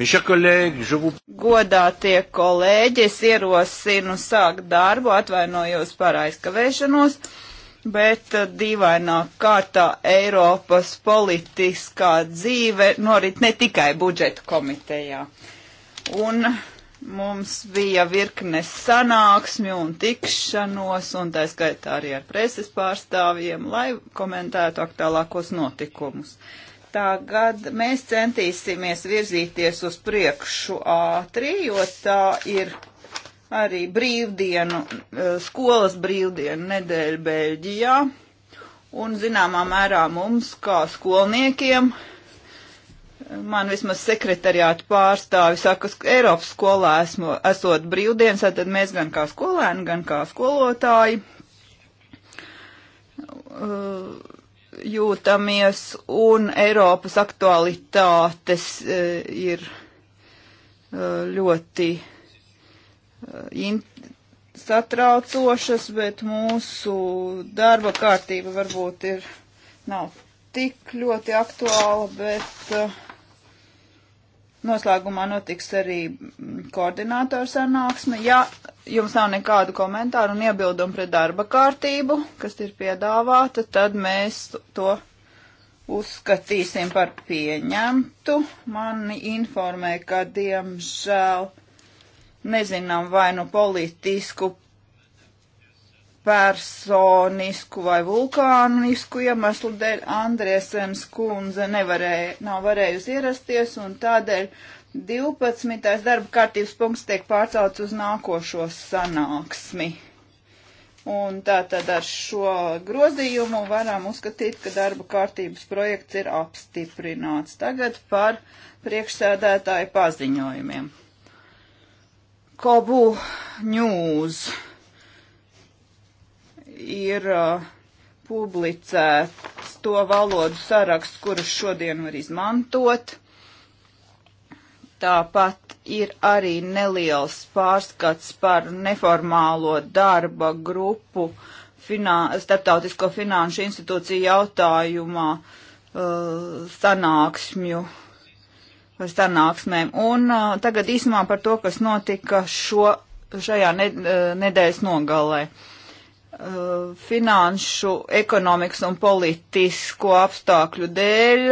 Godātie kolēģi, es ierosinu sākt darbu, atvainojos par aizkavēšanos, bet eh, dīvainā kārtā Eiropas politiskā dzīve norit ne tikai budžeta komitejā. Un mums bija virkne sanāksmi un tikšanos, un tā skaitā arī ar preses pārstāvjiem, lai komentētu aktuālākos notikumus. Uh, Tagad uh, mēs centīsimies virzīties uz priekšu ātri, jo tā ir arī brīvdienu, uh, skolas brīvdienu nedēļa Beļģijā. Un zināmā mērā mums, kā skolniekiem, man vismaz sekretariāta pārstāvi saka, ka Eiropas skolā esmu, esot brīvdienas, tad mēs gan kā skolēni, gan kā skolotāji. Uh, jūtamies un Eiropas aktualitātes e, ir e, ļoti e, satraucošas, bet mūsu darba kārtība varbūt ir nav tik ļoti aktuāla, bet uh, Noslēgumā notiks arī mm, koordinātoru sanāksme. Ja jums nav nekādu komentāru un iebildumu pret darba kārtību, kas ir piedāvāta, tad mēs to uzskatīsim par pieņemtu. Mani informē, ka diemžēl nezinām vai nu politisku personisku vai vulkānisku iemeslu dēļ Andriesens kundze nevarēja, nav varējusi ierasties un tādēļ 12. darba kārtības punkts tiek pārcelts uz nākošo sanāksmi. Un tātad ar šo grozījumu varam uzskatīt, ka darba kārtības projekts ir apstiprināts. Tagad par priekšsēdētāju paziņojumiem. Kobu News ir publicēts to valodu saraksts, kurus šodien var izmantot. Tāpat ir arī neliels pārskats par neformālo darba grupu finā, starptautisko finanšu institūciju jautājumā uh, sanāksmju par sanāksmēm. Un uh, tagad īsumā par to, kas notika šo, šajā ned, nedēļas nogalē. Uh, Eh, finanšu, ekonomikas un politisko apstākļu dēļ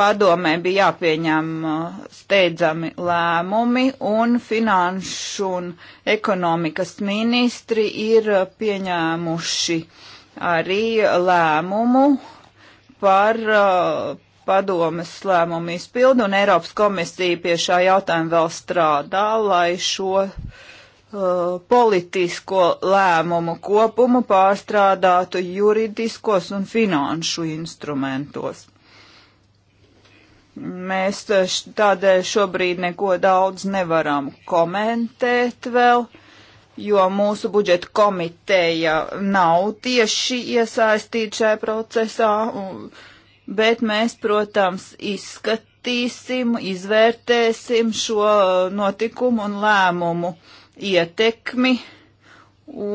padomē bija jāpieņem eh, steidzami lēmumi, un finanšu un ekonomikas ministri ir pieņēmuši arī lēmumu par eh, padomes lēmumu izpildu, un Eiropas komisija pie šā jautājuma vēl strādā, lai šo uh, Uh, politisko lēmumu kopumu pārstrādātu juridiskos un finanšu instrumentos. Mēs tādēļ šobrīd neko daudz nevaram komentēt vēl, jo mūsu budžeta komiteja nav tieši iesaistīta šajā procesā, bet mēs, protams, izskatīsim, izvērtēsim šo uh, notikumu un lēmumu uh, ietekmi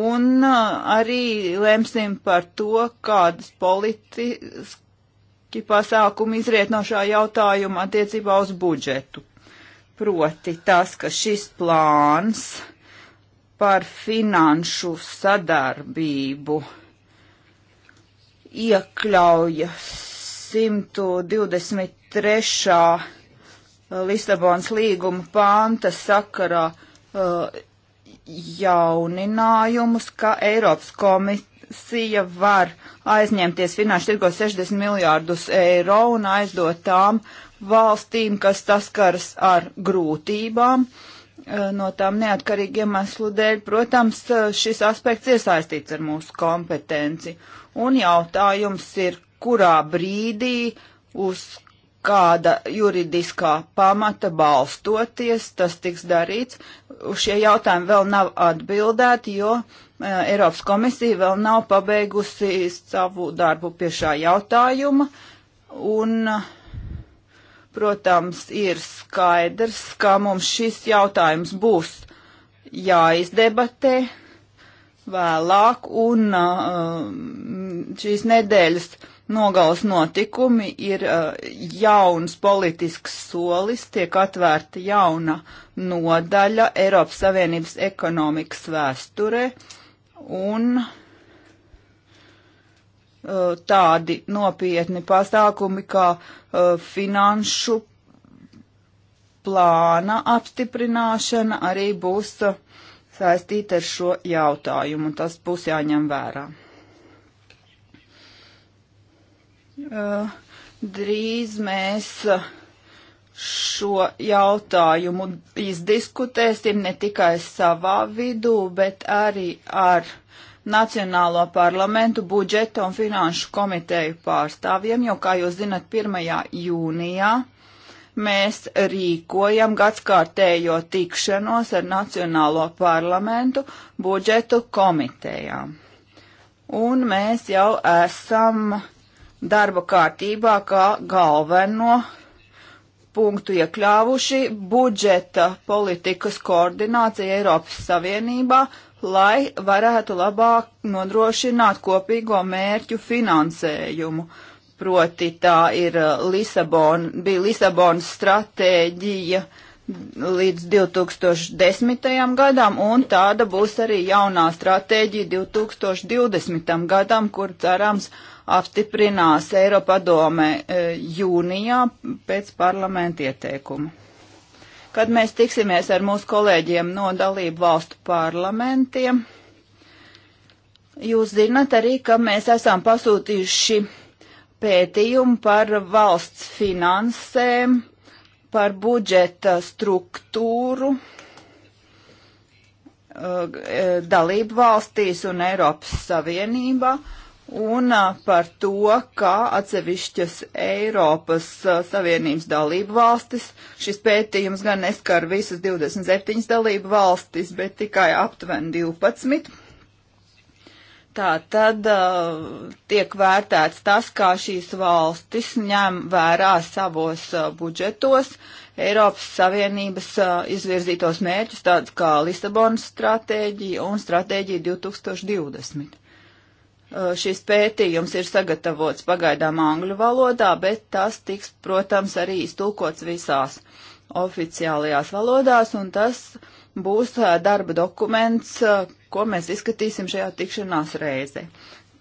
un uh, arī lemsim par to, kādas politiski pasākumi izriet no šā jautājuma attiecībā uz budžetu. Proti tas, ka šis plāns par finanšu sadarbību iekļauja 123. Lisabonas līguma pānta sakarā uh, jauninājumus, ka Eiropas komisija var aizņemties finanšu tirgo 60 miljārdus eiro un aizdot tām valstīm, kas saskaras ar grūtībām eh, no tām neatkarīgi iemeslu dēļ. Protams, eh, šis aspekts ir saistīts ar mūsu kompetenci. Un jautājums ir, kurā brīdī, uz kāda juridiskā pamata balstoties tas tiks darīts. Uz šie jautājumi vēl nav atbildēti, jo e, Eiropas komisija vēl nav pabeigusi savu darbu pie šā jautājuma. Un, protams, ir skaidrs, ka mums šis jautājums būs jāizdebatē vēlāk, un e, šīs nedēļas nogals notikumi ir eh, jauns politisks solis, tiek atvērta jauna nodaļa Eiropas Savienības ekonomikas vēsturē un eh, tādi nopietni pasākumi kā eh, finanšu plāna apstiprināšana arī būs saistīta ar šo jautājumu, un tas būs jāņem vērā. Eh, drīz mēs eh, šo jautājumu izdiskutēsim ne tikai savā vidū, bet arī ar Nacionālo parlamentu budžeta un finanšu komiteju pārstāvjiem, jo, kā jūs zinat, 1. jūnijā mēs rīkojam gadskārtējo tikšanos ar Nacionālo parlamentu budžetu komitejām. Un mēs jau esam uh, darba kārtībā kā galveno punktu iekļāvuši budžeta politikas koordināciju Eiropas Savienībā, lai varētu labāk nodrošināt kopīgo mērķu finansējumu. Proti tā ir uh, Lisabon, bija Lisabonas stratēģija līdz 2010. gadam, un tāda būs arī jaunā stratēģija 2020. gadam, kur cerams, uh, apstiprinās Eiropadome e, jūnijā pēc parlamenta ieteikuma. Kad mēs tiksimies ar mūsu kolēģiem no dalību valstu parlamentiem, jūs zinat arī, ka mēs esam pasūtījuši pētījumu par valsts finansēm, par budžeta struktūru e, dalību valstīs un Eiropas Savienībā. Uh, un par to, kā atsevišķas Eiropas Savienības dalību valstis. Šis pētījums gan neskar visas 27 dalību valstis, bet tikai aptuveni 12. Tā tad uh, tiek vērtēts tas, kā šīs valstis ņem vērā savos uh, budžetos Eiropas Savienības uh, izvirzītos mērķus, tādus kā Lisabonas stratēģija un stratēģija 2020. Eh, šis pētījums ir sagatavots pagaidām angļu valodā, bet tas tiks, protams, arī iztulkots visās oficiālajās valodās, un tas būs eh, darba dokuments, eh, ko mēs izskatīsim šajā tikšanās reizē.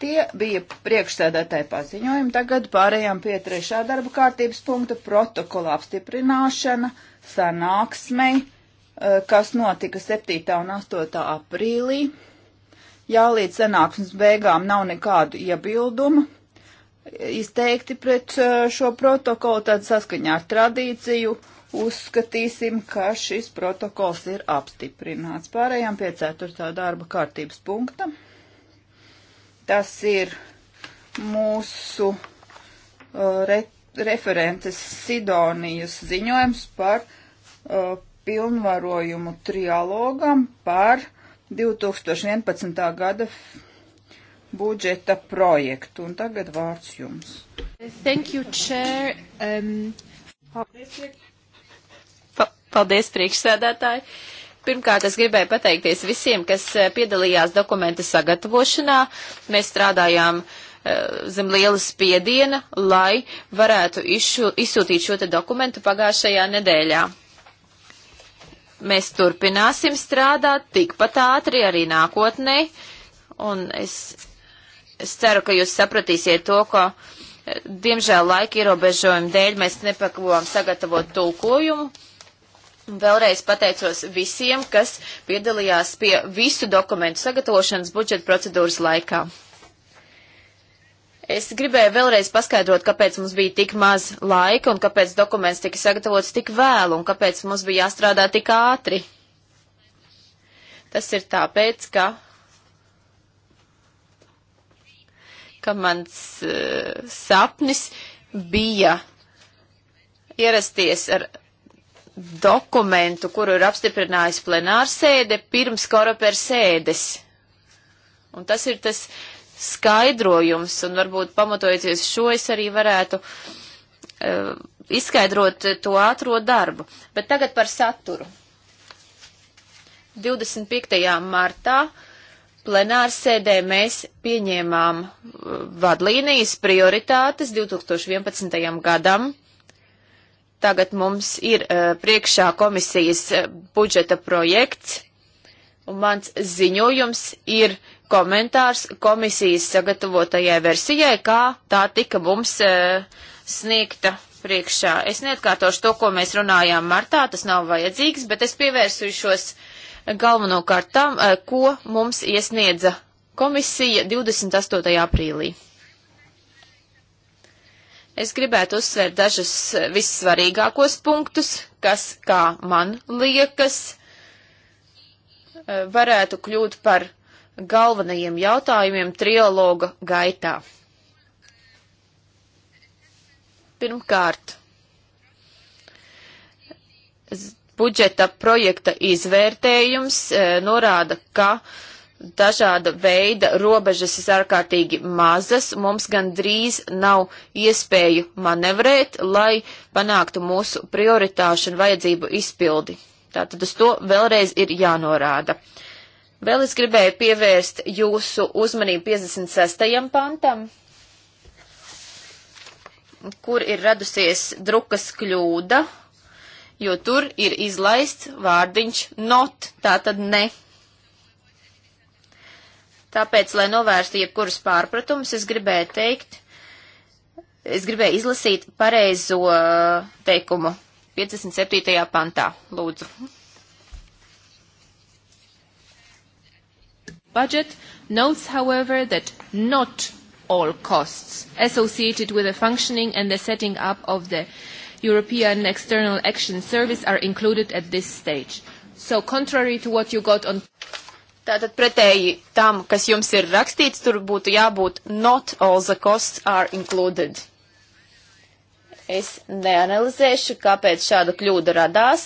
Tie bija priekšsēdētāji paziņojumi. Tagad pārējām pie trešā darba kārtības punkta protokola apstiprināšana sanāksmei, kas notika 7. un 8. aprīlī. Ja līdz sanāksmes beigām nav nekādu iebildumu izteikti pret uh, šo protokolu, tad saskaņā ar tradīciju uzskatīsim, ka šis protokols ir apstiprināts. Pārējām pie 4. darba kārtības punkta. Tas ir mūsu uh, re, referentes Sidonijas ziņojums par uh, pilnvarojumu trialogam par 2011. gada budžeta projektu. Un tagad vārds jums. Thank you, Chair. Um, paldies, priekšsēdētāji. Pirmkārt, es gribēju pateikties visiem, kas eh, piedalījās dokumenta sagatavošanā. Mēs strādājām uh, zem liela spiediena, lai varētu izšu, izsūtīt šo te dokumentu pagājušajā nedēļā. Mēs turpināsim strādāt tikpat ātri arī nākotnē, un es, es ceru, ka jūs sapratīsiet to, ka eh, diemžēl laika ierobežojumu dēļ mēs nepakavām sagatavot tulkojumu. Vēlreiz pateicos visiem, kas piedalījās pie visu dokumentu sagatavošanas budžeta procedūras laikā. Es gribēju vēlreiz paskaidrot, kāpēc mums bija tik maz laika un kāpēc dokuments tika sagatavots tik vēlu un kāpēc mums bija jāstrādā tik ātri. Tas ir tāpēc, ka, ka mans uh, sapnis bija ierasties ar dokumentu, kuru ir apstiprinājis plenārsēde pirms korapēr sēdes. Un tas ir tas. Uh, skaidrojums, un varbūt pamatojoties šo es arī varētu uh, izskaidrot to ātro darbu. Bet tagad par saturu. 25. martā plenārsēdē mēs pieņēmām e, vadlīnijas prioritātes 2011. gadam. Tagad mums ir uh, priekšā komisijas budžeta projekts, un mans ziņojums ir uh, komentārs komisijas sagatavotajai versijai, kā tā tika mums e, sniegta priekšā. Es neatkārtošu to, ko mēs runājām martā, tas nav vajadzīgs, bet es pievērsušos galvenokārt tam, e, ko mums iesniedza komisija 28. aprīlī. Es gribētu uzsvērt dažus vissvarīgākos punktus, kas, kā man liekas, e, varētu kļūt par galvenajiem jautājumiem trialoga gaitā. Pirmkārt, budžeta projekta izvērtējums e, norāda, ka dažāda veida robežas ir ārkārtīgi mazas, mums gan drīz nav iespēju manevrēt, lai panāktu mūsu prioritāšu un vajadzību izpildi. Tātad uz to vēlreiz ir jānorāda. Uh, Vēl es gribēju pievērst jūsu uzmanību 56. pantam, kur ir radusies drukas kļūda, jo tur ir izlaists vārdiņš not, tātad ne. Tāpēc, lai novērstu jebkuras pārpratumus, es gribēju teikt, es gribēju izlasīt pareizo teikumu 57. pantā. Lūdzu. budget, notes, however, that not all costs associated with the functioning and the setting up of the European External Action Service are included at this stage. So contrary to what you got on Tātad pretēji tam, kas jums ir rakstīts, tur būtu jābūt not all the costs are included. Es neanalizēšu, kāpēc šāda kļūda radās,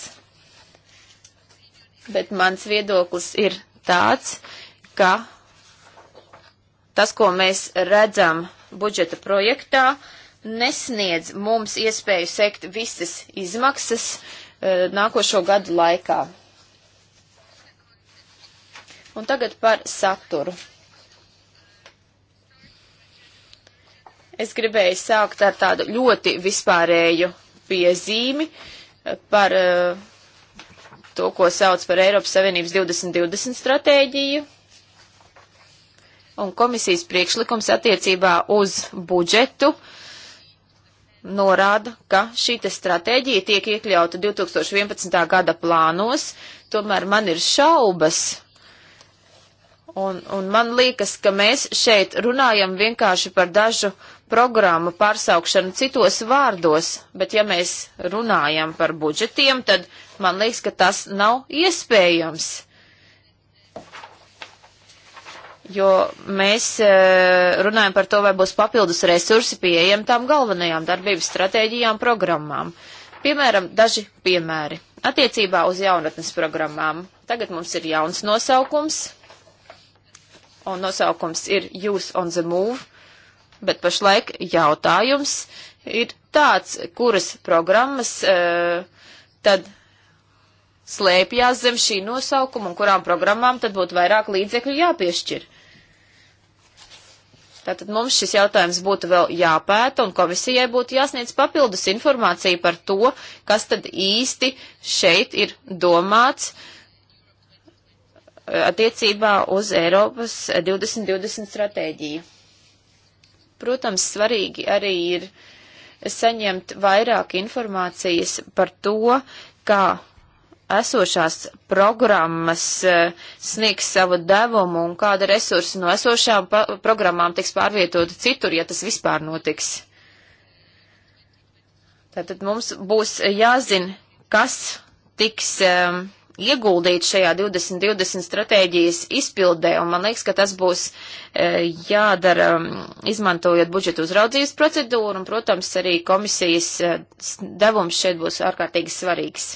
bet mans viedoklis ir tāds, ka tas, ko mēs redzam budžeta projektā, nesniedz mums iespēju sekt visas izmaksas e, nākošo gadu laikā. Un tagad par saturu. Es gribēju sākt ar tādu ļoti vispārēju piezīmi par e, to, ko sauc par Eiropas Savienības 2020 stratēģiju un komisijas priekšlikums attiecībā uz budžetu norāda, ka šī stratēģija tiek iekļauta 2011. gada plānos, tomēr man ir šaubas. Un, un man liekas, ka mēs šeit runājam vienkārši par dažu programmu pārsaukšanu citos vārdos, bet ja mēs runājam par budžetiem, tad man liekas, ka tas nav iespējams jo mēs e, runājam par to, vai būs papildus resursi pieejam tām galvenajām darbības stratēģijām programmām. Piemēram, daži piemēri. Attiecībā uz jaunatnes programmām. Tagad mums ir jauns nosaukums, un nosaukums ir Youth on the Move, bet pašlaik jautājums ir tāds, kuras programmas uh, tad slēpjās zem šī nosaukuma un kurām programmām tad būtu vairāk līdzekļu jāpiešķir. Tātad mums šis jautājums būtu vēl jāpēta un komisijai būtu jāsniedz papildus informācija par to, kas tad īsti šeit ir domāts eh, attiecībā uz Eiropas 2020 stratēģiju. Protams, svarīgi arī ir saņemt vairāk informācijas par to, kā esošās programmas e, sniegs savu devumu un kāda resursa no esošām programmām tiks pārvietota citur, ja tas vispār notiks. Tātad mums būs jāzina, kas tiks um, e, ieguldīts šajā 2020 stratēģijas izpildē, un man liekas, ka tas būs uh, jādara um, izmantojot budžetu uzraudzības procedūru, un, protams, arī komisijas uh, devums šeit būs ārkārtīgi svarīgs.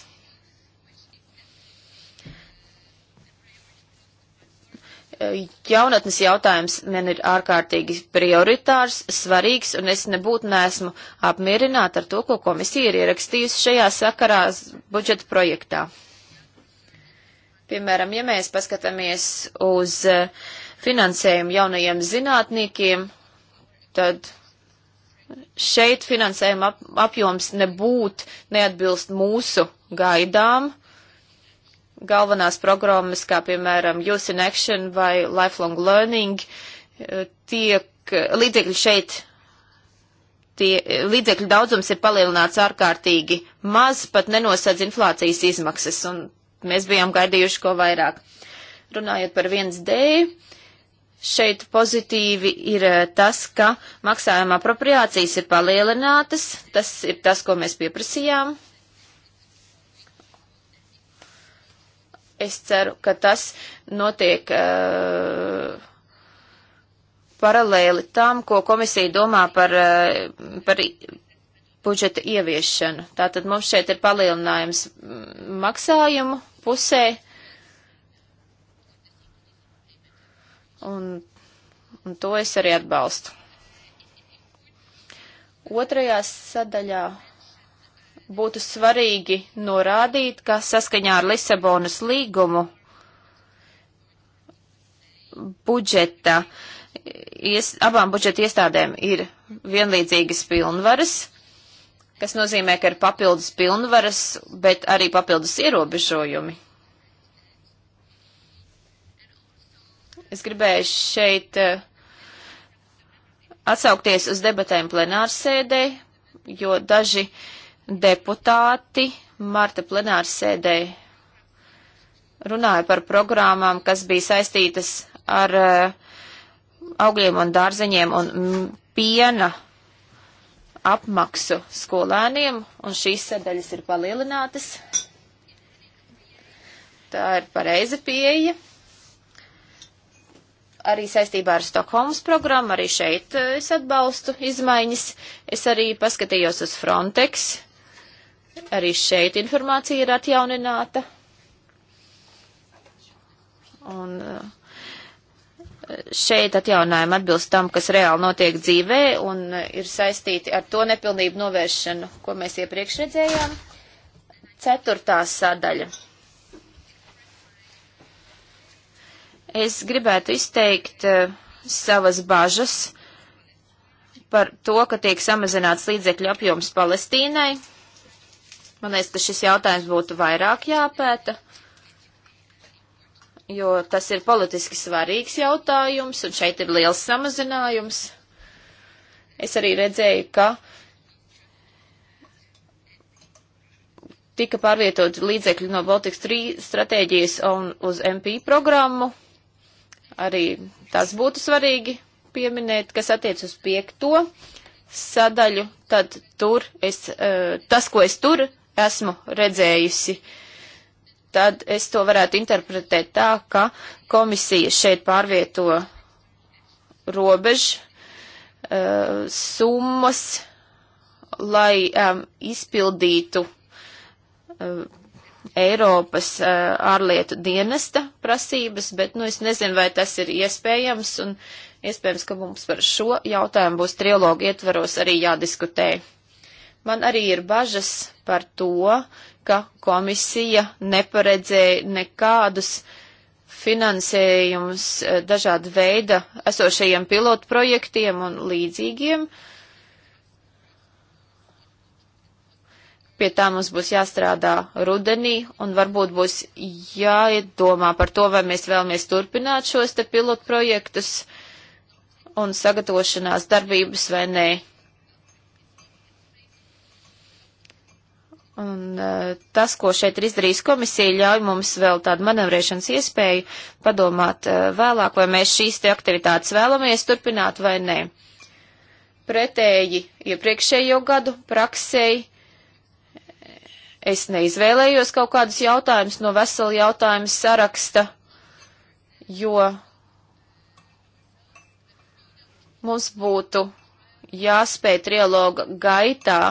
jaunatnes jautājums man ir ārkārtīgi prioritārs, svarīgs, un es nebūtu nesmu apmierināta ar to, ko komisija ir ierakstījusi šajā sakarā budžeta projektā. Piemēram, ja mēs paskatāmies uz e, finansējumu jaunajiem zinātniekiem, tad šeit finansējuma apjoms nebūtu neatbilst mūsu gaidām galvenās programmas, kā piemēram Youth in Action vai Lifelong Learning, eh, tiek līdzekļi šeit, tie, līdzekļu daudzums ir palielināts ārkārtīgi maz, pat nenosedz inflācijas izmaksas, un mēs bijām gaidījuši ko vairāk. Runājot par 1D, šeit pozitīvi ir eh, tas, ka maksājuma apropriācijas ir palielinātas, tas ir tas, ko mēs pieprasījām, Es ceru, ka tas notiek uh, paralēli tam, ko komisija domā par, uh, par budžeta ieviešanu. Tātad mums šeit ir palielinājums maksājumu pusē. Un, un to es arī atbalstu. Otrajā sadaļā būtu svarīgi norādīt, ka saskaņā ar Lisabonas līgumu budžeta, ies, abām budžeta iestādēm ir vienlīdzīgas pilnvaras, kas nozīmē, ka ir papildus pilnvaras, bet arī papildus ierobežojumi. Es gribēju šeit eh, atsaukties uz debatēm plenārsēdē, jo daži uh, deputāti marta plenāra sēdē runāja par programmām, kas bija saistītas ar uh, augļiem un dārzeņiem un mm, piena apmaksu skolēniem, un šīs sadaļas ir palielinātas. Tā ir pareiza pieeja. Arī saistībā ar Stokholmas programmu, arī šeit eh, es atbalstu izmaiņas. Es arī paskatījos uz Frontex Arī šeit informācija ir atjaunināta. Un eh, šeit atjaunājumi atbilst tam, kas reāli notiek dzīvē un eh, ir saistīti ar to nepilnību novēršanu, ko mēs iepriekš redzējām. Ceturtā sadaļa. Es gribētu izteikt eh, savas bažas par to, ka tiek samazināts līdzekļu apjoms Palestīnai Man liekas, ka šis jautājums būtu vairāk jāpēta, jo tas ir politiski svarīgs jautājums, un šeit ir liels samazinājums. Es arī redzēju, ka tika pārvietot līdzekļi no Baltics 3 stratēģijas un uz MP programmu. Arī tas būtu svarīgi pieminēt, kas attiec uz piekto sadaļu, tad tur es, eh, tas, ko es tur esmu redzējusi, tad es to varētu interpretēt tā, ka komisija šeit pārvieto robežu uh, summas, lai um, izpildītu uh, Eiropas uh, ārlietu dienesta prasības, bet, nu, es nezinu, vai tas ir iespējams, un iespējams, ka mums par šo jautājumu būs trilogu ietvaros arī jādiskutē. Man arī ir bažas par to, ka komisija neparedzēja nekādus finansējumus eh, dažāda veida esošajiem pilotprojektiem un līdzīgiem. Pie tā mums būs jāstrādā rudenī un varbūt būs jādomā par to, vai mēs vēlamies turpināt šos te pilotprojektus un sagatavošanās darbības vai nē. Un e, tas, ko šeit ir izdarījis komisija, ļauj mums vēl tādu manevrēšanas iespēju padomāt e, vēlāk, vai mēs šīs te aktivitātes vēlamies turpināt vai nē. Pretēji iepriekšējo gadu praksēji es neizvēlējos kaut kādus jautājumus no vesela jautājuma saraksta, jo mums būtu jāspēj trialoga gaitā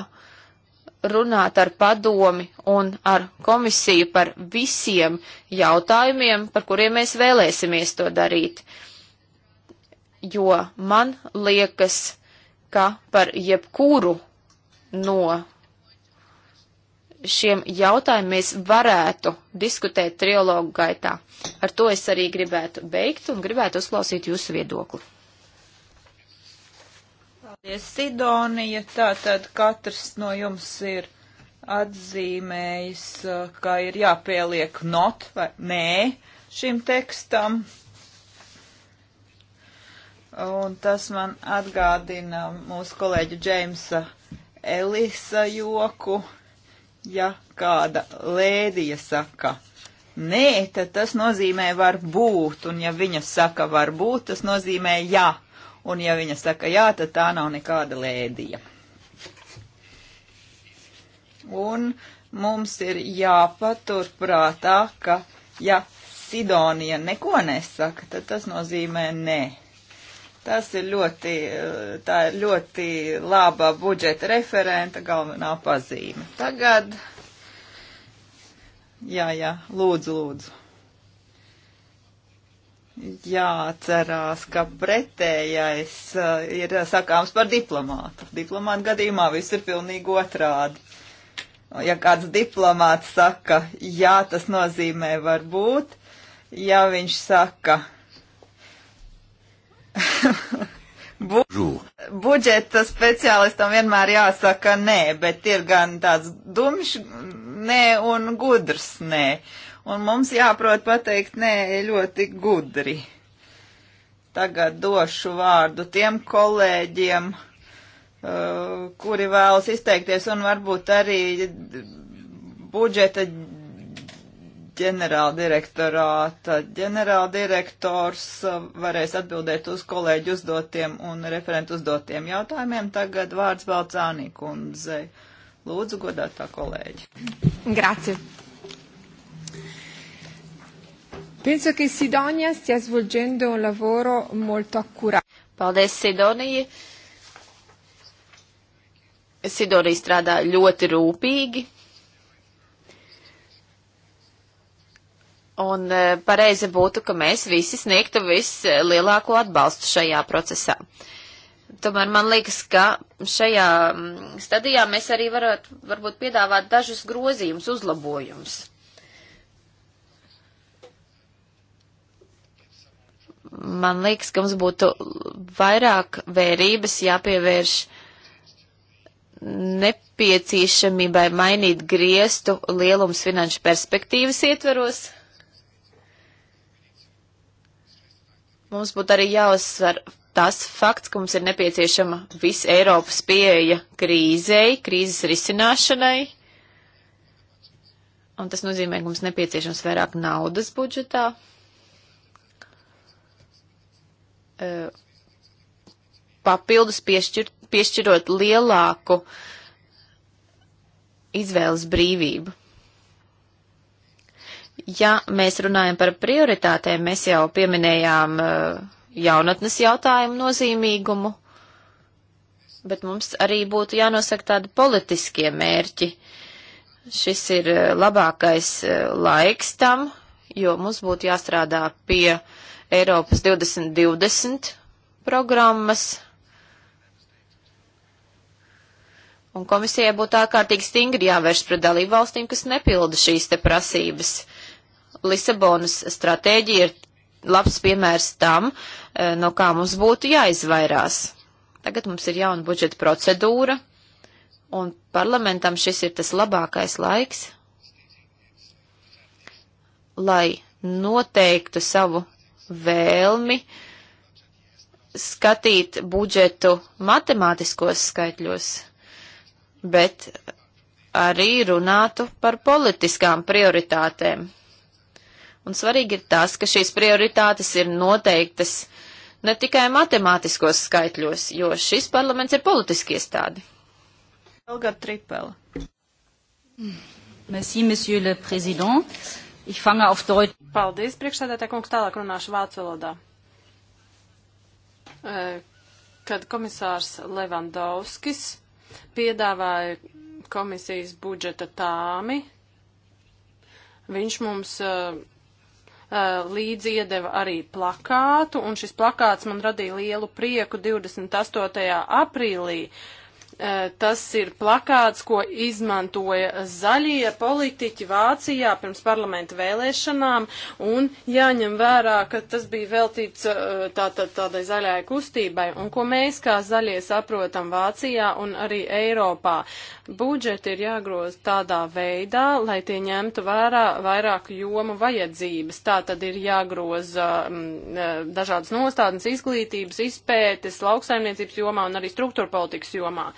runāt ar padomi un ar komisiju par visiem jautājumiem, par kuriem mēs vēlēsimies to darīt. Jo man liekas, ka par jebkuru no šiem jautājumiem mēs varētu diskutēt trilogu gaitā. Ar to es arī gribētu beigt un gribētu uzklausīt jūsu viedokli. Paldies, Sidonija. Tātad katrs no jums ir atzīmējis, uh, ka ir jāpieliek not vai nē šim tekstam. Un tas man atgādina mūsu kolēģi Džeimsa Elisa joku. Ja kāda lēdija saka nē, tad tas nozīmē var būt, un ja viņa saka var būt, tas nozīmē jā. Ja un ja viņa saka jā, tad tā nav nekāda lēdija. Un mums ir jāpatur prātā, ka ja Sidonija neko nesaka, tad tas nozīmē nē. Tas ir ļoti, tā ir ļoti laba budžeta referenta galvenā pazīme. Tagad, jā, jā, lūdzu, lūdzu jāatcerās, ka pretējais uh, ir sakāms par diplomātu. Diplomātu gadījumā viss ir pilnīgi otrādi. Ja kāds diplomāts saka, jā, tas nozīmē varbūt, ja viņš saka, Bu budžeta speciālistam vienmēr jāsaka nē, bet ir gan tāds dumjš nē un gudrs nē un mums jāprot pateikt nē ļoti gudri. Tagad došu vārdu tiem kolēģiem, uh, kuri vēlas izteikties, un varbūt arī budžeta ģenerāldirektorāta ģenerāldirektors uh, varēs atbildēt uz kolēģi uzdotiem un referentu uzdotiem jautājumiem. Tagad vārds Balcānī kundzei. Lūdzu, godātā kolēģi. Grazie. Penso che Sidonia stia svolgendo un lavoro molto accurato. Paldies, Sidonija. Sidonija strādā ļoti rūpīgi. Un e, pareizi būtu, ka mēs visi sniegtu vislielāko atbalstu šajā procesā. Tomēr man liekas, ka šajā stadijā mēs arī varētu, varbūt piedāvāt dažus grozījumus, uzlabojumus. man liekas, ka mums būtu vairāk vērības jāpievērš nepieciešamībai mainīt griestu lielums finanšu perspektīvas ietveros. Mums būtu arī jāuzsver tas fakts, ka mums ir nepieciešama visa Eiropas pieeja krīzei, krīzes risināšanai. Un tas nozīmē, ka mums nepieciešams vairāk naudas budžetā. E, papildus piešķir, piešķirot lielāku izvēles brīvību. Ja mēs runājam par prioritātēm, mēs jau pieminējām e, jaunatnes jautājumu nozīmīgumu, bet mums arī būtu jānosaka tādi politiskie mērķi. Šis ir e, labākais laiks tam, jo mums būtu jāstrādā pie uh, Eiropas 2020 programmas. Un komisijai būtu ārkārtīgi stingri jāvērš pret dalību valstīm, kas nepilda šīs te prasības. Lisabonas stratēģija ir labs piemērs tam, eh, no kā mums būtu jāizvairās. Tagad mums ir jauna budžeta procedūra, un parlamentam šis ir tas labākais laiks, lai noteiktu savu vēlmi skatīt budžetu matemātiskos skaitļos, bet arī runātu par politiskām prioritātēm. Un svarīgi ir tas, ka šīs prioritātes ir noteiktas ne tikai matemātiskos skaitļos, jo šis parlaments ir politiski iestādi. Elga Tripela. Merci, monsieur le président. Ich fange auf Deutsch. Paldies, priekšsēdētāj kungs, tālāk runāšu vācu valodā. Kad komisārs Levandovskis piedāvāja komisijas budžeta tāmi, viņš mums līdzi iedeva arī plakātu, un šis plakāts man radīja lielu prieku 28. aprīlī. Uh, Tas ir plakāts, ko izmantoja zaļie politiķi Vācijā pirms parlamenta vēlēšanām, un jāņem vērā, ka tas bija veltīts tā, tā, tādai zaļai kustībai, un ko mēs kā zaļie saprotam Vācijā un arī Eiropā. Budžeti ir jāgroza tādā veidā, lai tie ņemtu vērā vairāku jomu vajadzības. Tā tad ir jāgroza m, dažādas nostādnes izglītības, izpētes, lauksaimniecības jomā un arī struktūra politikas jomā.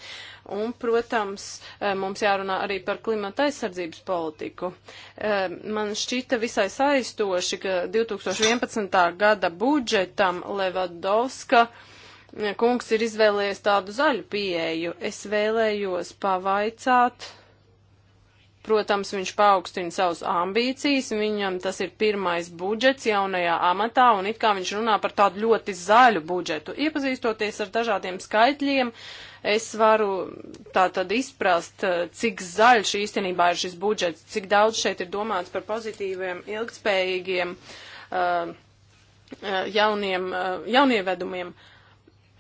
Un, protams, eh, mums jārunā arī par klimata aizsardzības politiku. Eh, man šķita visai saistoši, ka 2011. gada budžetam Levadovska eh, kungs ir izvēlējies tādu zaļu pieeju. Es vēlējos pavaicāt. Protams, viņš paaugstina savus ambīcijas, viņam tas ir pirmais budžets jaunajā amatā, un it kā viņš runā par tādu ļoti zaļu budžetu. Iepazīstoties ar dažādiem skaitļiem, uh, es varu tā tad izprast, eh, cik zaļš īstenībā ir šis budžets, cik daudz šeit ir domāts par pozitīviem, ilgspējīgiem eh, eh, jauniem, jaunievedumiem.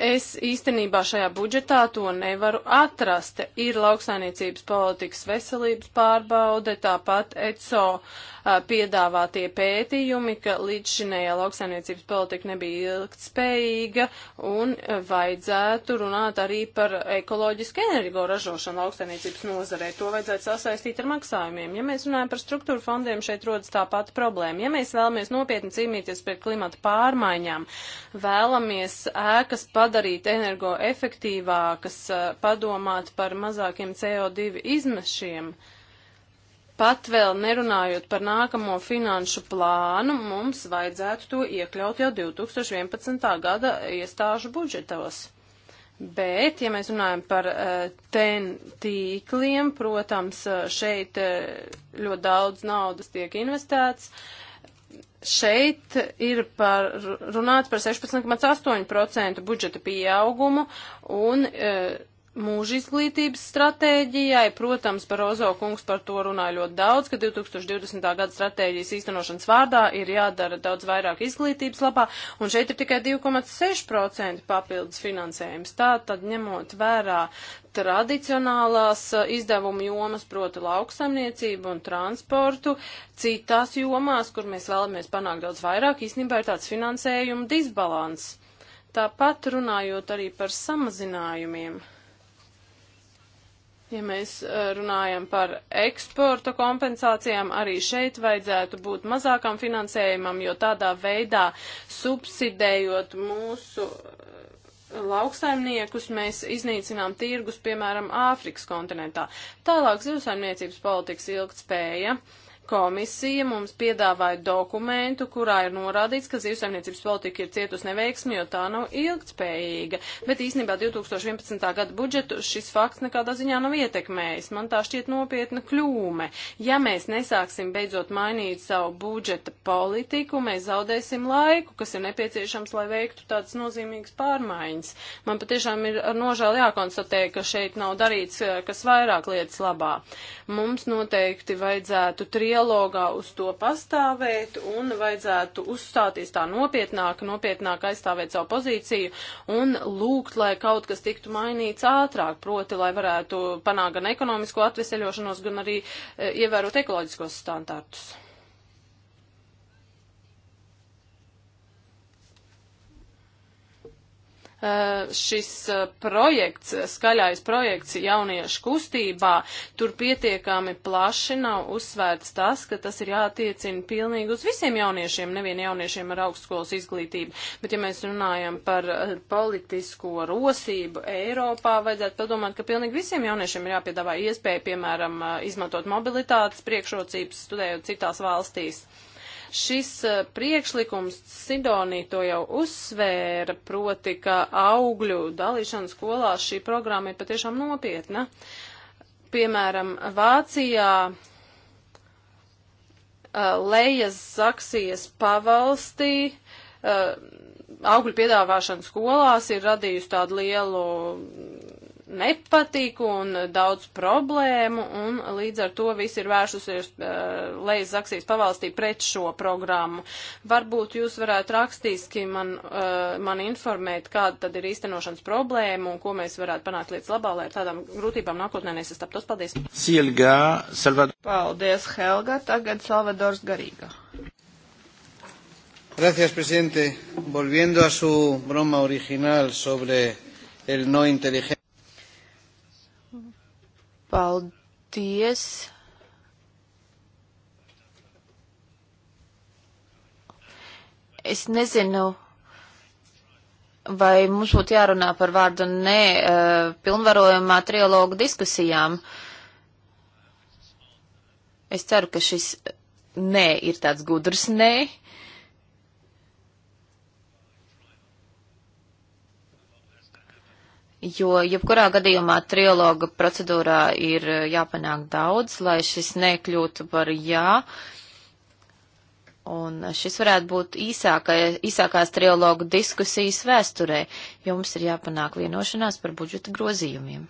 Es īstenībā šajā budžetā to nevaru atrast. Ir lauksainiecības politikas veselības pārbaude, tāpat ECO uh, piedāvātie pētījumi, ka līdzšinējā lauksaimniecības politika nebija ilgtspējīga un vajadzētu runāt arī par ekoloģisku energo ražošanu lauksaimniecības nozarē. To vajadzētu sasaistīt ar maksājumiem. Ja mēs runājam par struktūru fondiem, šeit rodas tā pati problēma. Ja mēs vēlamies nopietni cīnīties pret klimata pārmaiņām, vēlamies ēkas padarīt energoefektīvākas, padomāt par mazākiem CO2 izmešiem, pat vēl nerunājot par nākamo finanšu plānu, mums vajadzētu to iekļaut jau 2011. gada iestāžu budžetos. Bet, ja mēs runājam par uh, ten tīkliem, protams, eh, šeit eh, ļoti daudz naudas tiek investēts. Šeit ir par, runāts par 16,8% budžeta pieaugumu un uh, mūža izglītības stratēģijai. Protams, par Ozo kungs par to runāja ļoti daudz, ka 2020. gada stratēģijas īstenošanas vārdā ir jādara daudz vairāk izglītības labā, un šeit ir tikai 2,6% papildus finansējums. Tā tad ņemot vērā tradicionālās izdevumu jomas, proti lauksaimniecību un transportu, citās jomās, kur mēs vēlamies panākt daudz vairāk, īstenībā ir tāds finansējuma disbalans. Tāpat runājot arī par samazinājumiem. Ja mēs eh, runājam par eksporta kompensācijām, arī šeit vajadzētu būt mazākam finansējumam, jo tādā veidā subsidējot mūsu eh, lauksaimniekus mēs iznīcinām tirgus, piemēram, Āfrikas kontinentā. Tālāk zivsaimniecības politikas ilgtspēja. Uh, Komisija mums piedāvāja dokumentu, kurā ir norādīts, ka zivsaimniecības politika ir cietusi neveiksmi, jo tā nav ilgtspējīga. Bet īstenībā 2011. gada budžetu šis fakts nekādā ziņā nav ietekmējis. Man tā šķiet nopietna kļūme. Ja mēs nesāksim beidzot mainīt savu budžeta politiku, mēs zaudēsim laiku, kas ir nepieciešams, lai veiktu tādas nozīmīgas pārmaiņas. Man patiešām ir ar nožēlu jākonstatē, ka šeit nav darīts eh, kas vairāk lietas labā. Mums noteikti vajadzētu trīs dialogā uz to pastāvēt un vajadzētu uzstāties tā nopietnāk, nopietnāk aizstāvēt savu pozīciju un lūgt, lai kaut kas tiktu mainīts ātrāk, proti, lai varētu panākt gan ekonomisko atveseļošanos, gan arī e, ievērot ekoloģiskos standartus. Eh, šis eh, projekts, skaļais projekts jauniešu kustībā, tur pietiekami plaši nav uzsvērts tas, ka tas ir jātiecina pilnīgi uz visiem jauniešiem, nevien jauniešiem ar augstskolas izglītību. Bet ja mēs runājam par eh, politisko rosību Eiropā, vajadzētu padomāt, ka pilnīgi visiem jauniešiem ir jāpiedāvā iespēja, piemēram, izmantot mobilitātes priekšrocības, studējot citās valstīs. Šis e, priekšlikums Sidonī to jau uzsvēra, proti, ka augļu dalīšana skolās šī programma ir patiešām nopietna. Piemēram, Vācijā e, lejas Saksijas pavalstī e, augļu piedāvāšana skolās ir radījusi tādu lielu nepatiku un daudz problēmu, un līdz ar to visi ir vēršusies uh, eh, lejas Zaksijas pavalstī pret šo programmu. Varbūt jūs varētu rakstīski man, uh, man informēt, kāda tad ir īstenošanas problēma un ko mēs varētu panākt līdz labā, lai ar tādām grūtībām nākotnē nesastaptos. Paldies! Silga, Salvador. Paldies, Helga. Tagad Salvadors Garīga. Gracias, presidente. Volviendo a su broma original sobre el no inteligente. Paldies! Es nezinu, vai mums būtu jārunā par vārdu nē eh, pilnvarojumā trialogu diskusijām. Es ceru, ka šis nē ir tāds gudrs nē. Uh, jo jebkurā gadījumā trialoga procedūrā ir eh, jāpanāk daudz, lai šis nekļūtu par jā. Un šis varētu būt īsākā, īsākās trialogu diskusijas vēsturē, jo mums ir jāpanāk vienošanās par budžeta grozījumiem.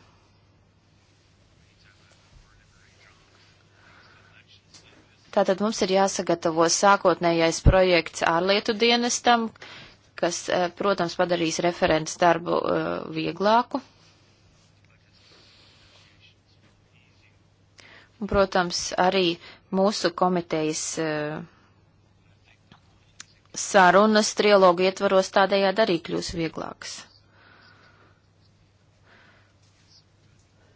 Tātad mums ir jāsagatavo sākotnējais projekts ārlietu dienestam, uh, kas, eh, protams, padarīs referents darbu eh, vieglāku. Un, protams, arī mūsu komitejas eh, sarunas trilogu ietvaros tādējādi arī kļūs vieglāks.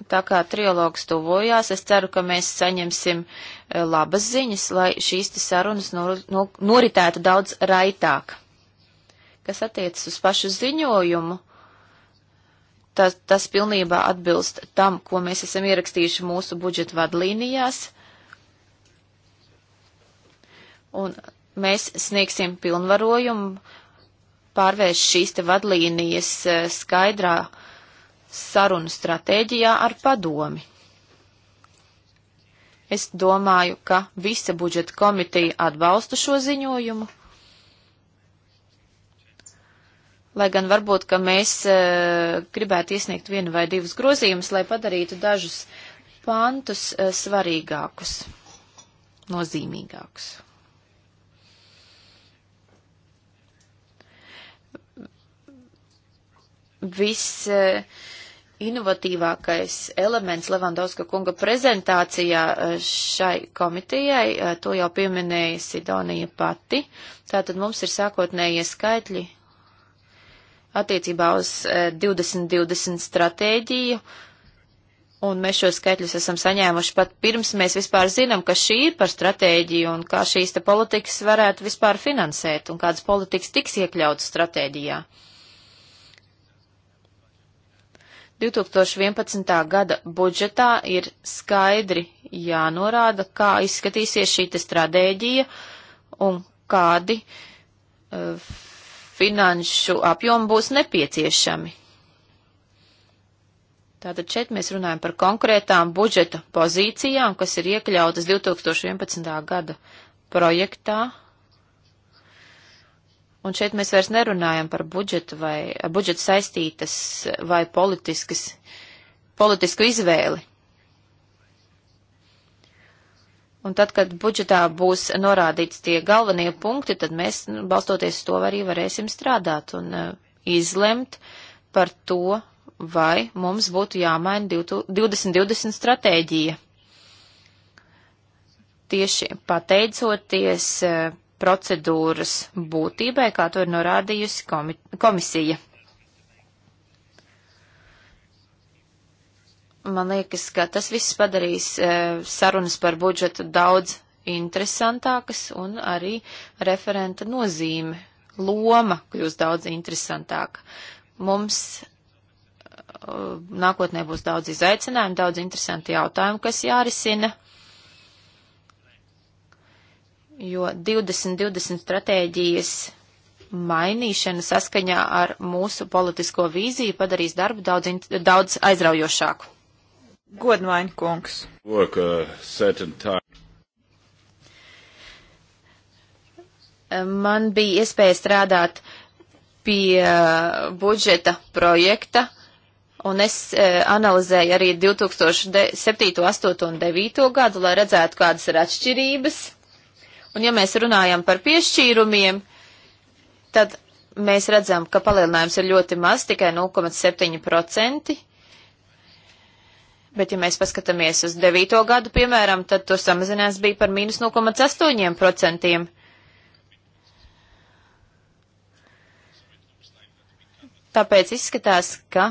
Tā kā trilogs tuvojās, es ceru, ka mēs saņemsim labas ziņas, lai šīs sarunas noritētu daudz raitāk. Kas attiecas uz pašu ziņojumu, tas, tas pilnībā atbilst tam, ko mēs esam ierakstījuši mūsu budžeta vadlīnijās. Un mēs sniegsim pilnvarojumu pārvērst šīs te vadlīnijas e, skaidrā sarunu stratēģijā ar padomi. Es domāju, ka visa budžeta komiteja atbalsta šo ziņojumu. lai gan varbūt, ka mēs uh, gribētu iesniegt vienu vai divus grozījumus, lai padarītu dažus pantus uh, svarīgākus, nozīmīgākus. Viss uh, inovatīvākais elements Levandovska kunga prezentācijā šai komitejai, to jau pieminēja Sidonija pati. Tātad mums ir sākotnējie skaitļi attiecībā uz 2020 e, stratēģiju, un mēs šo skaitļus esam saņēmuši pat pirms mēs vispār zinām, ka šī ir par stratēģiju un kā šīs te politikas varētu vispār finansēt un kādas politikas tiks iekļautas stratēģijā. 2011. gada budžetā ir skaidri jānorāda, kā izskatīsies šī stratēģija un kādi uh, finanšu apjomu būs nepieciešami. Tātad šeit mēs runājam par konkrētām budžeta pozīcijām, kas ir iekļautas 2011. gada projektā. Un šeit mēs vairs nerunājam par budžetu vai budžeta saistītas vai politiskas, politisku izvēli. Un tad, kad budžetā būs norādīts tie galvenie punkti, tad mēs, nu, balstoties to, arī varēsim strādāt un uh, izlemt par to, vai mums būtu jāmaina 2020 stratēģija. Tieši pateicoties uh, procedūras būtībai, kā to ir norādījusi komi komisija. Man liekas, ka tas viss padarīs e, sarunas par budžetu daudz interesantākas un arī referenta nozīme, loma kļūs daudz interesantāka. Mums e, nākotnē būs daudz izaicinājumu, daudz interesanti jautājumu, kas jārisina. Jo 2020 stratēģijas mainīšana saskaņā ar mūsu politisko vīziju padarīs darbu daudz, daudz aizraujošāku. Godmaņa kungs. Work, uh, Man bija iespēja strādāt pie uh, budžeta projekta, un es e, analizēju arī 2007, 2008 un 2009 gadu, lai redzētu, kādas ir atšķirības. Un ja mēs runājam par piešķīrumiem, tad mēs redzam, ka palielinājums ir ļoti maz, tikai 0,7%. Bet, ja mēs paskatāmies uz 9. gadu, piemēram, tad to samazinās bija par mīnus 0,8%. Tāpēc izskatās, ka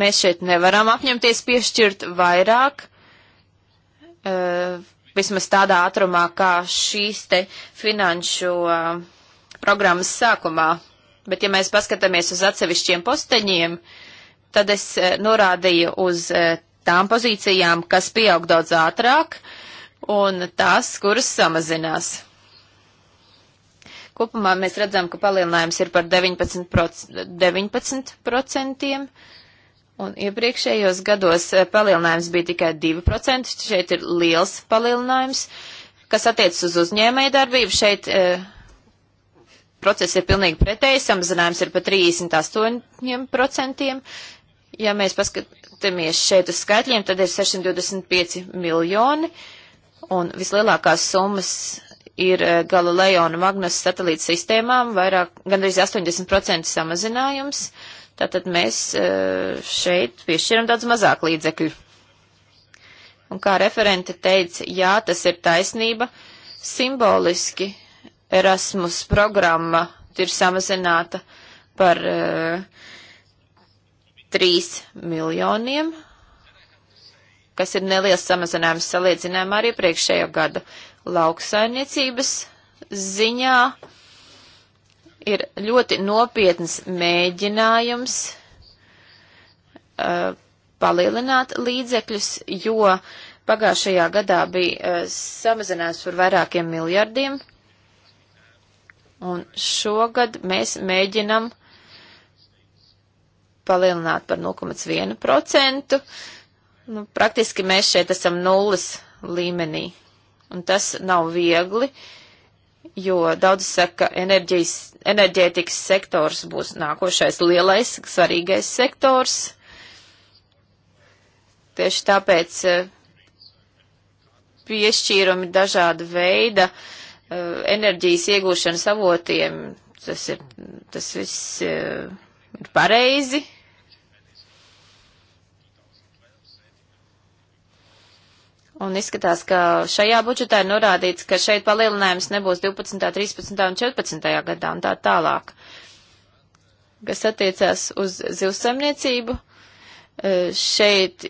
mēs šeit nevaram apņemties piešķirt vairāk, uh, vismaz tādā ātrumā, kā šīs te finanšu uh, programmas sākumā. Bet, ja mēs paskatāmies uz atsevišķiem posteņiem, tad es eh, norādīju uz tām pozīcijām, kas pieaug daudz ātrāk, un tās, kuras samazinās. Kopumā mēs redzam, ka palielinājums ir par 19%, 19% un iepriekšējos gados eh, palielinājums bija tikai 2%. Šeit ir liels palielinājums, kas attiecas uz uzņēmēju darbību. Šeit e, process ir pilnīgi pretēji, samazinājums ir par 38%. Ja mēs paskat, skatāmies šeit uz skaitļiem, tad ir 625 miljoni, un vislielākās summas ir eh, Galileo un Magnus satelīta sistēmām, vairāk, gandrīz 80% samazinājums, tātad mēs eh, šeit piešķiram daudz mazāk līdzekļu. Un kā referente teica, jā, tas ir taisnība, simboliski Erasmus programma ir samazināta par uh, 3 miljoniem, kas ir neliels samazinājums salīdzinājumā ar iepriekšējo gadu. Lauksaimniecības ziņā ir ļoti nopietns mēģinājums uh, palielināt līdzekļus, jo pagājušajā gadā bija uh, samazinājums par vairākiem miljardiem, un šogad mēs mēģinam uh, palielināt par 0,1%. Nu, praktiski mēs šeit esam nulles līmenī. Un tas nav viegli, jo daudz saka, enerģijas, enerģētikas sektors būs nākošais lielais, svarīgais sektors. Tieši tāpēc eh, piešķīrumi dažāda veida eh, enerģijas iegūšanas avotiem, tas ir, tas viss eh, ir pareizi, Un izskatās, ka šajā budžetā ir norādīts, ka šeit palielinājums nebūs 12., 13. un 14. gadā un tā tālāk. Kas attiecās uz zivsaimniecību, e, šeit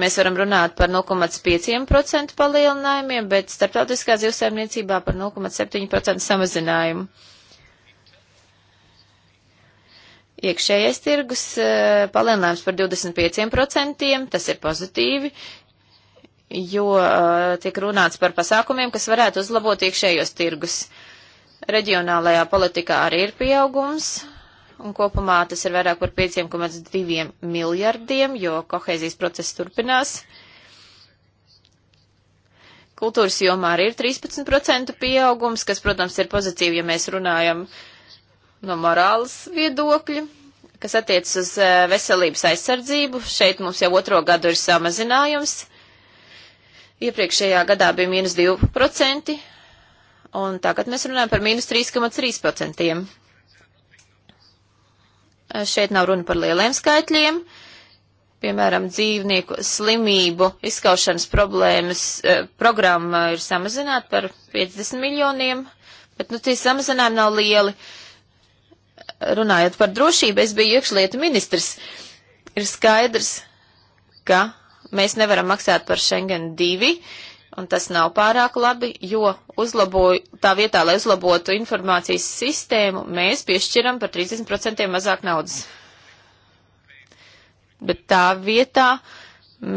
mēs varam runāt par 0,5% palielinājumiem, bet starptautiskā zivsaimniecībā par 0,7% samazinājumu. Iekšējais tirgus e, palielinājums par 25%, tas ir pozitīvi, jo uh, tiek runāts par pasākumiem, kas varētu uzlabot iekšējos tirgus. Reģionālajā politikā arī ir pieaugums, un kopumā tas ir vairāk par 5,2 miljardiem, jo kohēzijas process turpinās. Kultūras jomā arī ir 13% pieaugums, kas, protams, ir pozitīvi, ja mēs runājam no morāles viedokļa kas attiecas uz eh, veselības aizsardzību. Šeit mums jau otro gadu ir samazinājums. Iepriekšējā gadā bija mīnus 2%, un tagad mēs runājam par mīnus 3,3%. Eh, šeit nav runa par lieliem skaitļiem, piemēram, dzīvnieku slimību izskaušanas problēmas eh, programma ir samazināta par 50 miljoniem, bet, nu, tie samazinājumi nav lieli. Runājot par drošību, es biju iekšlietu ministrs. Ir skaidrs, ka mēs nevaram maksāt par Schengen 2, un tas nav pārāk labi, jo uzlaboju, tā vietā, lai uzlabotu informācijas sistēmu, mēs piešķiram par 30% mazāk naudas. Bet tā vietā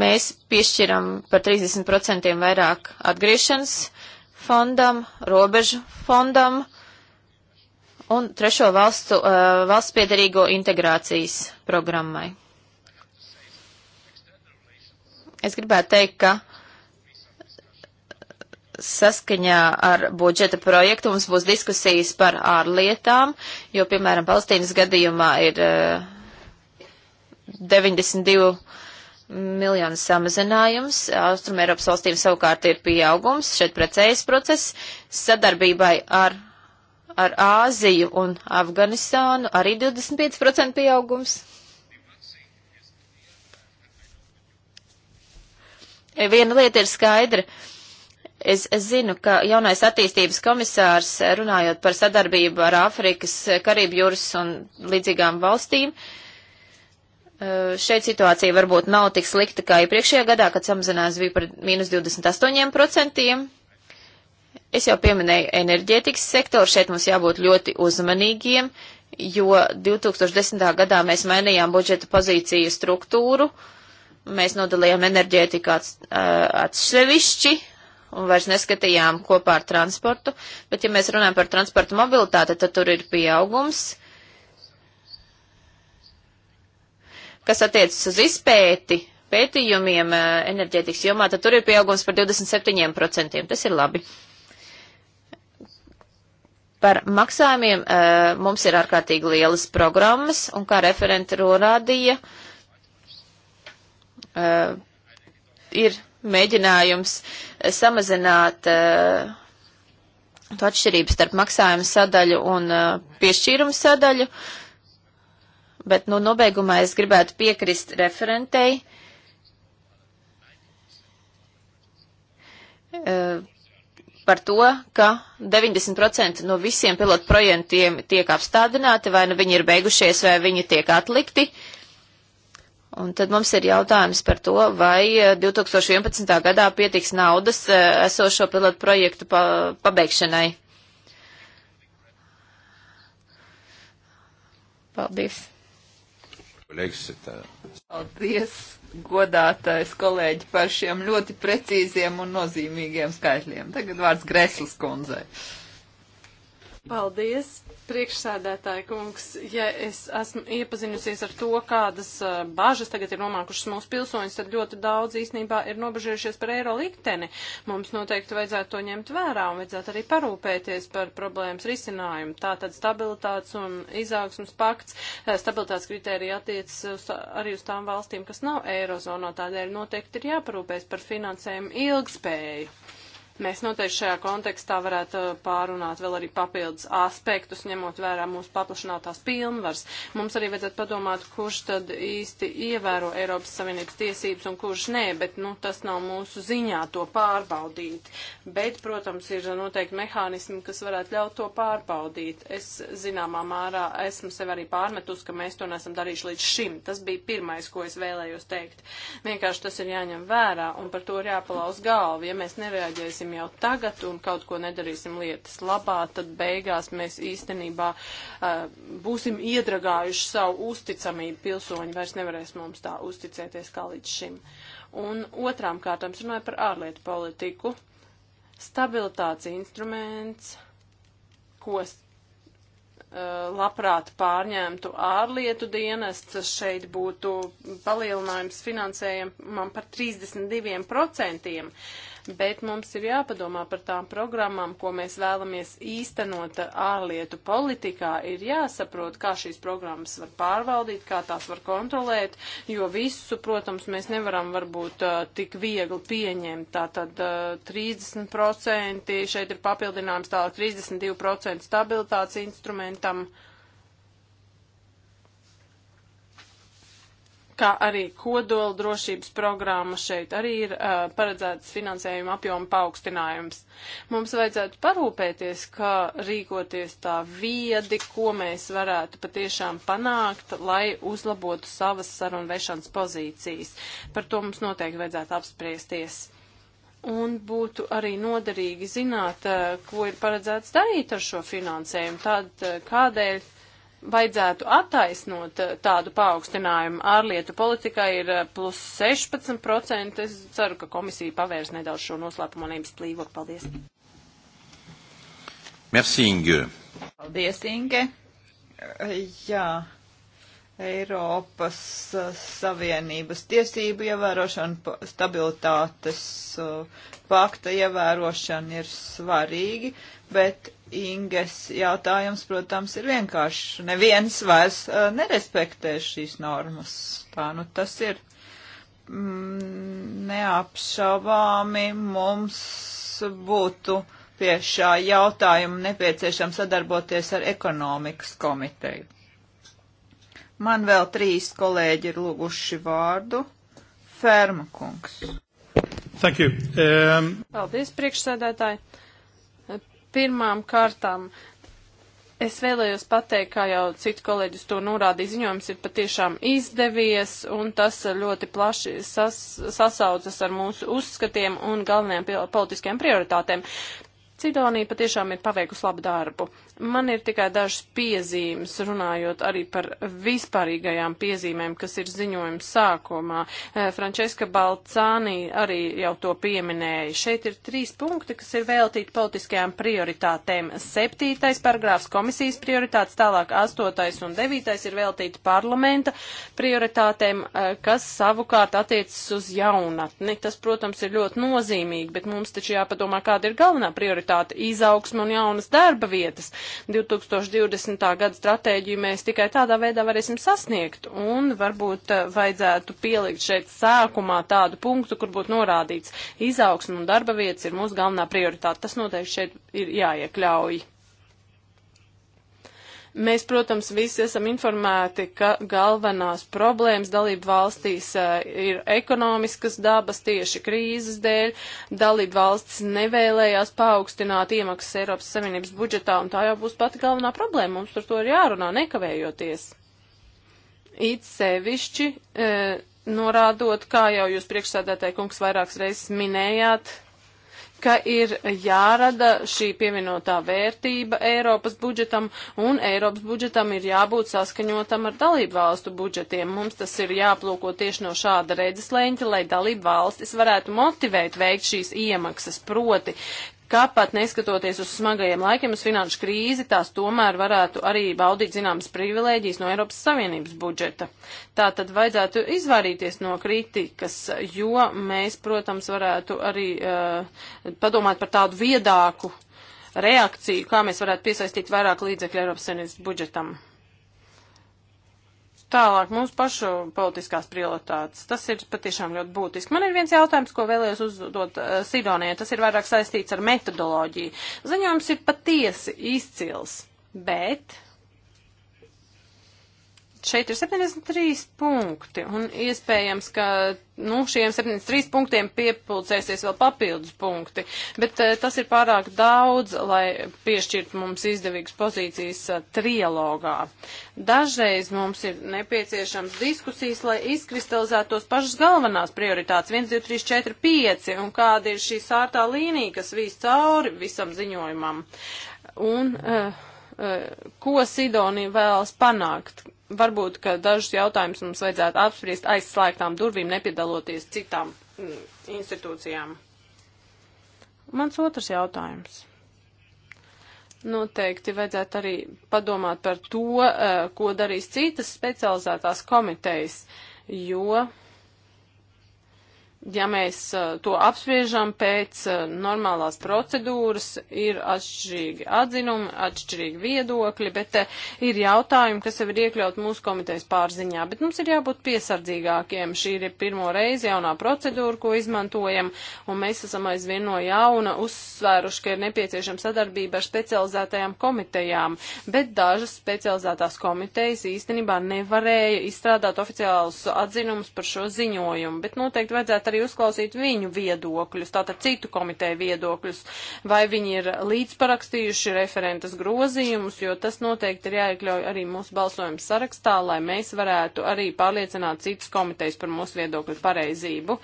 mēs piešķiram par 30% vairāk atgriešanas fondam, robežu fondam un trešo valstu, eh, valsts piedarīgo integrācijas programmai. Es gribētu teikt, ka saskaņā ar budžeta projektu mums būs diskusijas par ārlietām, jo, piemēram, Palestīnas gadījumā ir 92 eh, miljonu samazinājums, Austrum Eiropas valstīm savukārt ir pieaugums, šeit precējas process, sadarbībai ar, ar Āziju un Afganistānu arī 25% pieaugums. viena lieta ir skaidra. Es, es zinu, ka jaunais attīstības komisārs, runājot par sadarbību ar Āfrikas, Karību jūras un līdzīgām valstīm, šeit situācija varbūt nav tik slikta kā iepriekšējā gadā, kad samazinājums bija par mīnus 28%. Es jau pieminēju enerģētikas sektoru, šeit mums jābūt ļoti uzmanīgiem, jo 2010. gadā mēs mainījām budžeta pozīciju struktūru. Uh, Mēs nodalījām enerģētiku atsevišķi un vairs neskatījām kopā ar transportu, bet ja mēs runājam par transportu mobilitāti, tad tur ir pieaugums, kas attiecas uz izpēti pētījumiem enerģētikas jomā, tad tur ir pieaugums par 27%. Tas ir labi. Par maksājumiem mums ir ārkārtīgi lielas programmas, un kā referenti norādīja, uh, uh, ir mēģinājums samazināt uh, to atšķirību starp maksājumu sadaļu un uh, piešķīrumu sadaļu, bet nu, nobeigumā es gribētu piekrist referentei. Uh, par to, ka 90% no visiem pilotu projektiem tiek apstādināti, vai nu viņi ir beigušies, vai viņi tiek atlikti. Uh, Un tad mums ir jautājums par to, vai 2011. E, gadā pietiks naudas e, esošo pilotu projektu pa, pabeigšanai. Paldies. E, Paldies, godātais kolēģi, par šiem ļoti precīziem un nozīmīgiem skaitļiem. Tagad vārds Greslis kundzei. Paldies. Priekšsēdētāji kungs, ja es esmu iepazinusies ar to, kādas uh, bažas tagad ir nomākušas mūsu pilsoņus, tad ļoti daudz īstenībā ir nobežījušies par eiro likteni. Mums noteikti vajadzētu to ņemt vērā un vajadzētu arī parūpēties par problēmas risinājumu. Tātad stabilitātes un izaugsmas pakts, uh, stabilitātes kritērija attiecas uz, arī uz tām valstīm, kas nav eirozonā, tādēļ noteikti ir jāparūpēs par finansējumu ilgspēju. Mēs noteikti šajā kontekstā varētu pārunāt vēl arī papildus aspektus, ņemot vērā mūsu paplašinātās pilnvars. Mums arī vajadzētu padomāt, kurš tad īsti ievēro Eiropas Savienības tiesības un kurš nē, bet nu, tas nav mūsu ziņā to pārbaudīt. Bet, protams, ir noteikti mehānismi, kas varētu ļaut to pārbaudīt. Es zināmā mērā esmu sev arī pārmetus, ka mēs to nesam darījuši līdz šim. Tas bija pirmais, ko es vēlējos teikt. Vienkārši tas ir jāņem vērā un par to ir jāpalauz galvu. Ja mēs nereaģēsim darīsim jau tagad un kaut ko nedarīsim lietas labā, tad beigās mēs īstenībā uh, būsim iedragājuši savu uzticamību. Pilsoņi vairs nevarēs mums tā uzticēties kā līdz šim. Un otrām kārtām runāju par ārlietu politiku. Stabilitātes instruments, ko uh, labprāt pārņemtu ārlietu dienests, šeit būtu palielinājums finansējumam par 32% bet mums ir jāpadomā par tām programmām, ko mēs vēlamies īstenot ārlietu politikā. Ir jāsaprot, kā šīs programmas var pārvaldīt, kā tās var kontrolēt, jo visu, protams, mēs nevaram varbūt tik viegli pieņemt. Tātad 30% šeit ir papildinājums, tālāk 32% stabilitātes instrumentam. kā arī kodola drošības programma šeit arī ir uh, paredzēts finansējuma apjoma paaugstinājums. Mums vajadzētu parūpēties, kā rīkoties tā viedi, ko mēs varētu patiešām panākt, lai uzlabotu savas sarunvešanas pozīcijas. Par to mums noteikti vajadzētu apspriesties. Un būtu arī noderīgi zināt, uh, ko ir paredzēts darīt ar šo finansējumu, tad uh, kādēļ vajadzētu attaisnot eh, tādu paaugstinājumu. Ārlietu politikā ir eh, plus 16%. Es ceru, ka komisija pavērs nedaudz šo noslēpumanības plīvuru. Paldies. Merci, Inge. Paldies, Inge. Jā. Eiropas uh, Savienības tiesību ievērošana, stabilitātes uh, pakta ievērošana ir svarīgi, bet Inges jautājums, protams, ir vienkārši. Neviens vairs uh, nerespektē šīs normas. Tā nu tas ir. Mm, neapšaubāmi mums būtu pie šā jautājuma nepieciešams sadarboties ar ekonomikas komiteju. Man vēl trīs kolēģi ir lūguši vārdu. Ferma kungs. Thank you. Um... Paldies, priekšsēdētāji. Pirmām kārtām Es vēlējos pateikt, kā jau citu kolēģis to norādīja, ziņojums ir patiešām izdevies, un tas ļoti plaši sas, sasaucas ar mūsu uzskatiem un galvenajām politiskiem prioritātēm. Cidonija patiešām ir paveikusi labu darbu. Man ir tikai dažas piezīmes, runājot arī par vispārīgajām piezīmēm, kas ir ziņojuma sākumā. Eh, Frančeska Balcāni arī jau to pieminēja. Šeit ir trīs punkti, kas ir veltīti politiskajām prioritātēm. Septītais paragrāfs komisijas prioritātes, tālāk astotais un devītais ir veltīti parlamenta prioritātēm, eh, kas savukārt attiecas uz jaunatni. Tas, protams, ir ļoti nozīmīgi, bet mums taču jāpadomā, kāda ir galvenā prioritāte produktivitāte, izaugsme un jaunas darba vietas. 2020. gada stratēģiju mēs tikai tādā veidā varēsim sasniegt, un varbūt eh, vajadzētu pielikt šeit sākumā tādu punktu, kur būtu norādīts, izaugsme un darba vietas ir mūsu galvenā prioritāte. Tas noteikti šeit ir jāiekļauj. Mēs, protams, visi esam informēti, ka galvenās problēmas dalību valstīs eh, ir ekonomiskas dabas tieši krīzes dēļ. Dalību valstis nevēlējās paaugstināt iemaksas Eiropas Savienības budžetā, un tā jau būs pati galvenā problēma. Mums par to ir jārunā nekavējoties. It sevišķi, e, norādot, kā jau jūs priekšsādātāji kungs vairākas reizes minējāt, ka ir jārada šī pievienotā vērtība Eiropas budžetam, un Eiropas budžetam ir jābūt saskaņotam ar dalību valstu budžetiem. Mums tas ir jāplūko tieši no šāda redzes leņķa, lai dalību valstis varētu motivēt veikt šīs iemaksas, proti, ka pat neskatoties uz smagajiem laikiem, uz finanšu krīzi, tās tomēr varētu arī baudīt zināmas privilēģijas no Eiropas Savienības budžeta. Tā tad vajadzētu izvairīties no kritikas, jo mēs, protams, varētu arī uh, padomāt par tādu viedāku reakciju, kā mēs varētu piesaistīt vairāk līdzekļu Eiropas Savienības budžetam. Tālāk mūsu pašu politiskās prioritātes. Tas ir patiešām ļoti būtiski. Man ir viens jautājums, ko vēlējos uzdot uh, Sidonijai. Tas ir vairāk saistīts ar metodoloģiju. Ziņojums ir patiesi izcils, bet Šeit ir 73 punkti, un iespējams, ka nu, šiem 73 punktiem piepulcēsies vēl papildus punkti, bet uh, tas ir pārāk daudz, lai piešķirtu mums izdevīgas pozīcijas uh, trialogā. Dažreiz mums ir nepieciešams diskusijas, lai izkristalizētos pašas galvenās prioritātes 1, 2, 3, 4, 5, un kāda ir šī sārtā līnija, kas vīs cauri visam ziņojumam. Un, uh, ko Sidonija vēlas panākt, varbūt, ka dažus jautājumus mums vajadzētu apspriest aizslēgtām durvīm, nepiedaloties citām mm, institūcijām. Mans otrs jautājums. Noteikti vajadzētu arī padomāt par to, eh, ko darīs citas specializētās komitejas, jo ja mēs uh, to apspriežam pēc uh, normālās procedūras, ir atšķirīgi atzinumi, atšķirīgi viedokļi, bet uh, ir jautājumi, kas jau ir iekļaut mūsu komitejas pārziņā, bet mums ir jābūt piesardzīgākiem. Šī ir pirmo reizi jaunā procedūra, ko izmantojam, un mēs esam aizvien no jauna uzsvēruši, ka ir nepieciešama sadarbība ar specializētajām komitejām, bet dažas specializētās komitejas īstenībā nevarēja izstrādāt oficiālus atzinumus par šo ziņojumu, bet noteikti vajadzētu arī arī uzklausīt viņu viedokļus, tātad citu komiteju viedokļus, vai viņi ir līdzparakstījuši referentas grozījumus, jo tas noteikti ir jāiekļauj arī mūsu balsojuma sarakstā, lai mēs varētu arī pārliecināt citas komitejas par mūsu viedokļu pareizību.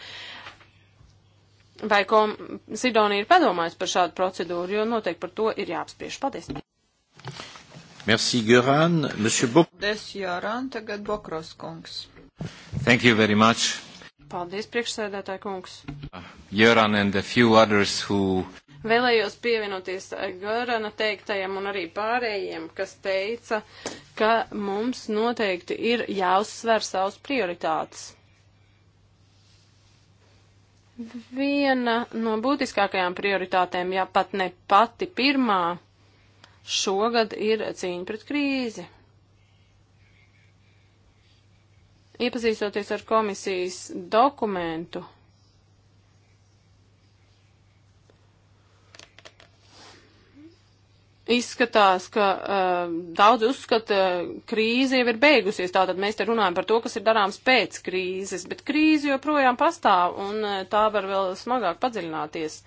Vai kom Sidonija ir padomājusi par šādu procedūru, jo noteikti par to ir jāapspriež. Paldies! Merci, Göran. Monsieur Bok... Des, Göran, tagad Bokros kungs. Thank you very much. Paldies, priekšsēdētāji kungs. Joran and a few others who. Vēlējos pievienoties Gorana teiktajam un arī pārējiem, kas teica, ka mums noteikti ir jāuzsver savas prioritātes. Viena no būtiskākajām prioritātēm, ja pat ne pati pirmā, šogad ir cīņa pret krīzi. Iepazīstoties ar komisijas dokumentu, izskatās, ka uh, daudz uzskata, krīze jau ir beigusies, tātad mēs te runājam par to, kas ir darāms pēc krīzes, bet krīze joprojām pastāv un uh, tā var vēl smagāk padziļināties.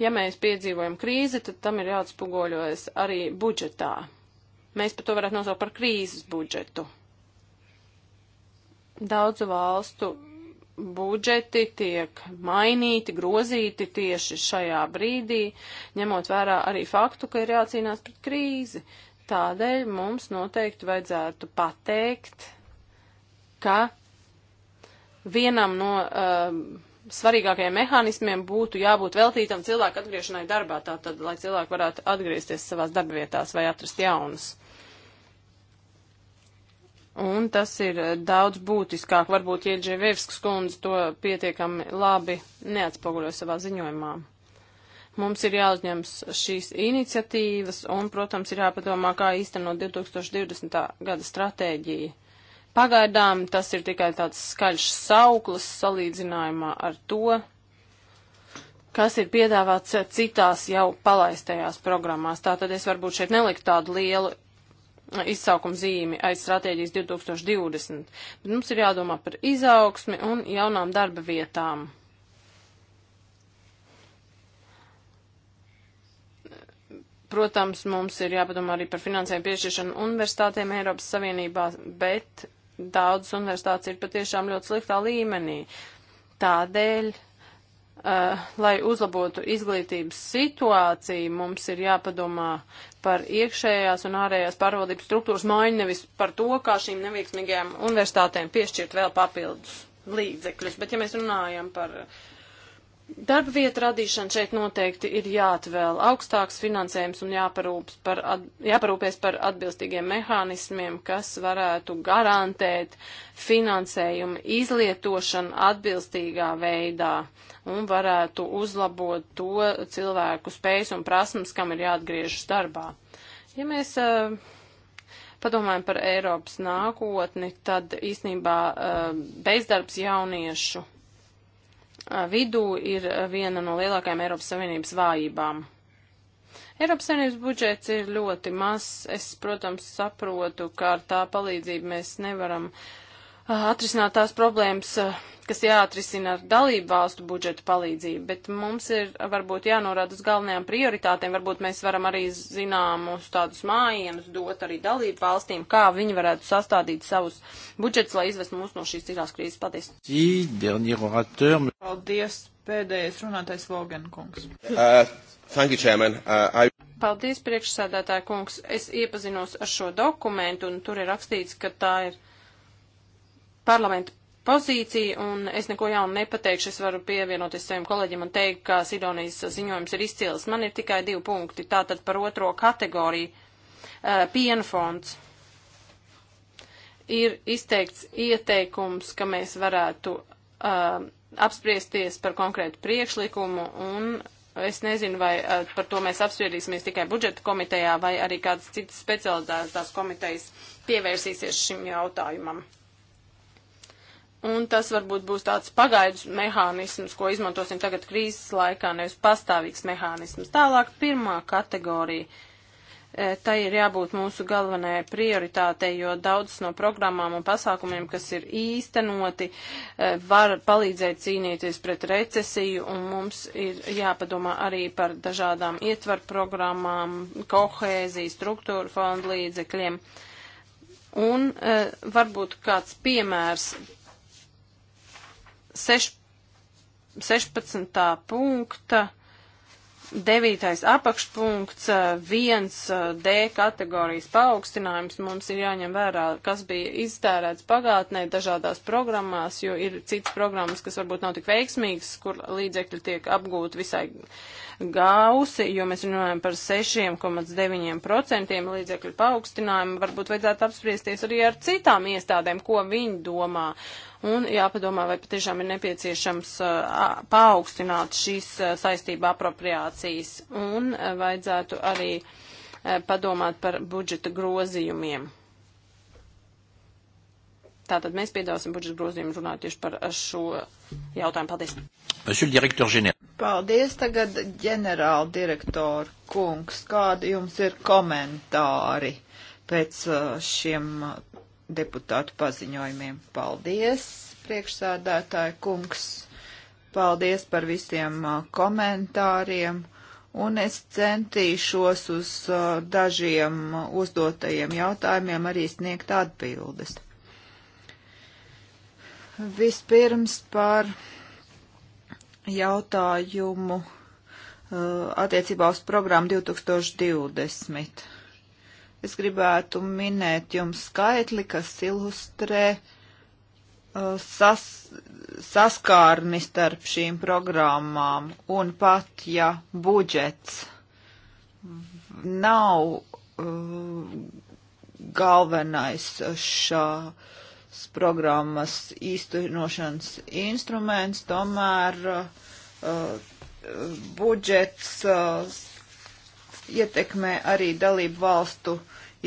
Ja mēs piedzīvojam krīzi, tad tam ir jāatspoguļojas arī budžetā. Mēs par to varētu nosaukt par krīzes budžetu. Daudzu valstu budžeti tiek mainīti, grozīti tieši šajā brīdī, ņemot vērā arī faktu, ka ir jācīnās pret krīzi. Tādēļ mums noteikti vajadzētu pateikt, ka vienam no uh, svarīgākajiem mehānismiem būtu jābūt veltītam cilvēku atgriešanai darbā, tātad, lai cilvēki varētu atgriezties savās darbvietās vai atrast jaunas. Un tas ir eh, daudz būtiskāk. Varbūt Ieģevievskas kundze to pietiekami labi neatspoguļo savā ziņojumā. Mums ir jāuzņems šīs iniciatīvas un, protams, ir jāpadomā, kā īstenot 2020. gada stratēģiju. Pagaidām tas ir tikai tāds skaļš sauklis salīdzinājumā ar to, kas ir piedāvāts citās jau palaistajās programmās. Tātad es varbūt šeit neliku tādu lielu izsaukuma zīmi aiz stratēģijas 2020, bet mums ir jādomā par izaugsmi un jaunām darba vietām. Protams, mums ir jāpadomā arī par finansējumu piešķiršanu universitātēm Eiropas Savienībā, bet daudzas universitātes ir patiešām ļoti sliktā līmenī. Tādēļ Uh, lai uzlabotu izglītības situāciju, mums ir jāpadomā par iekšējās un ārējās pārvaldības struktūras maiņu, nevis par to, kā šīm neveiksmīgajām universitātēm piešķirt vēl papildus līdzekļus. Bet ja mēs runājam par uh, Darba vieta radīšana šeit noteikti ir jāatvēl augstāks finansējums un par at, jāparūpēs par atbilstīgiem mehānismiem, kas varētu garantēt finansējumu izlietošanu atbilstīgā veidā un varētu uzlabot to cilvēku spējas un prasmes, kam ir jāatgriežas darbā. Ja mēs uh, padomājam par Eiropas nākotni, tad īstenībā uh, eh, bezdarbs jauniešu vidū ir viena no lielākajām Eiropas Savienības vājībām. Eiropas Savienības budžets ir ļoti mazs. Es, protams, saprotu, ka ar tā palīdzību mēs nevaram uh, Ah, atrisināt tās problēmas, ah, kas jāatrisina ar dalību valstu budžetu palīdzību, bet mums ir varbūt jānorāda uz galvenajām prioritātēm, varbūt mēs varam arī zināmus tādus mājienus dot arī dalību valstīm, kā viņi varētu sastādīt savus budžets, lai izvest mūs no šīs citās krīzes. Paldies! Paldies! Pēdējais runātais Vogenkungs. Uh, thank you, Chairman. Uh, I... Paldies, priekšsēdētāja kungs. Es iepazinos ar šo dokumentu, un tur ir rakstīts, ka tā ir parlamentu pozīciju, un es neko jaunu nepateikšu, es varu pievienoties saviem kolēģiem un teikt, ka Sidonijas ziņojums ir izcils. Man ir tikai divi punkti, tātad par otro kategoriju eh, - piena fonds. Ir izteikts ieteikums, ka mēs varētu uh, apspriesties par konkrētu priekšlikumu, un es nezinu, vai uh, par to mēs apspriedīsimies tikai budžeta komitejā, vai arī kādas citas specializētās komitejas pievērsīsies šim jautājumam. Un tas varbūt būs tāds pagaidus mehānisms, ko izmantosim tagad krīzes laikā, nevis pastāvīgs mehānisms. Tālāk pirmā kategorija. E, tai ir jābūt mūsu galvenajai prioritātei, jo daudzas no programmām un pasākumiem, kas ir īstenoti, e, var palīdzēt cīnīties pret recesiju, un mums ir jāpadomā arī par dažādām ietvaru programmām, kohēziju, struktūru fondu līdzekļiem. Un e, varbūt kāds piemērs seš, 16. punkta, 9. apakšpunkts, 1D kategorijas paaugstinājums. Mums ir jāņem vērā, kas bija iztērēts pagātnē dažādās programmās, jo ir citas programmas, kas varbūt nav tik veiksmīgas, kur līdzekļi tiek apgūti visai. Uh, gausi, jo mēs runājam par 6,9% līdzekļu paaugstinājumu. Varbūt vajadzētu apspriesties arī ar citām iestādēm, ko viņi domā. Un jāpadomā, vai patiešām ir nepieciešams uh, paaugstināt šīs uh, saistība apropriācijas. Un uh, vajadzētu arī uh, padomāt par budžeta grozījumiem. Tātad mēs piedāvāsim budžeta grozījumu runāt tieši par uh, šo jautājumu. Paldies! Monsieur le directeur général. Paldies, tagad ģenerāla direktora kungs. Kādi jums ir komentāri pēc uh, šiem uh, deputātu paziņojumiem? Paldies, priekšsēdētāja kungs. Paldies par visiem uh, komentāriem. Un es centīšos uz dažiem uzdotajiem jautājumiem arī sniegt atbildes. Vispirms par jautājumu uh, attiecībā uz programmu 2020. Es gribētu minēt jums skaitli, kas ilustrē uh, sas, saskārni starp šīm programmām, un pat ja budžets nav uh, galvenais uh, šā uh, programmas īstenošanas instruments, tomēr uh, uh, budžets uh, ietekmē arī dalību valstu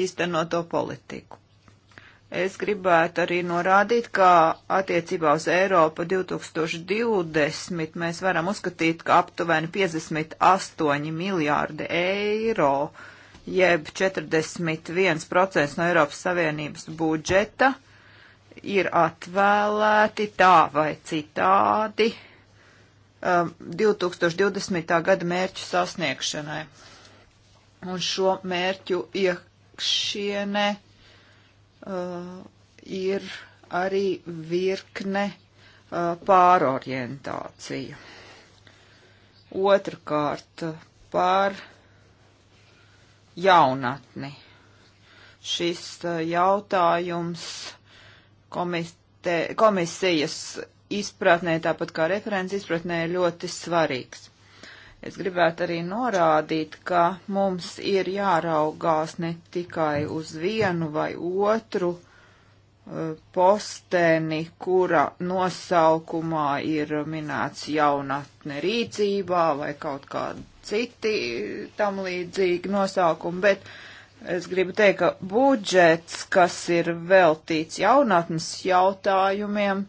īstenoto politiku. Es gribētu arī norādīt, ka attiecībā uz Eiropa 2020 mēs varam uzskatīt, ka aptuveni 58 miljārdi eiro, jeb 41% no Eiropas Savienības budžeta, uh, ir atvēlēti tā vai citādi um, 2020. gada mērķu sasniegšanai. Un šo mērķu iekšienē uh, ir arī virkne uh, pārorientācija. Otrakārt par jaunatni. Šis uh, jautājums komite, komisijas izpratnē, tāpat kā referents izpratnē, ir ļoti svarīgs. Es gribētu arī norādīt, ka mums ir jāraugās ne tikai uz vienu vai otru uh, posteni, kura nosaukumā ir minēts jaunatne rīcībā vai kaut kādi citi tam līdzīgi nosaukumi, bet uh, Es gribu teikt, ka budžets, kas ir veltīts jaunatnes jautājumiem,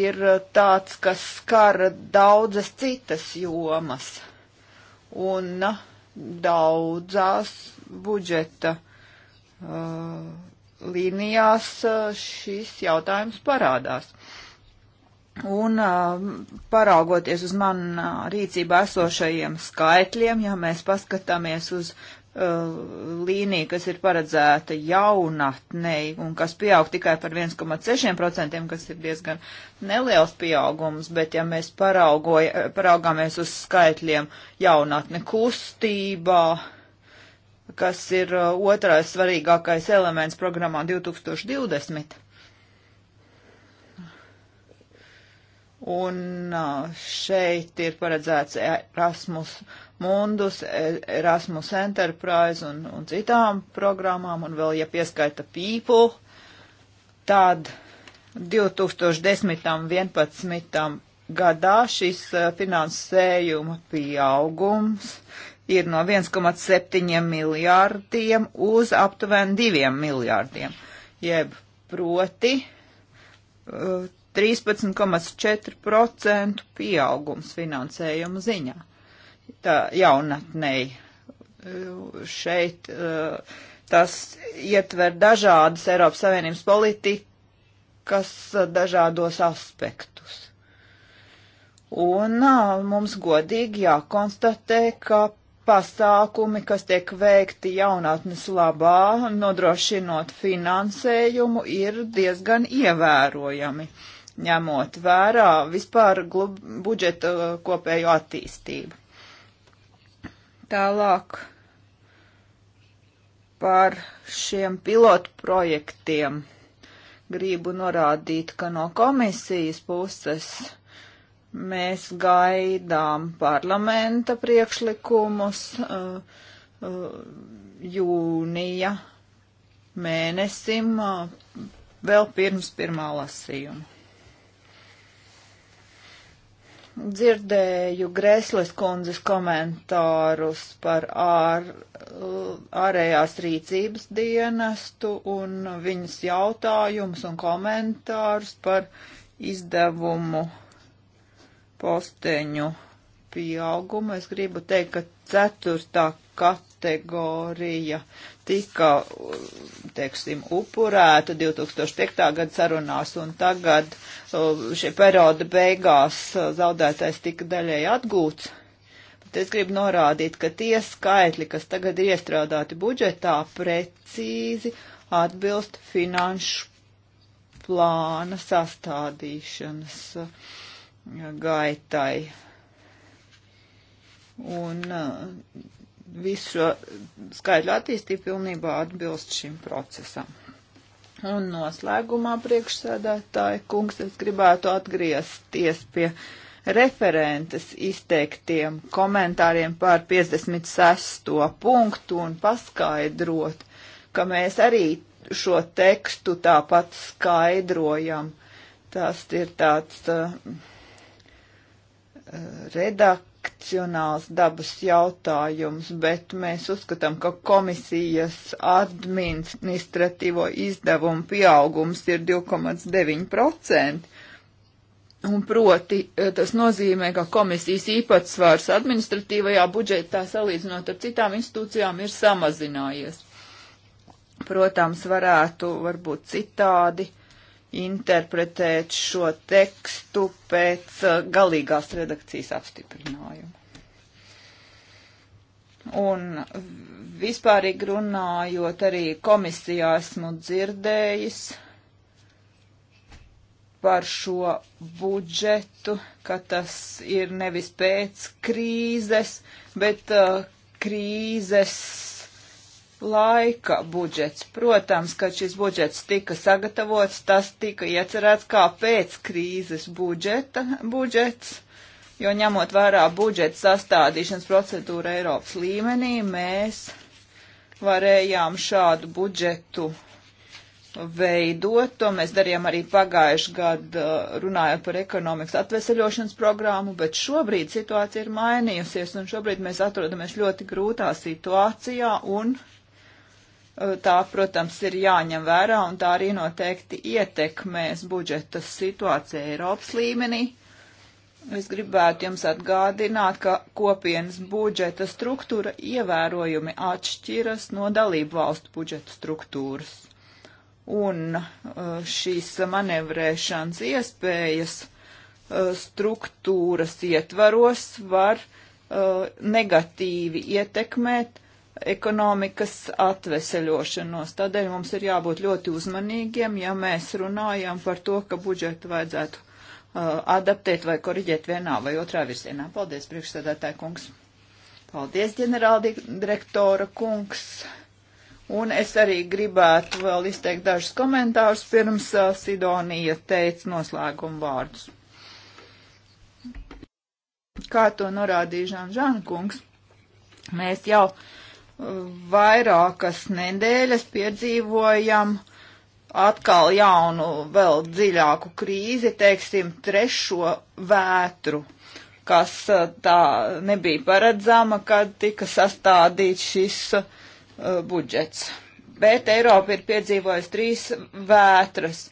ir tāds, kas skar daudzas citas jomas. Un daudzās budžeta uh, līnijās uh, šis jautājums parādās. Un uh, paraugoties uz man uh, rīcībā esošajiem skaitļiem, ja mēs paskatāmies uz Uh, līnija, kas ir paredzēta jaunatnei un kas pieaug tikai par 1,6%, kas ir diezgan neliels pieaugums, bet ja mēs paraugāmies uz skaitļiem jaunatne kustībā, kas ir uh, otrais svarīgākais elements programmā 2020 Un šeit ir paredzēts e- Erasmus Mundus, e- Erasmus Enterprise un, un citām programmām, un vēl, ja pieskaita People, tad 2010. un 2011. gadā šis finansējuma pieaugums ir no 1,7 miljārdiem uz aptuveni 2 miljārdiem, jeb proti 13,4% pieaugums finansējuma ziņā. Tā jaunatnei eh, šeit eh, tas ietver dažādas Eiropas Savienības politikas eh, dažādos aspektus. Un mums godīgi jākonstatē, ka pasākumi, kas tiek veikti jaunatnes labā, nodrošinot finansējumu, ir diezgan ievērojami. Uh, ņemot vērā vispār budžeta kopējo attīstību. Tālāk par šiem pilotu projektiem gribu norādīt, ka no komisijas puses mēs gaidām parlamenta priekšlikumus uh, uh, jūnija mēnesim uh, vēl pirms pirmā lasījuma dzirdēju Grēsles kundzes komentārus par ār, ārējās rīcības dienestu un viņas jautājumus un komentārus par izdevumu posteņu pieaugumu. Es gribu teikt, ka ceturtā kategorija kategorija tika, teiksim, upurēta 2005. gada sarunās, un tagad šī perioda beigās zaudētais tika daļai atgūts. Bet es gribu norādīt, ka tie skaitļi, kas tagad ir iestrādāti budžetā, precīzi atbilst finanšu plāna sastādīšanas gaitai. Un visu šo skaidru attīstību pilnībā atbilst šim procesam. Un noslēgumā priekšsēdētāji kungs, es gribētu atgriezties pie referentes izteiktiem komentāriem par 56. punktu un paskaidrot, ka mēs arī šo tekstu tāpat skaidrojam. Tas ir tāds uh, redak redakcionāls dabas jautājums, bet mēs uzskatām, ka komisijas administratīvo izdevumu pieaugums ir 2,9%. Un proti, eh, tas nozīmē, ka komisijas īpatsvars administratīvajā budžetā salīdzinot ar citām institūcijām ir samazinājies. Protams, varētu varbūt citādi interpretēt šo tekstu pēc uh, galīgās redakcijas apstiprinājuma. Un vispārīgi runājot, arī komisijā esmu dzirdējis par šo budžetu, ka tas ir nevis pēc krīzes, bet uh, krīzes laika budžets. Protams, kad šis budžets tika sagatavots, tas tika iecerēts kā pēc krīzes budžeta budžets, jo ņemot vērā budžeta sastādīšanas procedūru Eiropas līmenī, mēs varējām šādu budžetu veidot. To mēs darījām arī pagājuši gadu uh, runājot par ekonomikas atveseļošanas programmu, bet šobrīd situācija ir mainījusies un šobrīd mēs atrodamies ļoti grūtā situācijā un uh, tā, protams, ir jāņem vērā un tā arī noteikti ietekmēs budžeta situāciju Eiropas līmenī. Es gribētu jums atgādināt, ka kopienas budžeta struktūra ievērojumi atšķiras no dalību valstu budžeta struktūras. Un uh, šīs manevrēšanas iespējas uh, struktūras ietvaros var uh, negatīvi ietekmēt ekonomikas atveseļošanos. Tādēļ mums ir jābūt ļoti uzmanīgiem, ja mēs runājam par to, ka budžetu vajadzētu uh, adaptēt vai koriģēt vienā vai otrā virzienā. Paldies, priekšsēdētāji kungs. Paldies, ģenerāldirektora kungs. Un es arī gribētu vēl izteikt dažus komentārus pirms uh, Sidonija teica noslēgumu vārdus. Kā to norādīja Žanžāna kungs, mēs jau uh, vairākas nedēļas piedzīvojam atkal jaunu, vēl dziļāku krīzi, teiksim, trešo vētru, kas uh, tā nebija paredzama, kad tika sastādīts šis uh, budžets. Bet Eiropa ir piedzīvojusi trīs vētras.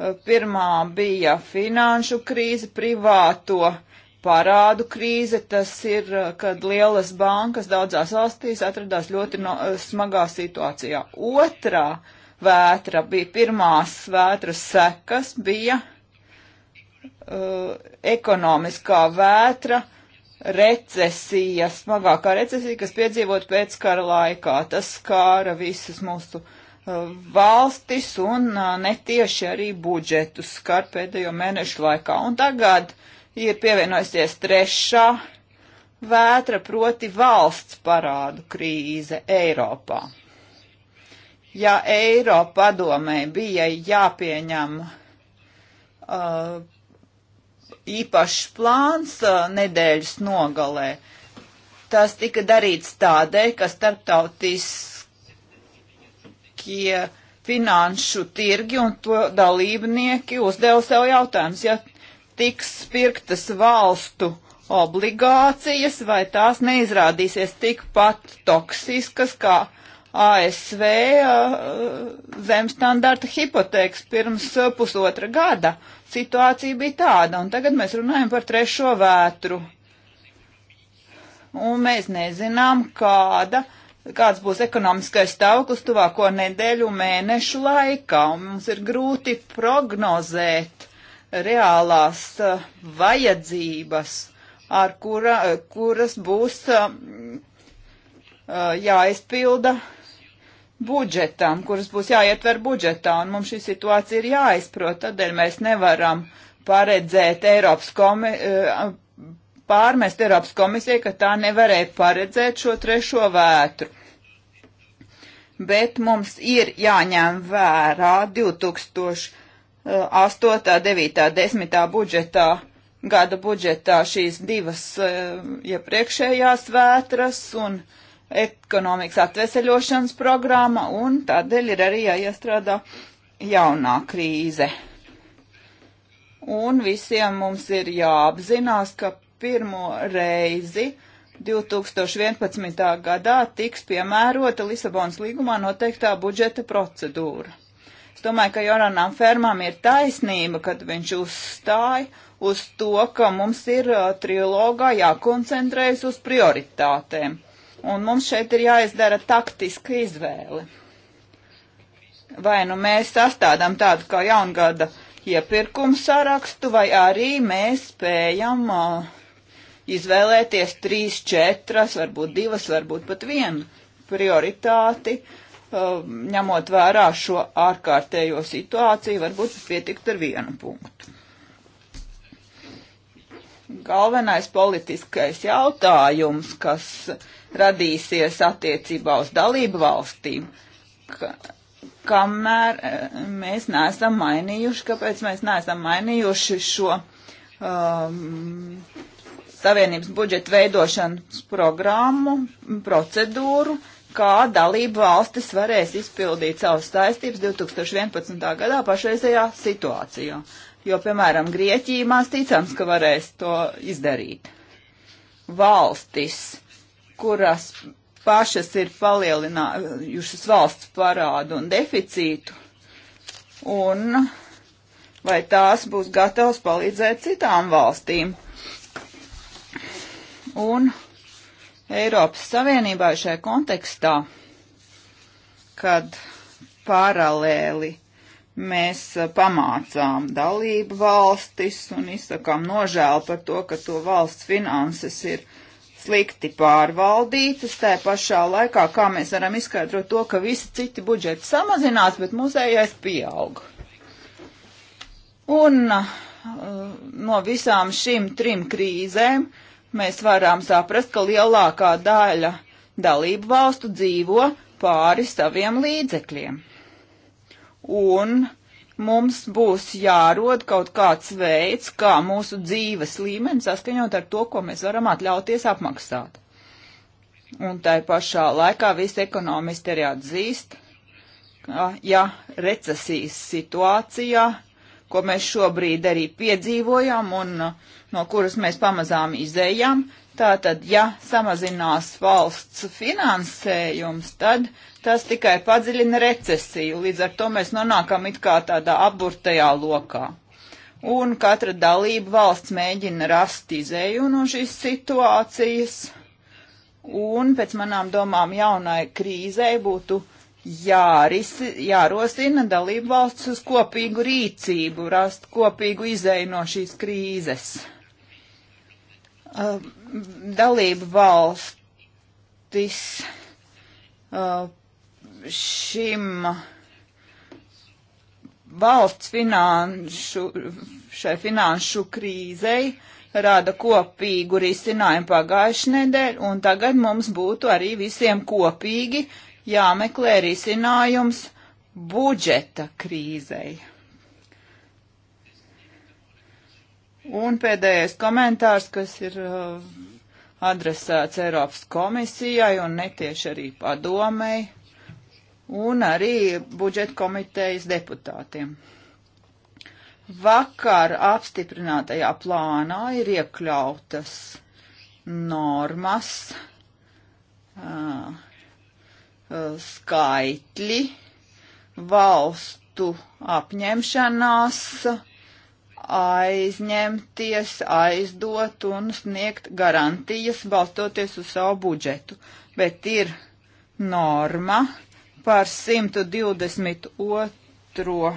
Uh, pirmā bija finanšu krīze, privāto uh, parādu krīze, tas ir, eh, kad lielas bankas daudzās valstīs atradās ļoti no, eh, smagā situācijā. Otrā vētra bija pirmās vētras sekas, bija uh, ekonomiskā vētra, recesija, smagākā recesija, kas piedzīvot pēc kara laikā. Tas skāra visas mūsu uh, valstis un uh, netieši arī budžetus skar pēdējo mēnešu laikā. Un tagad uh, ir pievienojusies trešā vētra, proti valsts parādu krīze Eiropā. Ja Eiropa padomē bija jāpieņem uh, īpašs plāns uh, nedēļas nogalē, tas tika darīts tādēļ, ka starptautiskie finanšu tirgi un to dalībnieki uzdeva sev jautājums, ja tiks pirktas valstu obligācijas, vai tās neizrādīsies tikpat toksiskas kā ASV zemstandarta hipotēkas pirms pusotra gada. Situācija bija tāda, un tagad mēs runājam par trešo vētru. Un mēs nezinām, kāda, kāds būs ekonomiskais stāvoklis tuvāko nedēļu mēnešu laikā. Un mums ir grūti prognozēt reālās vajadzības, ar kura, kuras būs jāizpilda budžetam, kuras būs jāietver budžetā, un mums šī situācija ir jāizprot, tādēļ mēs nevaram paredzēt Eiropas komi, pārmest Eiropas komisijai, ka tā nevarēja paredzēt šo trešo vētru. Bet mums ir jāņem vērā 2000. 8., 9., 10. budžetā, gada budžetā šīs divas e, iepriekšējās ja vētras un ekonomikas atveseļošanas programma, un tādēļ ir arī jāiestrādā jaunā krīze. Un visiem mums ir jāapzinās, ka pirmo reizi 2011. gadā tiks piemērota Lisabonas līgumā noteiktā budžeta procedūra. Es domāju, ka Joranam Fermam ir taisnība, kad viņš uzstāja uz to, ka mums ir uh, trilogā jākoncentrējas uz prioritātēm. Un mums šeit ir jāizdara taktiska izvēle. Vai nu mēs sastādām tādu kā jaungada iepirkumu sarakstu, vai arī mēs spējam uh, izvēlēties trīs, četras, varbūt divas, varbūt pat vienu prioritāti, uh, Uh, ņemot vērā šo ārkārtējo situāciju, varbūt pietikt ar vienu punktu. Galvenais politiskais jautājums, kas radīsies attiecībā uz dalību valstīm, ka, kamēr uh, mēs neesam mainījuši, kāpēc mēs neesam mainījuši šo um, Savienības budžeta veidošanas programmu, procedūru, uh, kā dalība valstis varēs izpildīt savas saistības 2011. gadā pašreizējā situācijā. Jo, piemēram, Grieķija mās ticams, ka varēs to izdarīt. Valstis, kuras pašas ir palielinājušas valsts parādu un deficītu, un vai tās būs gatavas palīdzēt citām valstīm. Un Eiropas Savienībā šajā kontekstā, kad paralēli mēs uh, pamācām dalību valstis un izsakām nožēlu par to, ka to valsts finanses ir slikti pārvaldītas. Tā pašā laikā, kā mēs varam izskaidrot to, ka visi citi budžeti samazinās, bet muzejais pieaug. Un uh, no visām šīm trim krīzēm uh, mēs varam saprast, ka lielākā daļa dalību valstu dzīvo pāri saviem līdzekļiem. Un mums būs jārod kaut kāds veids, kā mūsu dzīves līmeni saskaņot ar to, ko mēs varam atļauties apmaksāt. Un tai pašā laikā visi ekonomisti arī atzīst, ka ja recesijas situācijā, ko mēs šobrīd arī piedzīvojam un uh, no kuras mēs pamazām izējām. Tātad, ja samazinās valsts finansējums, tad tas tikai padziļina recesiju. Līdz ar to mēs nonākam it kā tādā apburtajā lokā. Un katra dalība valsts mēģina rast izēju no šīs situācijas. Un pēc manām domām jaunai krīzei būtu jārisi, jārosina dalību valsts uz kopīgu rīcību, rast kopīgu izēju no šīs krīzes uh, dalību valstis uh, šim valsts finanšu, šai finanšu krīzei rada kopīgu risinājumu pagājušajā nedēļā, un tagad mums būtu arī visiem kopīgi jāmeklē risinājums budžeta krīzei. Un pēdējais komentārs, kas ir uh, adresēts Eiropas komisijai un netieši arī padomei un arī budžeta komitejas deputātiem. Vakar apstiprinātajā plānā ir iekļautas normas, uh, skaitļi, valstu apņemšanās, uh, aizņemties, aizdot un sniegt garantijas balstoties uz savu budžetu. Bet ir norma par 122 uh,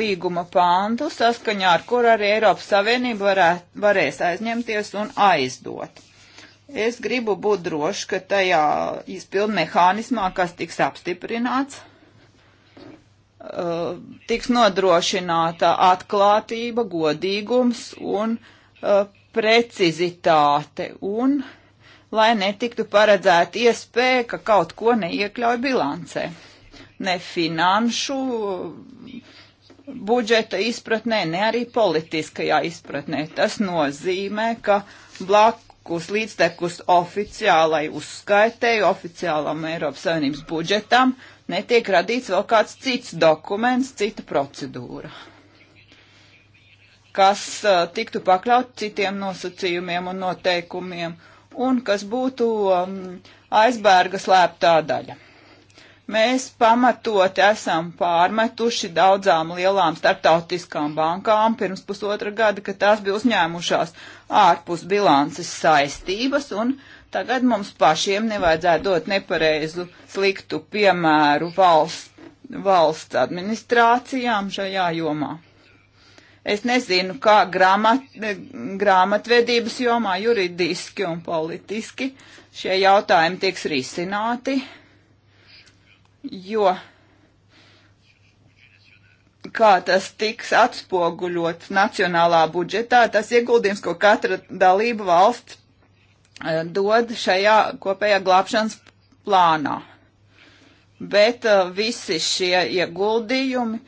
līguma pāntu, saskaņā ar kur arī Eiropas Savienība varē, varēs aizņemties un aizdot. Es gribu būt droši, ka tajā izpildu mehānismā, kas tiks apstiprināts, Uh, tiks nodrošināta atklātība, godīgums un uh, precizitāte, un lai netiktu paredzēta iespēja, ka kaut ko neiekļauj bilancē. Ne finanšu uh, budžeta izpratnē, ne arī politiskajā izpratnē. Tas nozīmē, ka blakus līdztekus oficiālai uzskaitēji, oficiālam Eiropas Savienības budžetam, uh, netiek radīts vēl kāds cits dokuments, cita procedūra, kas uh, tiktu pakļaut citiem nosacījumiem un noteikumiem un kas būtu um, aizbērga slēptā daļa. Mēs pamatot esam pārmetuši daudzām lielām starptautiskām bankām pirms pusotra gada, ka tās bija uzņēmušās ārpus bilances saistības un uh, Tagad mums pašiem nevajadzētu dot nepareizu, sliktu piemēru valsts, valsts administrācijām šajā jomā. Es nezinu, kā grāmat, grāmatvedības jomā juridiski un politiski šie jautājumi tiks risināti, jo kā tas tiks atspoguļots nacionālā budžetā, tas ieguldījums, ko katra dalība valsts Eh, dod šajā kopējā glābšanas plānā. Bet eh, visi šie ieguldījumi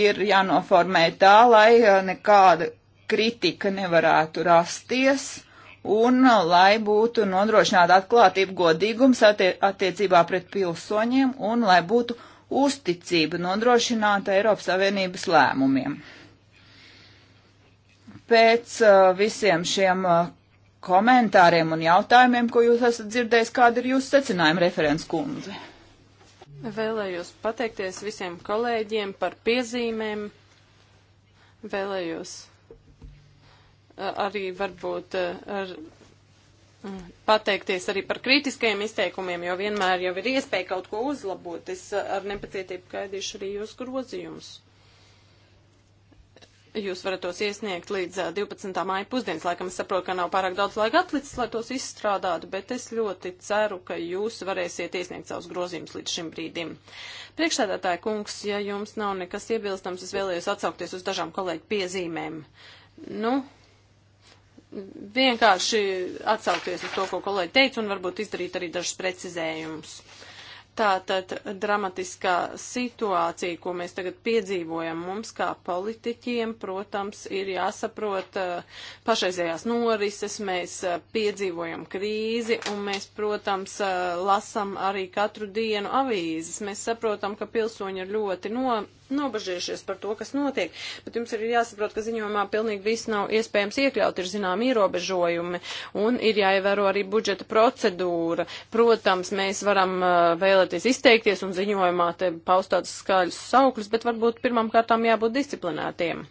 ir jānoformē tā, lai eh, nekāda kritika nevarētu rasties un lai būtu nodrošināta atklātība, godīgums attie attiecībā pret pilsoņiem un lai būtu uzticība nodrošināta Eiropas Savienības lēmumiem. Pēc uh, visiem šiem uh, komentāriem un jautājumiem, ko jūs esat dzirdējis, kāda ir jūsu secinājuma referents kundze. Vēlējos pateikties visiem kolēģiem par piezīmēm. Vēlējos arī varbūt ar pateikties arī par kritiskajiem izteikumiem, jo vienmēr jau ir iespēja kaut ko uzlabot. Es ar nepacietību gaidīšu arī jūsu grozījumus. Jūs varat tos iesniegt līdz 12. māja pusdienas. Laikam es saprotu, ka nav pārāk daudz laika atlicis, lai tos izstrādātu, bet es ļoti ceru, ka jūs varēsiet iesniegt savus grozījumus līdz šim brīdim. Priekšstādātāja kungs, ja jums nav nekas iebilstams, es vēlējos atsaukties uz dažām kolēģu piezīmēm. Nu, vienkārši atsaukties uz to, ko kolēģi teica, un varbūt izdarīt arī dažus precizējumus. Tātad dramatiskā situācija, ko mēs tagad piedzīvojam, mums kā politiķiem, protams, ir jāsaprot eh, pašreizējās norises, mēs eh, piedzīvojam krīzi un mēs, protams, eh, lasam arī katru dienu avīzes. Mēs saprotam, ka pilsoņi ir ļoti no nobažījušies par to, kas notiek, bet jums ir jāsaprot, ka ziņojumā pilnīgi viss nav iespējams iekļaut, ir zinām ierobežojumi un ir jāievēro arī budžeta procedūra. Protams, mēs varam uh, vēlēties izteikties un ziņojumā te paust tādus skaļus saukļus, bet varbūt pirmām kārtām jābūt disciplinētiem.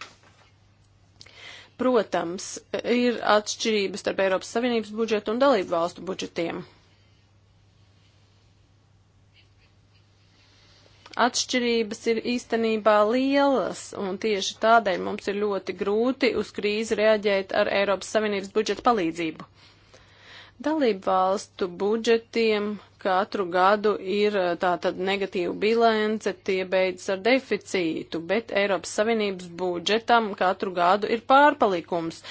Protams, ir atšķirības starp Eiropas Savienības budžetu un dalību valstu budžetiem. atšķirības ir īstenībā lielas, un tieši tādēļ mums ir ļoti grūti uz krīzi reaģēt ar Eiropas Savienības budžeta palīdzību. Dalību valstu budžetiem katru gadu ir eh, tātad negatīva bilance, tie beidzas ar deficītu, bet Eiropas Savienības budžetam katru gadu ir pārpalikums.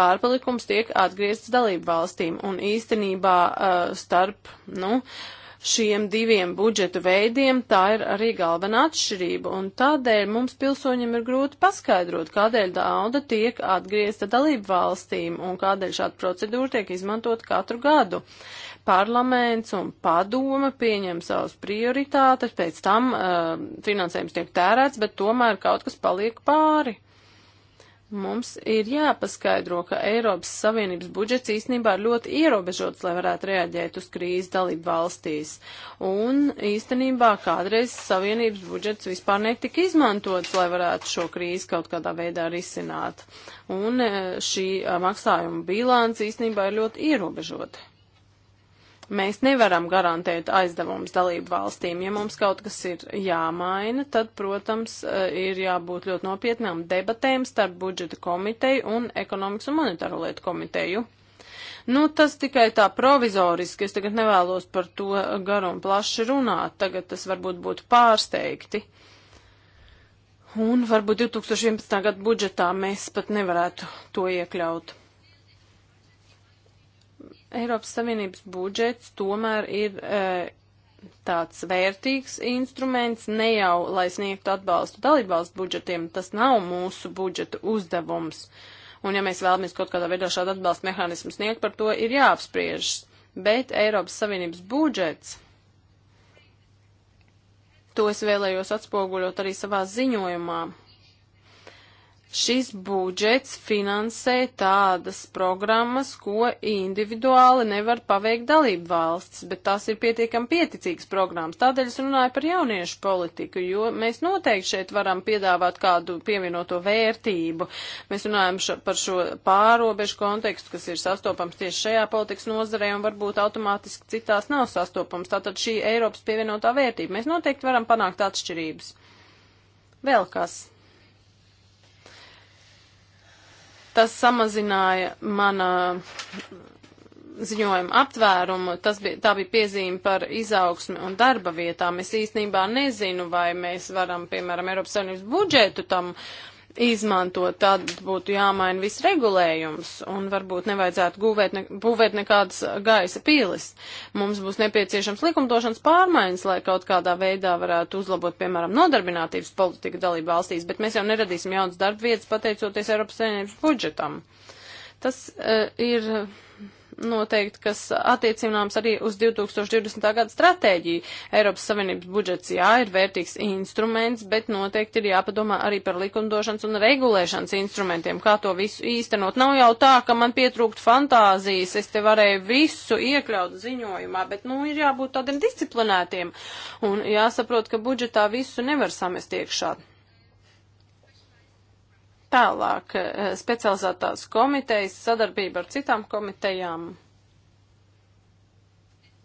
Pārpalikums tiek atgriezts dalību valstīm un īstenībā uh, starp, nu, uh, šiem diviem budžetu veidiem, tā ir arī galvenā atšķirība, un tādēļ mums pilsoņiem ir grūti paskaidrot, kādēļ nauda tiek atgriezta dalību valstīm un kādēļ šāda procedūra tiek izmantot katru gadu parlaments un padome pieņem savas prioritātes, pēc tam uh, finansējums tiek tērēts, bet tomēr kaut kas paliek pāri. Mums ir jāpaskaidro, ka Eiropas Savienības budžets īstenībā ir ļoti ierobežots, lai varētu reaģēt uz krīzi dalību valstīs. Un īstenībā kādreiz Savienības budžets vispār netika izmantots, lai varētu šo krīzi kaut kādā veidā risināt. Un e, šī e, maksājuma bilāns īstenībā ir ļoti ierobežota. Mēs nevaram garantēt aizdevumus dalību valstīm. Ja mums kaut kas ir jāmaina, tad, protams, eh, ir jābūt ļoti nopietnām debatēm starp budžeta komiteju un ekonomikas un monetāro lietu komiteju. Nu, tas tikai tā provizoriski, es tagad nevēlos par to garu un plaši runāt, tagad tas varbūt būtu pārsteigti. Un varbūt 2011. gada budžetā mēs pat nevarētu to iekļaut. Eiropas Savienības budžets tomēr ir e, tāds vērtīgs instruments, ne jau, lai sniegtu atbalstu dalībvalstu budžetiem, tas nav mūsu budžeta uzdevums. Un ja mēs vēlamies kaut kādā veidā šādu atbalstu mehānismu sniegt, par to ir jāapspriežas. Bet Eiropas Savienības budžets, to es vēlējos atspoguļot arī savā ziņojumā šis budžets finansē tādas programmas, ko individuāli nevar paveikt dalību valsts, bet tās ir pietiekami pieticīgas programmas. Tādēļ es runāju par jauniešu politiku, jo mēs noteikti šeit varam piedāvāt kādu pievienoto vērtību. Mēs runājam šo, par šo pārobežu kontekstu, kas ir sastopams tieši šajā politikas nozarē un varbūt automātiski citās nav sastopams. Tātad šī Eiropas pievienotā vērtība. Mēs noteikti varam panākt atšķirības. Vēl kas? Tas samazināja mana ziņojuma aptvērumu, tas bija, tā bija piezīme par izaugsmi un darba vietām. Es īstenībā nezinu, vai mēs varam, piemēram, Eiropas Savienības budžetu tam izmantot, tad būtu jāmaina viss regulējums un varbūt nevajadzētu gūvēt, ne, būvēt nekādas gaisa pīles. Mums būs nepieciešams likumdošanas pārmaiņas, lai kaut kādā veidā varētu uzlabot, piemēram, nodarbinātības politika dalību valstīs, bet mēs jau neradīsim jaunas darba vietas pateicoties Eiropas Savienības budžetam. Tas uh, ir noteikti, kas attiecināms arī uz 2020. gada stratēģiju. Eiropas Savienības budžets jā, ir vērtīgs instruments, bet noteikti ir jāpadomā arī par likumdošanas un regulēšanas instrumentiem, kā to visu īstenot. Nav jau tā, ka man pietrūkt fantāzijas, es te varēju visu iekļaut ziņojumā, bet, nu, ir jābūt tādiem disciplinētiem un jāsaprot, ka budžetā visu nevar samest iekšā. Tālāk eh, specializētās komitejas sadarbība ar citām komitejām.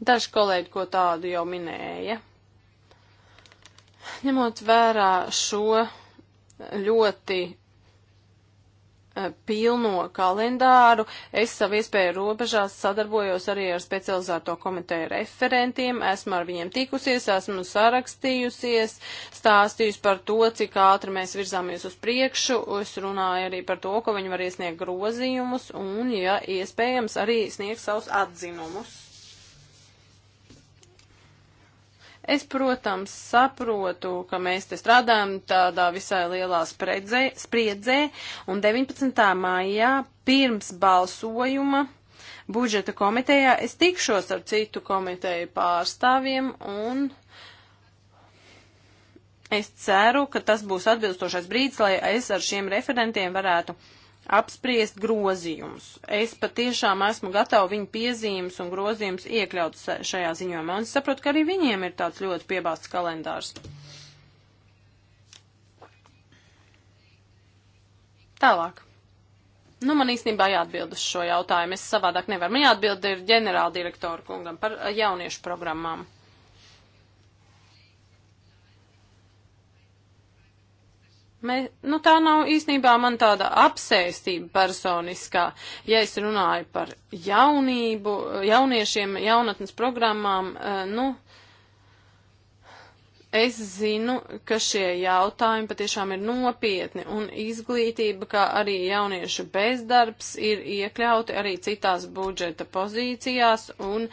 Daži kolēģi, ko tādu jau minēja. Ņemot vērā šo ļoti E, pilno kalendāru. Es savu iespēju robežās sadarbojos arī ar specializēto komiteju referentiem, esmu ar viņiem tikusies, esmu sarakstījusies, stāstījusi par to, cik ātri mēs virzāmies uz priekšu, es runāju arī par to, ka viņi var iesniegt grozījumus un, ja iespējams, arī sniegt savus atzinumus. Es, protams, saprotu, ka mēs te strādājam tādā visai lielā spredzē, spriedzē, un 19. maijā pirms balsojuma budžeta komitejā es tikšos ar citu komiteju pārstāvjiem un es ceru, ka tas būs atbilstošais brīdis, lai es ar šiem referentiem varētu apspriest grozījumus. Es patiešām esmu gatava viņu piezīmes un grozījumus iekļaut šajā ziņojumā, un es saprotu, ka arī viņiem ir tāds ļoti piebāsts kalendārs. Tālāk. Nu, man īstenībā jāatbild uz šo jautājumu. Es savādāk nevaru. Man jāatbild ir ģenerāldirektoru kungam par uh, jauniešu programmām. Mē, nu, tā nav īstenībā man tāda apsēstība personiskā. Ja es runāju par jaunību, jauniešiem, jaunatnes programmām, eh, nu, Es zinu, ka šie jautājumi patiešām ir nopietni, un izglītība, kā arī jauniešu bezdarbs, ir iekļauti arī citās budžeta pozīcijās, un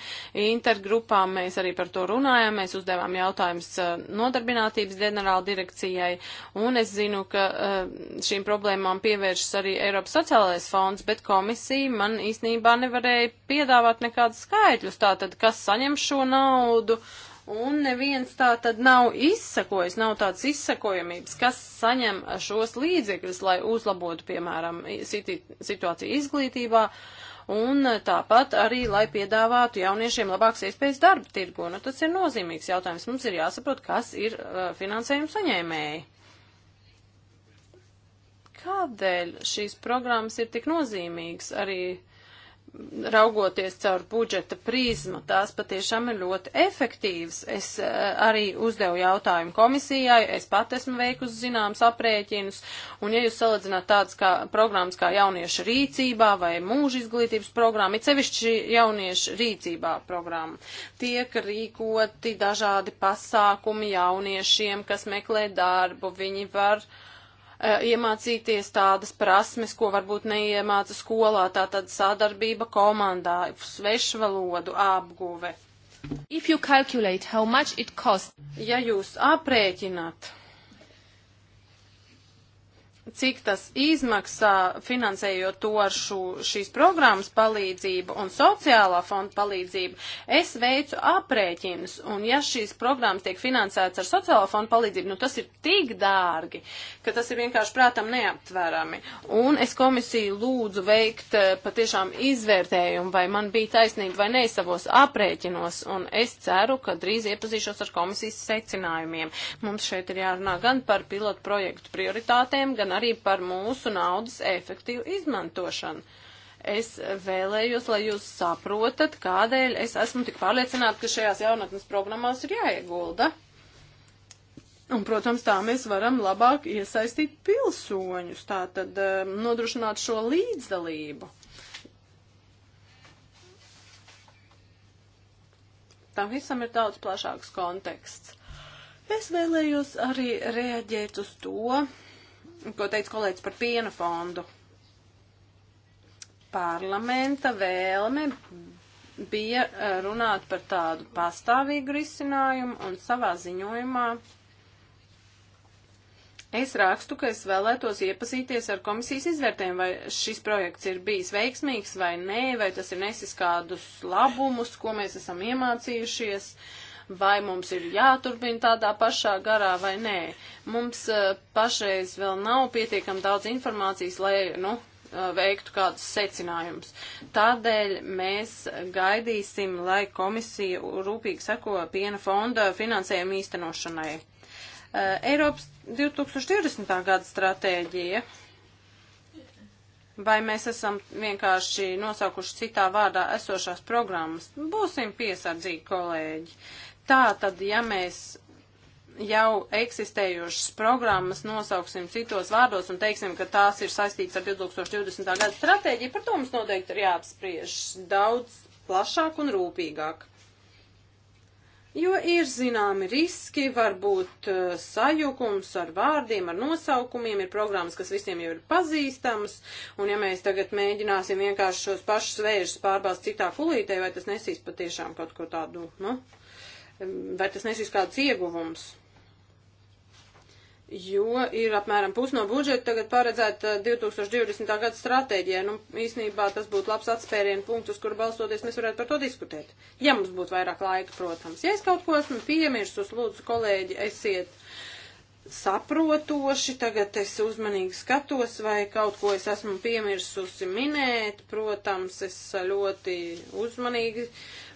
intergrupā mēs arī par to runājām, mēs uzdevām jautājumus uh, nodarbinātības ģenerāla direkcijai, un es zinu, ka uh, šīm problēmām pievēršas arī Eiropas sociālais fonds, bet komisija man īstenībā nevarēja piedāvāt nekādus skaitļus, tātad kas saņem šo naudu un neviens tā tad nav izsakojis, nav tāds izsakojamības, kas saņem šos līdzekļus, lai uzlabotu, piemēram, situāciju izglītībā, un tāpat arī, lai piedāvātu jauniešiem labākas iespējas darba tirgu. Nu, tas ir nozīmīgs jautājums. Mums ir jāsaprot, kas ir uh, finansējuma saņēmēji. Kādēļ šīs programmas ir tik nozīmīgas arī? Uh, raugoties caur budžeta prizmu, tās patiešām ir ļoti efektīvas. Es eh, arī uzdevu jautājumu komisijai, es pat esmu veikusi zināms aprēķinus, un ja jūs salīdzināt tādas kā programmas kā jauniešu rīcībā vai mūža izglītības programma, it sevišķi jauniešu rīcībā programma, tiek rīkoti dažādi pasākumi jauniešiem, kas meklē darbu, viņi var uh, Eh, iemācīties tādas prasmes, ko varbūt neiemāca skolā, tā tad sadarbība komandā, svešvalodu apguve. Ja jūs aprēķināt, cik tas izmaksā finansējot to ar šu, šīs programmas palīdzību un sociālā fonda palīdzību, es veicu aprēķinus, un ja šīs programmas tiek finansētas ar sociālā fonda palīdzību, nu tas ir tik dārgi, ka tas ir vienkārši prātam neaptverami. Un es komisiju lūdzu veikt eh, patiešām izvērtējumu, vai man bija taisnība vai ne savos aprēķinos, un es ceru, ka drīz iepazīšos ar komisijas secinājumiem. Mums šeit ir jārunā gan par pilotu projektu prioritātēm, gan un arī par mūsu naudas efektīvu izmantošanu. Es vēlējos, lai jūs saprotat, kādēļ es esmu tik pārliecināta, ka šajās jaunatnes programmās ir jāiegulda. Un, protams, tā mēs varam labāk iesaistīt pilsoņus, tā tad um, nodrošināt šo līdzdalību. Tam visam ir daudz plašāks konteksts. Es vēlējos arī reaģēt uz to, ko teica kolēģis par piena fondu. Parlamenta vēlme bija eh, runāt par tādu pastāvīgu risinājumu un savā ziņojumā. Es rakstu, ka es vēlētos iepazīties ar komisijas izvērtējumu, vai šis projekts ir bijis veiksmīgs vai nē, vai tas ir nesis kādus labumus, ko mēs esam iemācījušies. Uh, vai mums ir jāturpina tādā pašā garā vai nē. Mums eh, pašreiz vēl nav pietiekam daudz informācijas, lai, nu, eh, veiktu kādus secinājumus. Tādēļ mēs gaidīsim, lai komisija rūpīgi seko piena fonda finansējumu īstenošanai. Eh, Eiropas 2020. gada stratēģija. Vai mēs esam vienkārši nosaukuši citā vārdā esošās programmas? Būsim piesardzīgi, kolēģi. Tā tad, ja mēs jau eksistējošas programmas nosauksim citos vārdos un teiksim, ka tās ir saistītas ar 2020. gada stratēģiju, par to mums noteikti ir jāapspriež daudz plašāk un rūpīgāk. Jo ir zināmi riski, varbūt eh, sajukums ar vārdiem, ar nosaukumiem, ir programmas, kas visiem jau ir pazīstamas, un ja mēs tagad mēģināsim vienkārši šos pašus vēžus pārbāzt citā kulītē, vai tas nesīs patiešām kaut ko tādu, nu, no? vai tas nesīs kādus ieguvumus. Jo ir apmēram pus no budžeta tagad paredzēta 2020. Eh, gada stratēģijai. Nu, īsnībā tas būtu labs atspērienu punkts, uz kuru balstoties mēs varētu par to diskutēt. Ja mums būtu vairāk laika, protams. Ja es kaut ko esmu piemirsus, lūdzu, kolēģi, esiet uh, saprotoši. Tagad es uzmanīgi skatos, vai kaut ko es esmu piemirsusi minēt. Protams, es ļoti uzmanīgi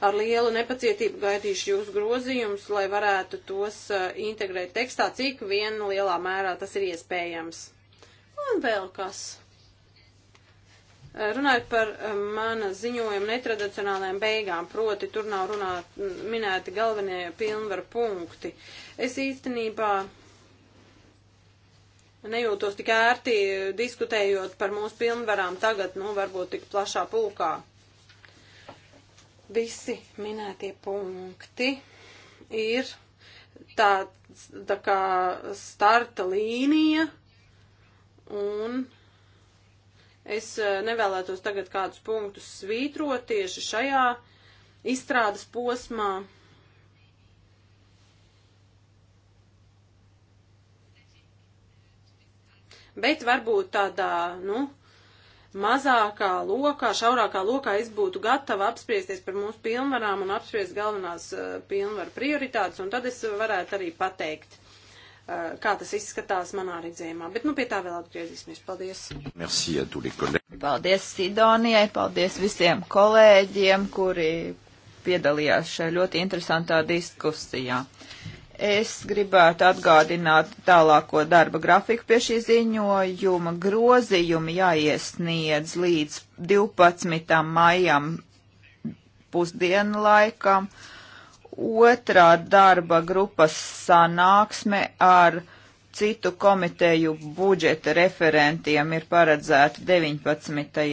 ar lielu nepacietību gaidīšu jūs grozījumus, lai varētu tos eh, integrēt tekstā, cik vien lielā mērā tas ir iespējams. Un vēl kas. Eh, runājot par eh, mana ziņojuma netradicionālajām beigām, proti tur nav runāt, minēti galvenie pilnvaru punkti. Es īstenībā nejūtos tik ērti diskutējot par mūsu pilnvarām tagad, nu, varbūt tik plašā pulkā. Visi minētie punkti ir tāds, tā kā starta līnija, un es eh, nevēlētos tagad kādus punktus svītrot tieši šajā izstrādes posmā. bet varbūt tādā, nu, mazākā lokā, šaurākā lokā es būtu gatava apspriesties par mūsu pilnvarām un apspriest galvenās uh, pilnvaru prioritātes, un tad es varētu arī pateikt, uh, kā tas izskatās manā redzējumā. Bet, nu, pie tā vēl atgriezīsimies. Paldies! Merci, paldies Sidonijai, paldies visiem kolēģiem, kuri piedalījās šajā ļoti interesantā diskusijā. Es gribētu atgādināt tālāko darba grafiku pie šī ziņojuma. Grozījumi jāiesniedz līdz 12. maijam pusdienu laikam. Otrā darba grupas sanāksme ar citu komiteju budžeta referentiem ir paredzēta 19.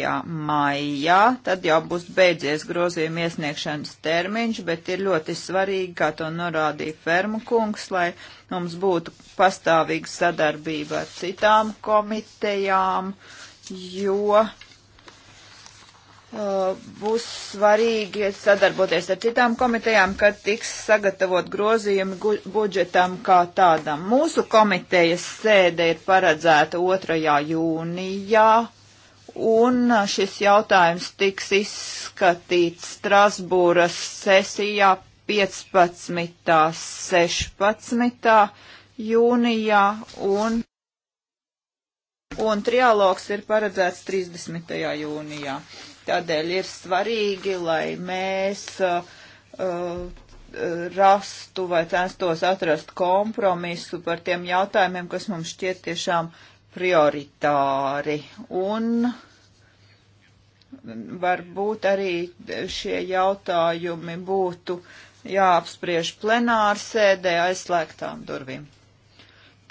maijā, tad jau būs beidzies grozījuma iesniegšanas termiņš, bet ir ļoti svarīgi, kā to norādīja Fermu kungs, lai mums būtu pastāvīga sadarbība ar citām komitejām, jo Uh, būs svarīgi sadarboties ar citām komitejām, kad tiks sagatavot grozījumi budžetam kā tādam. Mūsu komitejas sēde ir paredzēta 2. jūnijā, un šis jautājums tiks izskatīts Strasbūras sesijā 15. 16. jūnijā, un, un trialogs ir paredzēts 30. jūnijā. Tādēļ ir svarīgi, lai mēs uh, uh, rastu vai censtos atrast kompromisu par tiem jautājumiem, kas mums šķiet tiešām prioritāri. Un varbūt arī šie jautājumi būtu jāapspriež plenārsēdē aizslēgtām durvīm.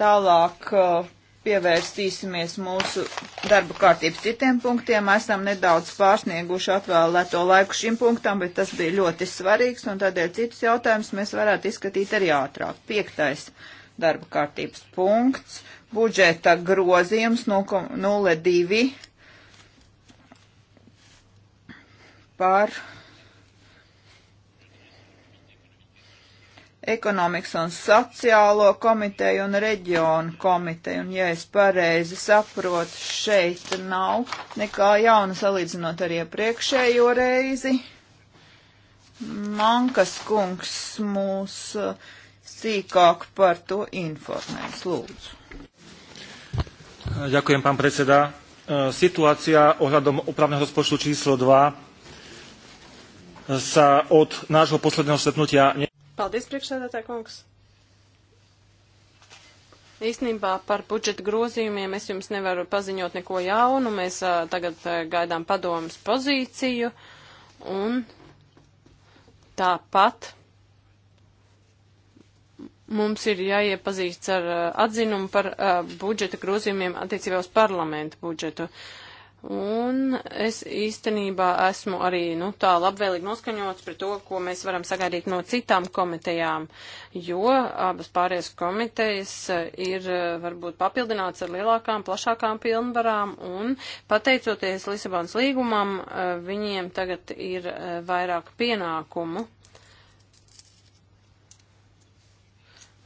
Tālāk uh, pievērsīsimies mūsu darba kārtības citiem punktiem. Esam nedaudz pārsnieguši atvēlēto laiku šim punktam, bet tas bija ļoti svarīgs, un tādēļ citus jautājumus mēs varētu izskatīt arī ātrāk. Piektais darba kārtības punkts - budžeta grozījums 0,02 par ekonomikas un sociālo komiteju un reģionu komiteju. Un, ja es pareizi saprotu, šeit nav nekā jauna salīdzinot ar iepriekšējo reizi. Mankas kungs mūs uh, sīkāk par to informēs. Lūdzu. Ďakujem, pán predseda. Uh, situácia ohľadom opravného rozpočtu číslo 2 uh, sa od nášho posledného stretnutia... Ne... Paldies, priekšsēdētāji kungs. Īstenībā par budžeta grozījumiem es jums nevaru paziņot neko jaunu. Mēs uh, tagad uh, gaidām padomas pozīciju un tāpat mums ir jāiepazīsts ar uh, atzinumu par budžeta grozījumiem attiecībā uz parlamentu budžetu. Uh, Un es īstenībā esmu arī nu, tā labvēlīgi noskaņots par to, ko mēs varam sagaidīt no citām komitejām, jo abas pārējās komitejas eh, ir eh, varbūt papildināts ar lielākām, plašākām pilnvarām, un pateicoties Lisabonas līgumam, eh, viņiem tagad ir vairāk pienākumu.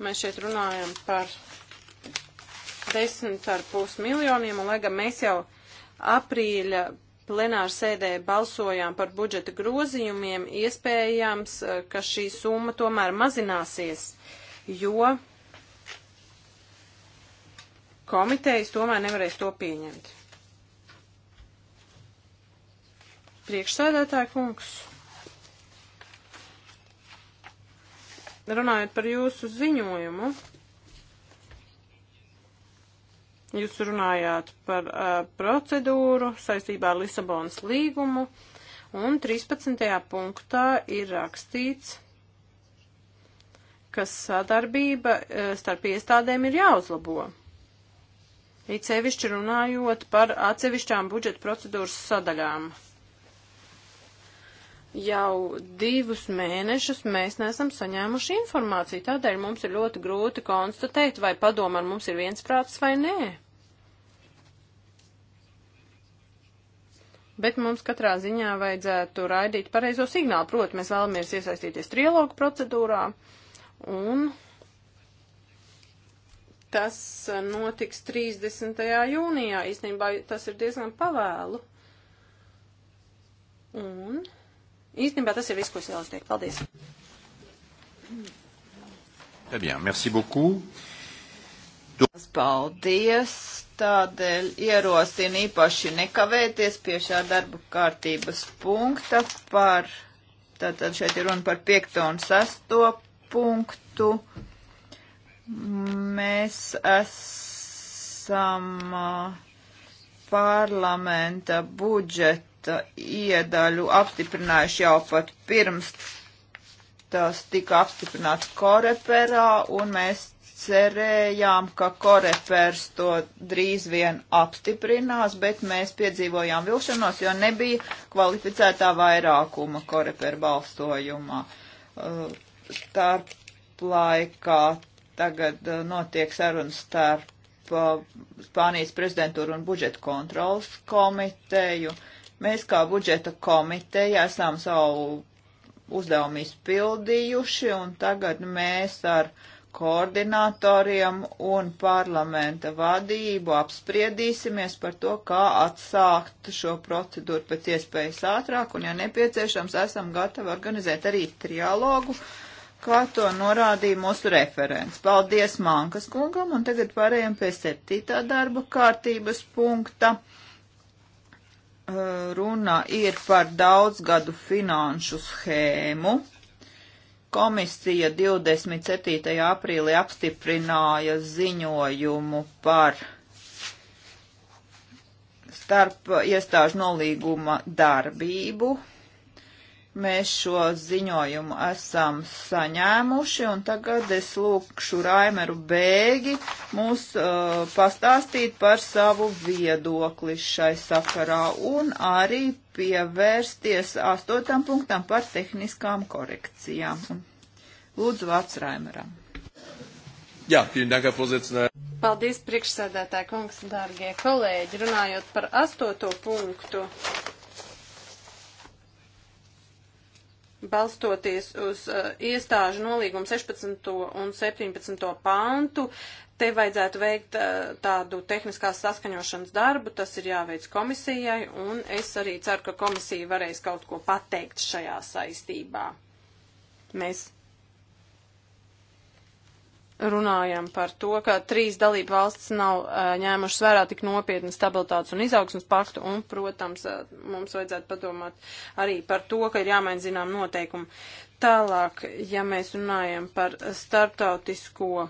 Mēs šeit runājam par desmit ar pus miljoniem, un lai gan mēs jau aprīļa plenāru sēdē balsojām par budžeta grozījumiem, iespējams, eh, ka šī summa tomēr mazināsies, jo komitejas tomēr nevarēs to pieņemt. Priekšsēdētāja kungs, runājot par jūsu ziņojumu, Jūs runājāt par uh, procedūru saistībā ar Lisabonas līgumu, un 13. punktā ir rakstīts, ka sadarbība uh, starp iestādēm ir jāuzlabo. It sevišķi runājot par atsevišķām budžeta procedūras sadaļām jau divus mēnešus mēs nesam saņēmuši informāciju, tādēļ mums ir ļoti grūti konstatēt, vai padoma ar mums ir viensprāts vai nē. Bet mums katrā ziņā vajadzētu raidīt pareizo signālu, proti mēs vēlamies iesaistīties trialogu procedūrā, un tas notiks 30. jūnijā, īstenībā tas ir diezgan pavēlu. Un Īstenībā tas ir viss, ko es vēlos teikt. Paldies! Très bien, merci beaucoup. Paldies! Tādēļ ierosinu īpaši nekavēties pie šā darba kārtības punkta par, tātad šeit ir runa par 5. un 6. punktu. Mēs esam parlamenta budžeta budžeta uh, iedaļu apstiprinājuši jau pat pirms tas tika apstiprināts koreperā, un mēs cerējām, ka korepers to drīz vien apstiprinās, bet mēs piedzīvojām vilšanos, jo nebija kvalificētā vairākuma koreper balsojumā. Uh, starp laikā tagad uh, notiek sarunas starp Spānijas prezidentūru un budžeta kontrolas komiteju. Uh, Mēs kā budžeta komiteja esam savu uzdevumu izpildījuši un tagad mēs ar koordinatoriem un parlamenta vadību apspriedīsimies par to, kā atsākt šo procedūru pēc iespējas ātrāk, un, ja nepieciešams, esam gatavi organizēt arī trialogu, kā to norādīja mūsu referents. Paldies Mankas kungam, un tagad pārējiem pie septītā darba kārtības punkta runa ir par daudzgadu finanšu schēmu. Komisija 27. aprīlī apstiprināja ziņojumu par starp iestāžu nolīguma darbību Mēs šo ziņojumu esam saņēmuši, un tagad es lūkšu Raimeru Bēgi mūs uh, pastāstīt par savu viedokli šai sakarā un arī pievērsties astotam punktam par tehniskām korekcijām. Lūdzu, vārds Raimeram. Jā, pīdākā pozicionē. Paldies, priekšsēdētāji kungs, dārgie kolēģi, runājot par astoto punktu. balstoties uz uh, iestāžu nolīgumu 16. un 17. pantu, te vajadzētu veikt uh, tādu tehniskās saskaņošanas darbu, tas ir jāveic komisijai, un es arī ceru, ka komisija varēs kaut ko pateikt šajā saistībā. Mēs runājam par to, ka trīs dalību valstis nav uh, ņēmušas vērā tik nopietni stabilitātes un izaugsmas paktu, un, protams, uh, mums vajadzētu padomāt arī par to, ka ir jāmaina zinām noteikumi. Tālāk, ja mēs runājam par starptautisko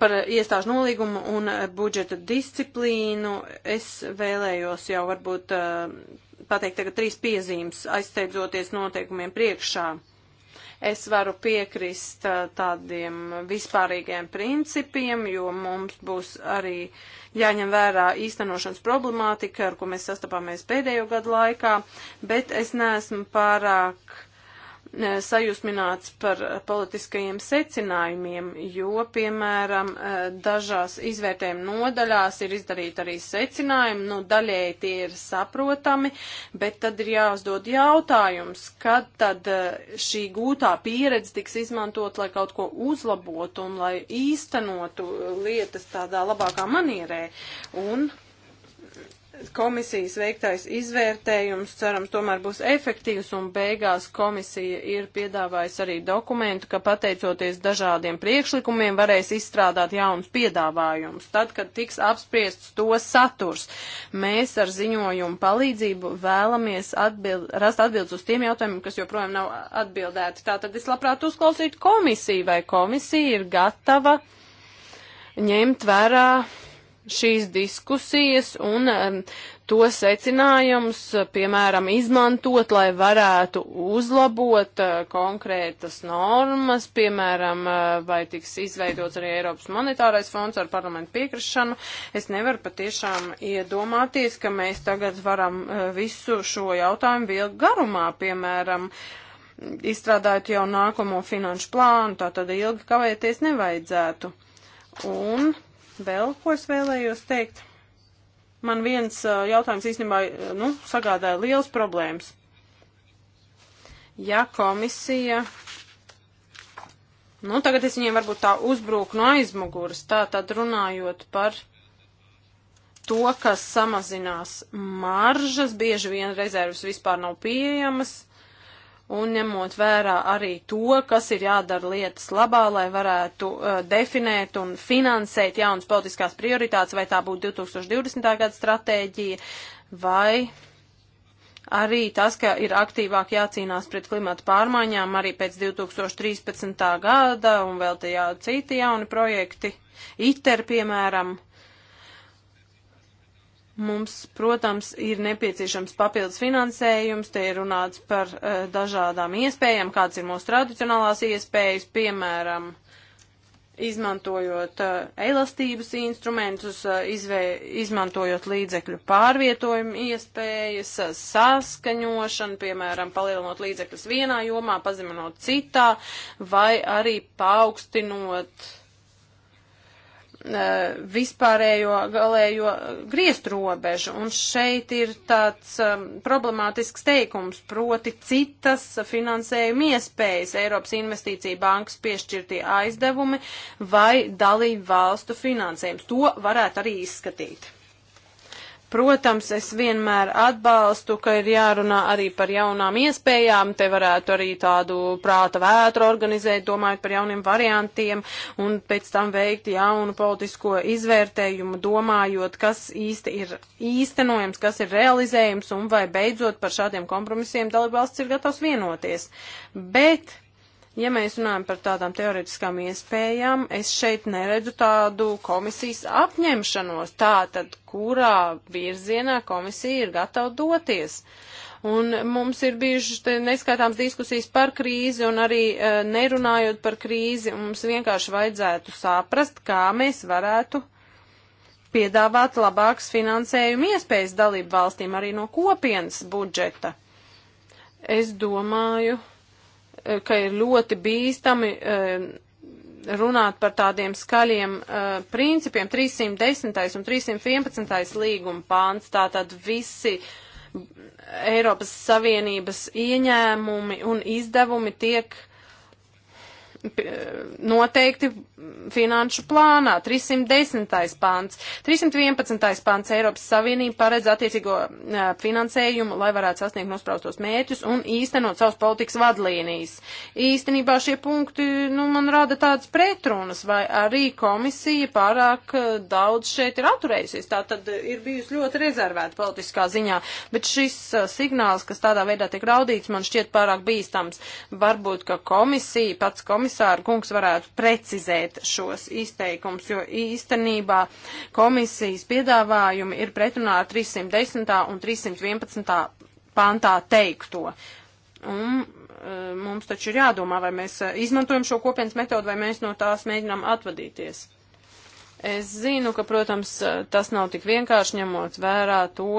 par iestāžu nolīgumu un budžeta disciplīnu, es vēlējos jau varbūt uh, pateikt tagad trīs piezīmes, aizsteidzoties noteikumiem priekšā. Uh, Es varu piekrist tādiem vispārīgiem principiem, jo mums būs arī jāņem vērā īstenošanas problemātika, ar ko mēs sastapāmies pēdējo gadu laikā, bet es neesmu pārāk Eh, sajūsmināts par eh, politiskajiem secinājumiem, jo, piemēram, eh, dažās izvērtējuma nodaļās ir izdarīti arī secinājumi, nu, daļēji tie ir saprotami, bet tad ir jāuzdod jautājums, kad tad šī gūtā pieredze tiks izmantot, lai kaut ko uzlabotu un lai īstenotu lietas tādā labākā manierē. Un komisijas veiktais izvērtējums, cerams, tomēr būs efektīvs un beigās komisija ir piedāvājusi arī dokumentu, ka pateicoties dažādiem priekšlikumiem varēs izstrādāt jaunus piedāvājumus. Tad, kad tiks apspriests to saturs, mēs ar ziņojumu palīdzību vēlamies atbild, rast atbildes uz tiem jautājumiem, kas joprojām nav atbildēti. Tātad es labprāt uzklausītu komisiju, vai komisija ir gatava ņemt vērā šīs diskusijas un um, to secinājumus, piemēram, izmantot, lai varētu uzlabot uh, konkrētas normas, piemēram, uh, vai tiks izveidots arī Eiropas monetārais fonds ar parlamentu piekrišanu. Es nevaru patiešām iedomāties, ka mēs tagad varam uh, visu šo jautājumu vilkt garumā, piemēram, izstrādājot jau nākamo finanšu plānu, tā tad ilgi kavēties nevajadzētu. Un Vēl ko es vēlējos teikt? Man viens uh, jautājums īstenībā uh, nu, sagādāja liels problēmas. Ja komisija Nu, tagad es viņiem varbūt tā uzbruku no aizmuguras, tā tad runājot par to, kas samazinās maržas, bieži vien rezervas vispār nav pieejamas, un ņemot vērā arī to, kas ir jādara lietas labā, lai varētu uh, definēt un finansēt jaunas politiskās prioritātes, vai tā būtu 2020. gada stratēģija, vai arī tas, ka ir aktīvāk jācīnās pret klimatu pārmaiņām arī pēc 2013. gada un vēl tie jā, citi jauni projekti, ITER piemēram. Uh, Mums, protams, ir nepieciešams papildus finansējums, te ir runāts par uh, dažādām iespējām, kāds ir mūsu tradicionālās iespējas, piemēram, izmantojot uh, elastības instrumentus, uh, izvē, izmantojot līdzekļu pārvietojumu iespējas, uh, saskaņošanu, piemēram, palielinot līdzekļus vienā jomā, pazeminot citā, vai arī paaugstinot uh, E, vispārējo galējo griezt robežu. Un šeit ir tāds um, problemātisks teikums, proti citas finansējuma iespējas Eiropas investīcija bankas piešķirtie aizdevumi vai dalību valstu finansējums. To varētu arī izskatīt. Protams, es vienmēr atbalstu, ka ir jārunā arī par jaunām iespējām, te varētu arī tādu prāta vētru organizēt, domājot par jauniem variantiem un pēc tam veikt jaunu politisko izvērtējumu, domājot, kas īsti ir īstenojams, kas ir realizējams un vai beidzot par šādiem kompromisiem dalībvalsts ir gatavs vienoties. Bet Ja mēs runājam par tādām teoretiskām iespējām, es šeit neredzu tādu komisijas apņemšanos, tātad kurā virzienā komisija ir gatava doties. Un mums ir bijušas neskaitāms diskusijas par krīzi un arī uh, nerunājot par krīzi, mums vienkārši vajadzētu saprast, kā mēs varētu piedāvāt labākas finansējuma iespējas dalību valstīm arī no kopienas budžeta. Es domāju ka ir ļoti bīstami eh, runāt par tādiem skaļiem uh, principiem 310. un 311. līguma pāns, tātad visi Eiropas Savienības ieņēmumi un izdevumi tiek uh, noteikti finanšu plānā. 310. pāns, 311. pāns Eiropas Savienība paredz attiecīgo finansējumu, lai varētu sasniegt nospraustos mērķus un īstenot savus politikas vadlīnijas. Īstenībā šie punkti, nu, man rada tādas pretrunas, vai arī komisija pārāk daudz šeit ir atturējusies. Tā tad ir bijusi ļoti rezervēta politiskā ziņā, bet šis signāls, kas tādā veidā tiek raudīts, man šķiet pārāk bīstams. Varbūt, ka komisija, pats komisija, komisāra kungs varētu precizēt šos izteikums, jo īstenībā komisijas piedāvājumi ir pretrunā 310. un 311. pantā teikto. Un e, mums taču ir jādomā, vai mēs e, izmantojam šo kopienas metodu, vai mēs no tās mēģinām atvadīties. Es zinu, ka, protams, e, tas nav tik vienkārši ņemot vērā to,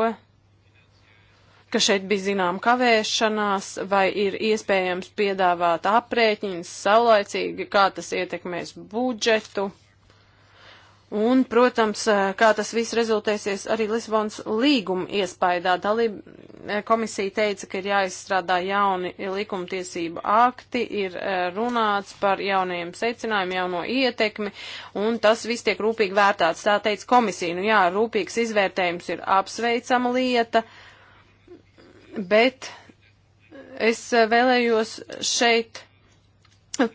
ka šeit bija zinām kavēšanās, vai ir iespējams piedāvāt aprēķins saulaicīgi, kā tas ietekmēs budžetu. Un, protams, kā tas viss rezultēsies arī Lisbonas līguma iespaidā. Dalība komisija teica, ka ir jāizstrādā jauni likumtiesību akti, ir eh, runāts par jauniem secinājumiem, jauno ietekmi, un tas viss tiek rūpīgi vērtāts. Tā teica komisija, nu jā, rūpīgs izvērtējums ir apsveicama lieta. Uh, bet es eh, vēlējos šeit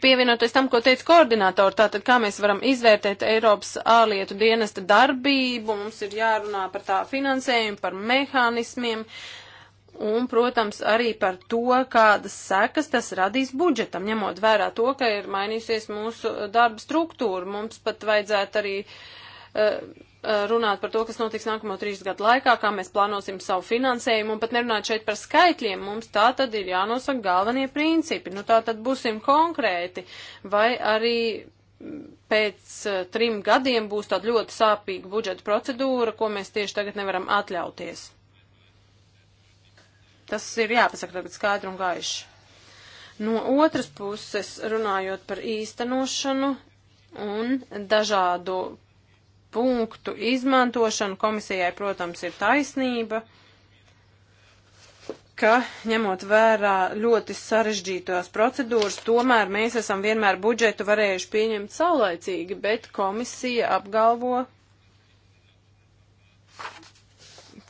pievienoties tam, ko teica koordinātori, tātad kā mēs varam izvērtēt Eiropas ārlietu dienesta darbību, mums ir jārunā par tā finansējumu, par mehānismiem un, protams, arī par to, kādas sekas tas radīs budžetam, ņemot vērā to, ka ir mainījusies mūsu darba struktūra. Mums pat vajadzētu arī uh, Eh, runāt par to, kas notiks nākamo trīs gadu laikā, kā mēs plānosim savu finansējumu, un pat nerunāt šeit par skaitļiem, mums tā tad ir jānosaka galvenie principi, nu tā tad būsim konkrēti, vai arī pēc eh, trim gadiem būs tāda ļoti sāpīga budžeta procedūra, ko mēs tieši tagad nevaram atļauties. Tas ir jāpasaka tagad skaidri un gaiši. No otras puses, runājot par īstenošanu un dažādu punktu izmantošanu. Komisijai, protams, ir taisnība, ka ņemot vērā ļoti sarežģītās procedūras, tomēr mēs esam vienmēr budžetu varējuši pieņemt saulaicīgi, bet komisija apgalvo,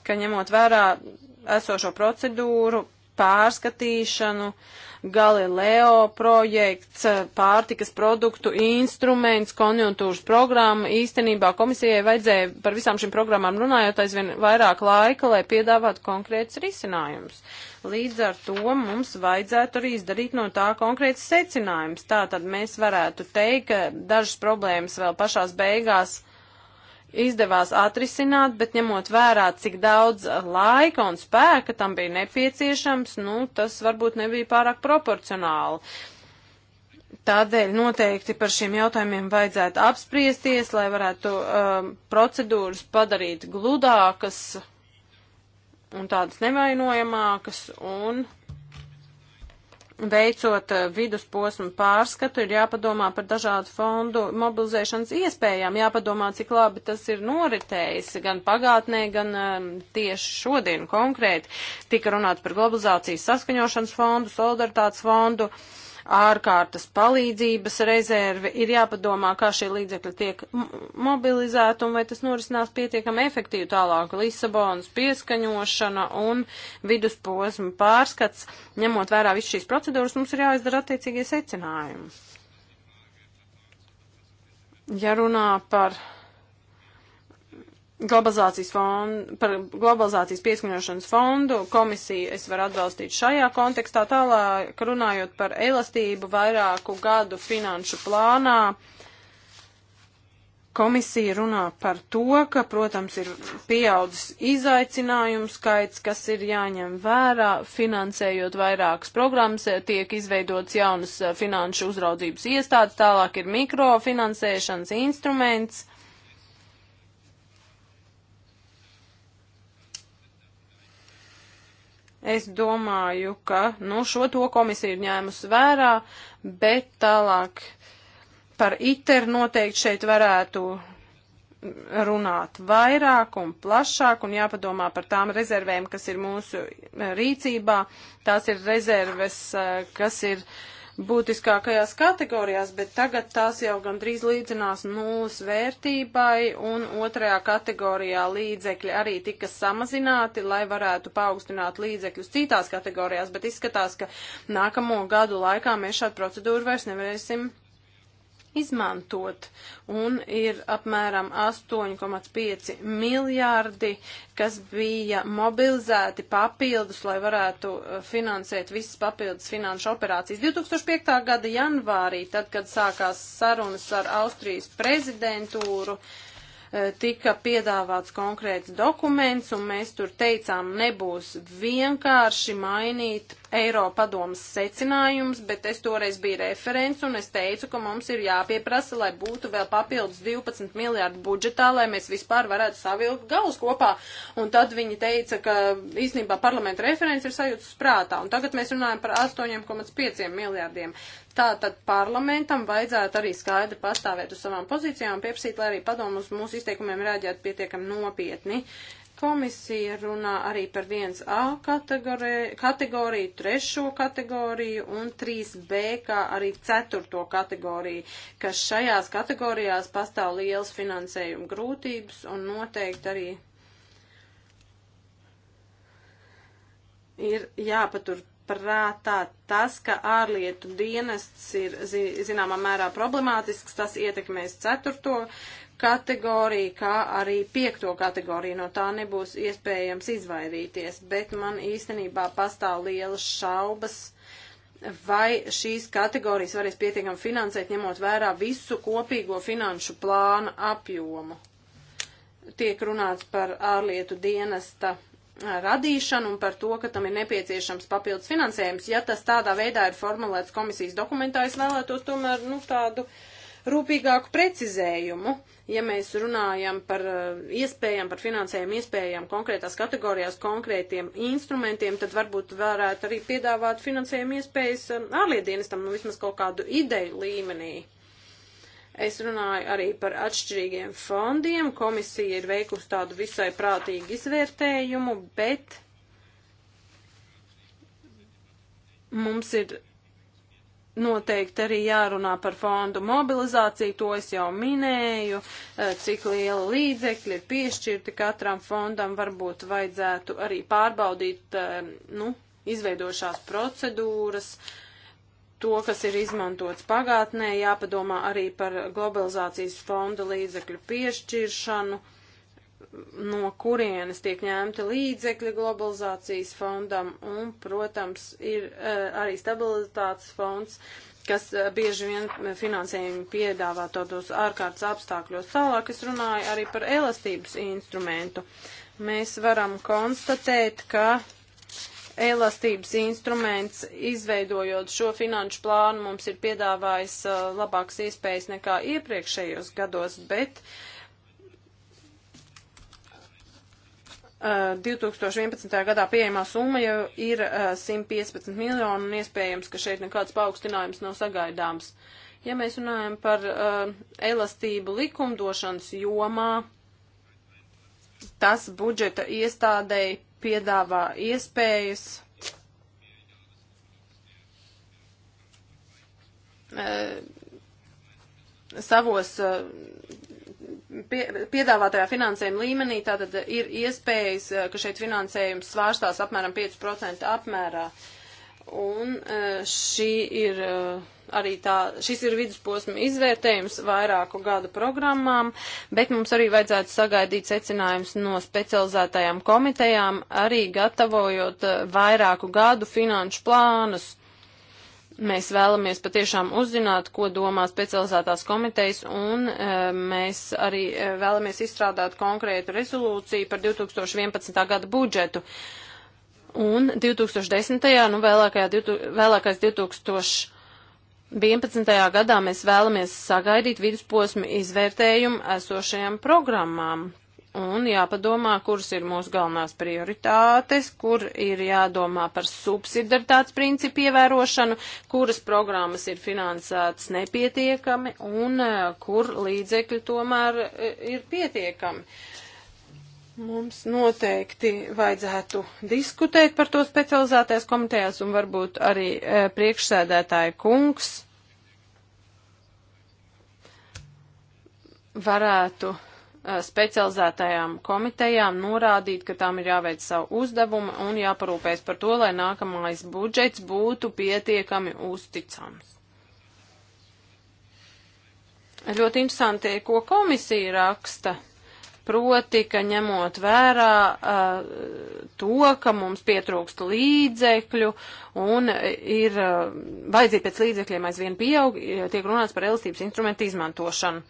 ka ņemot vērā esošo procedūru, pārskatīšanu, uh, Galileo projekts, pārtikas produktu instruments, konjunktūras programma. Īstenībā komisijai vajadzēja par visām šīm programmām runājot aizvien vairāk laika, lai piedāvātu konkrēts risinājums. Līdz ar to mums vajadzētu arī izdarīt no tā konkrēts secinājums. Tā tad mēs varētu teikt, ka dažas problēmas vēl pašās beigās izdevās atrisināt, bet ņemot vērā, cik daudz laika un spēka tam bija nepieciešams, nu, tas varbūt nebija pārāk proporcionāli. Tādēļ noteikti par šiem jautājumiem vajadzētu apspriesties, lai varētu um, procedūras padarīt gludākas un tādas nevainojamākas un veicot eh, vidusposmu pārskatu, ir jāpadomā par dažādu fondu mobilizēšanas iespējām, jāpadomā, cik labi tas ir noritējis gan pagātnē, gan um, tieši šodien konkrēti. Tika runāts par globalizācijas saskaņošanas fondu, solidaritātes fondu. Uh, ārkārtas palīdzības rezerve, ir jāpadomā, kā šie līdzekļi tiek mobilizēti un vai tas norisinās pietiekami efektīvi tālāk. Lisabonas pieskaņošana un vidusposma pārskats, ņemot vērā visu šīs procedūras, mums ir jāizdara attiecīgie secinājumi. Ja runā par globalizācijas fondu, par globalizācijas pieskaņošanas fondu komisiju es varu atbalstīt šajā kontekstā. Tālāk runājot par elastību vairāku gadu finanšu plānā, komisija runā par to, ka, protams, ir pieaudzis izaicinājumu skaits, kas ir jāņem vērā, finansējot vairākas programmas, tiek izveidots jaunas finanšu uzraudzības iestādes, tālāk ir mikrofinansēšanas instruments Es domāju, ka nu, šo to komisija ir ņēmusi vērā, bet tālāk par ITER noteikti šeit varētu runāt vairāk un plašāk un jāpadomā par tām rezervēm, kas ir mūsu rīcībā. Tās ir rezerves, eh, kas ir uh, būtiskākajās kategorijās, bet tagad tās jau gandrīz līdzinās nulles vērtībai, un otrajā kategorijā līdzekļi arī tika samazināti, lai varētu paaugstināt līdzekļus citās kategorijās, bet izskatās, ka nākamo gadu laikā mēs šādu procedūru vairs nevarēsim izmantot. Un ir apmēram 8,5 miljārdi, kas bija mobilizēti papildus, lai varētu uh, finansēt visas papildus finanšu operācijas. 2005. gada janvārī, tad, kad sākās sarunas ar Austrijas prezidentūru, uh, tika piedāvāts konkrēts dokuments, un mēs tur teicām, nebūs vienkārši mainīt Eiropadomas secinājums, bet es toreiz biju referents un es teicu, ka mums ir jāpieprasa, lai būtu vēl papildus 12 miljārdu budžetā, lai mēs vispār varētu savilkt galus kopā. Un tad viņi teica, ka īstenībā parlamenta referents ir sajūtas prātā. Un tagad mēs runājam par 8,5 miljārdiem. Tātad parlamentam vajadzētu arī skaidri pastāvēt uz savām pozīcijām un pieprasīt, lai arī padomus mūsu izteikumiem rēģētu pietiekami nopietni. Uh, Komisija runā arī par 1A kategoriju, kategoriju, 3. kategoriju un 3B, kā arī 4. kategoriju, kas šajās kategorijās pastāv liels finansējuma grūtības un noteikti arī ir jāpatur prātā tas, ka ārlietu dienests ir zināmā mērā problemātisks, tas ietekmēs ceturto kategoriju, kā arī piekto kategoriju. No tā nebūs iespējams izvairīties, bet man īstenībā pastāv lielas šaubas, vai šīs kategorijas varēs pietiekami finansēt, ņemot vērā visu kopīgo finanšu plānu apjomu. Tiek runāts par ārlietu dienesta radīšanu un par to, ka tam ir nepieciešams papildus finansējums. Ja tas tādā veidā ir formulēts komisijas dokumentā, es vēlētos tomēr nu, tādu uh, rūpīgāku precizējumu, ja mēs runājam par eh, iespējām, par finansējumu iespējām konkrētās kategorijās, konkrētiem instrumentiem, tad varbūt varētu arī piedāvāt finansējumu iespējas eh, ārlietdienestam, nu vismaz kaut kādu ideju līmenī. Es runāju arī par atšķirīgiem fondiem. Komisija ir veikusi tādu visai prātīgu izvērtējumu, bet mums ir Noteikti arī jārunā par fondu mobilizāciju, to es jau minēju, eh, cik liela līdzekļa ir piešķirti katram fondam, varbūt vajadzētu arī pārbaudīt, eh, nu, izveidošās procedūras, to, kas ir izmantots pagātnē, jāpadomā arī par globalizācijas fonda līdzekļu piešķiršanu. Uh, no kurienes tiek ņemti līdzekļi globalizācijas fondam un, protams, ir uh, arī stabilitātes fonds, kas uh, bieži vien finansējumu piedāvā tādos ārkārtas apstākļos. Tālāk es runāju arī par elastības instrumentu. Mēs varam konstatēt, ka elastības instruments, izveidojot šo finanšu plānu, mums ir piedāvājis uh, eh, labāks iespējas nekā iepriekšējos gados, bet uh, 2011. Uh, uh, gadā pieejamā summa jau ir 115 uh, miljoni un iespējams, ka šeit nekāds paaugstinājums nav sagaidāms. Ja mēs runājam par elastību likumdošanas jomā, tas budžeta iestādēji piedāvā iespējas savos pie, piedāvātajā finansējuma līmenī tātad ir iespējas, eh, ka šeit finansējums svārstās apmēram 5% apmērā. Un eh, šī ir eh, arī tā, šis ir vidusposma izvērtējums vairāku gadu programmām, bet mums arī vajadzētu sagaidīt secinājums no specializētajām komitejām, arī gatavojot vairāku gadu finanšu plānus. Mēs vēlamies patiešām uzzināt, ko domā specializētās komitejas, un e, mēs arī e, vēlamies izstrādāt konkrētu rezolūciju par 2011. gada budžetu. Un 2010. nu vēlākajā, vēlākais 2011. gadā mēs vēlamies sagaidīt vidusposmu izvērtējumu esošajām programmām. Un jāpadomā, kuras ir mūsu galvenās prioritātes, kur ir jādomā par subsidaritātes principu ievērošanu, kuras programmas ir finansētas nepietiekami un eh, kur līdzekļi tomēr eh, ir pietiekami. Mums noteikti vajadzētu diskutēt par to specializētais komitejās un varbūt arī eh, priekšsēdētāja kungs varētu specializētajām komitejām norādīt, ka tām ir jāveic savu uzdevumu un jāparūpēs par to, lai nākamais budžets būtu pietiekami uzticams. Ļoti interesanti, ko komisija raksta. Proti, ka ņemot vērā uh, to, ka mums pietrūkst līdzekļu un ir uh, vajadzība pēc līdzekļiem aizvien pieaug, tiek runāts par elastības instrumentu izmantošanu.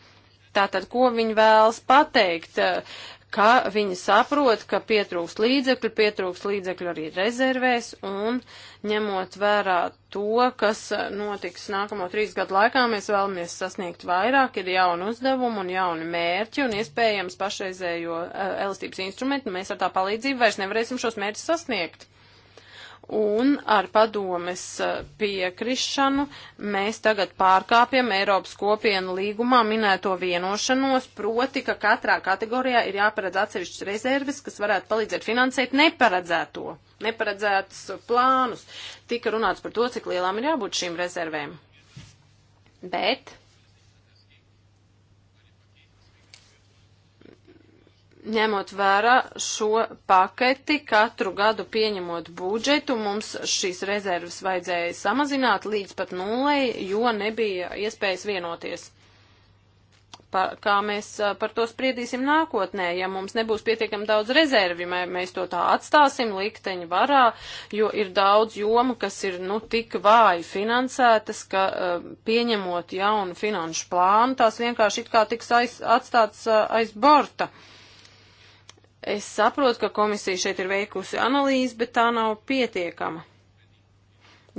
Tātad, ko viņi vēlas pateikt? Eh, ka viņi saprot, ka pietrūks līdzekļu, pietrūks līdzekļu arī rezervēs un ņemot vērā to, kas notiks nākamo trīs gadu laikā, mēs vēlamies sasniegt vairāk, ir jauni uzdevumi un jauni mērķi un iespējams pašreizējo eh, elastības instrumentu mēs ar tā palīdzību vairs nevarēsim šos mērķus sasniegt un ar padomes eh, piekrišanu mēs tagad pārkāpjam Eiropas kopienu līgumā minēto vienošanos, proti, ka katrā kategorijā ir jāparedz atsevišķas rezerves, kas varētu palīdzēt finansēt neparedzēto, neparedzētus plānus. Tika runāts par to, cik lielām ir jābūt šīm rezervēm. Bet ņemot vērā šo paketi, katru gadu pieņemot budžetu, mums šīs rezerves vajadzēja samazināt līdz pat nulei, jo nebija iespējas vienoties. Par, kā mēs par to spriedīsim nākotnē, ja mums nebūs pietiekami daudz rezervi, mē, mēs to tā atstāsim likteņu varā, jo ir daudz jomu, kas ir, nu, tik vāji finansētas, ka pieņemot jaunu finanšu plānu, tās vienkārši it kā tiks aiz, atstāts aiz borta. Uh, Es saprotu, ka komisija šeit ir veikusi analīzi, bet tā nav pietiekama.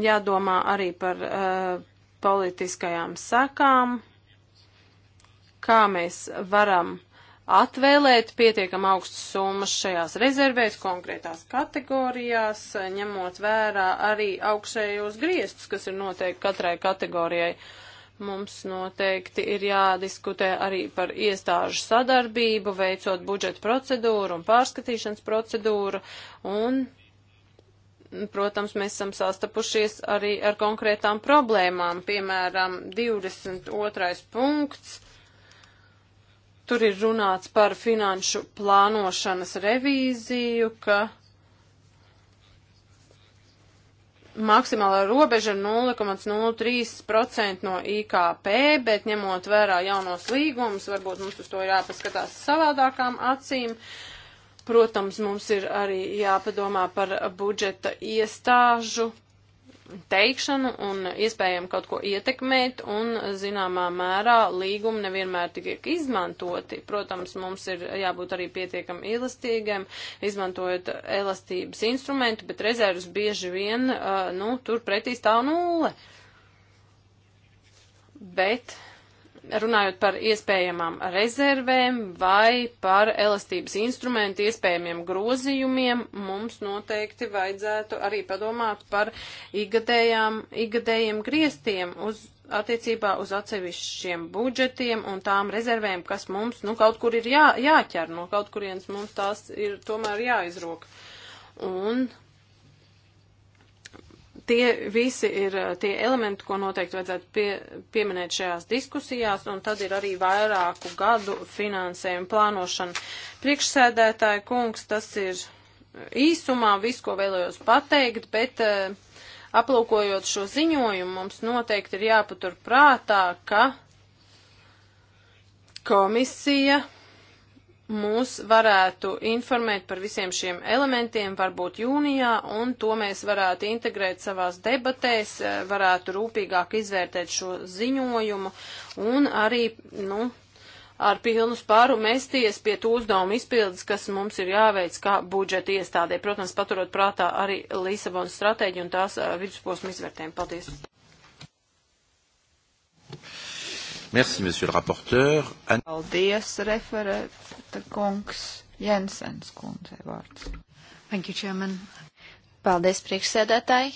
Jādomā arī par uh, politiskajām sekām, kā mēs varam atvēlēt pietiekam augstas summas šajās rezervēs, konkrētās kategorijās, ņemot vērā arī augšējos griestus, kas ir noteikti katrai kategorijai. Uh, Mums noteikti ir jādiskutē arī par iestāžu sadarbību, veicot budžeta procedūru un pārskatīšanas procedūru. Un, protams, mēs esam sastapušies arī ar konkrētām problēmām, piemēram, 22. punkts. Tur ir runāts par finanšu plānošanas revīziju, ka maksimālā robeža ir 0,03% no IKP, bet ņemot vērā jaunos līgumus, varbūt mums uz to jāpaskatās savādākām acīm. Protams, mums ir arī jāpadomā par budžeta iestāžu teikšanu un iespējami kaut ko ietekmēt, un zināmā mērā līgumi nevienmēr tiek izmantoti. Protams, mums ir jābūt arī pietiekami elastīgiem, izmantojot elastības instrumentu, bet rezervus bieži vien, uh, nu, tur pretī stāv nulle. Bet runājot par iespējamām rezervēm vai par elastības instrumentu iespējamiem grozījumiem, mums noteikti vajadzētu arī padomāt par igadējiem griestiem uz attiecībā uz atsevišķiem budžetiem un tām rezervēm, kas mums, nu, kaut kur ir jā, jāķer, no kaut kurienes mums tās ir tomēr jāizrok. Un tie visi ir eh, tie elementi, ko noteikti vajadzētu pie, pieminēt šajās diskusijās, un tad ir arī vairāku gadu finansējuma plānošana. Priekšsēdētāja kungs, tas ir īsumā viss, ko vēlējos pateikt, bet eh, aplūkojot šo ziņojumu, mums noteikti ir jāpatur prātā, ka komisija mūs varētu informēt par visiem šiem elementiem, varbūt jūnijā, un to mēs varētu integrēt savās debatēs, eh, varētu rūpīgāk izvērtēt šo ziņojumu un arī, nu, ar pilnu spāru mesties pie tu uzdevumu izpildes, kas mums ir jāveic kā budžeta iestādē. Protams, paturot prātā arī Lisabonas stratēģiju un tās eh, vidusposmu izvērtējumu. Paldies! Merci, monsieur le rapporteur. An... Paldies, referēta kungs Jensens kundze vārds. Thank you, chairman. Paldies, priekšsēdētāji.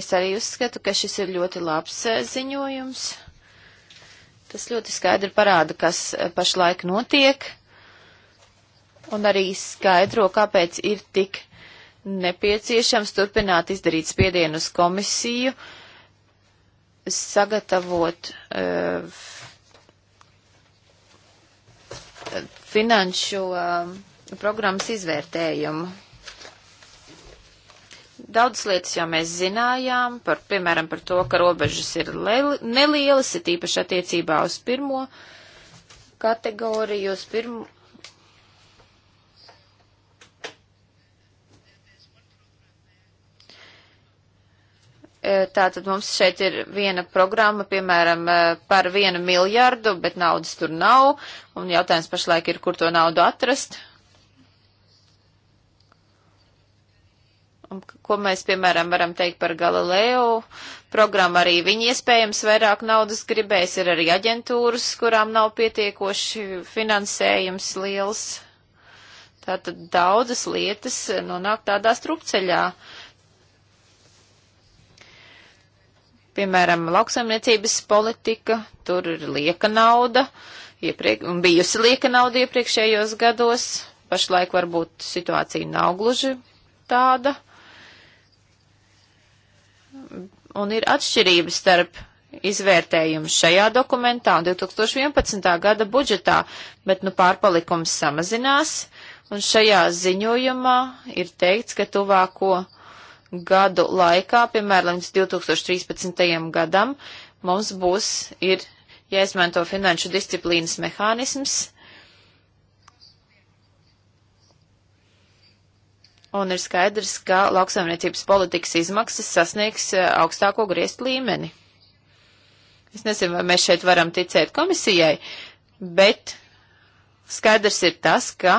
Es arī uzskatu, ka šis ir ļoti labs eh, ziņojums. Tas ļoti skaidri parāda, kas eh, pašlaik notiek, un arī skaidro, kāpēc ir tik nepieciešams turpināt izdarīt spiedienu uz komisiju, uh, sagatavot uh, finanšu uh, programmas izvērtējumu. Daudz lietas jau mēs zinājām, par, piemēram, par to, ka robežas ir nelielas, ir tīpaši attiecībā uz pirmo kategoriju, uz pirmo E, tātad mums šeit ir viena programma, piemēram, e, par vienu miljardu, bet naudas tur nav, un jautājums pašlaik ir, kur to naudu atrast. Un ko mēs, piemēram, varam teikt par Galileo programmu, arī viņi iespējams vairāk naudas gribēs, ir arī aģentūras, kurām nav pietiekoši finansējums liels. Tātad daudzas lietas nonāk tādā strupceļā. Uh, Piemēram, lauksaimniecības politika, tur ir lieka nauda, iepriek, un bijusi lieka nauda iepriekšējos gados. Pašlaik varbūt situācija nav gluži tāda. Un ir atšķirība starp izvērtējumu šajā dokumentā un 2011. gada budžetā, bet nu pārpalikums samazinās, un šajā ziņojumā ir teikts, ka tuvāko gadu laikā, piemēram, līdz 2013. gadam, mums būs, ir jāizmanto ja finanšu disciplīnas mehānisms. Un ir skaidrs, ka lauksaimniecības politikas izmaksas sasniegs eh, augstāko griezt līmeni. Es nezinu, vai mēs šeit varam ticēt komisijai, bet Skaidrs ir tas, ka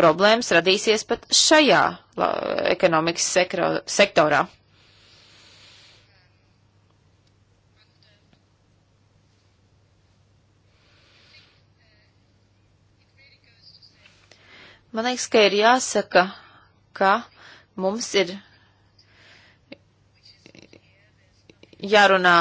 problēmas radīsies pat šajā ekonomikas sektorā. Man liekas, ka ir jāsaka, ka mums ir jārunā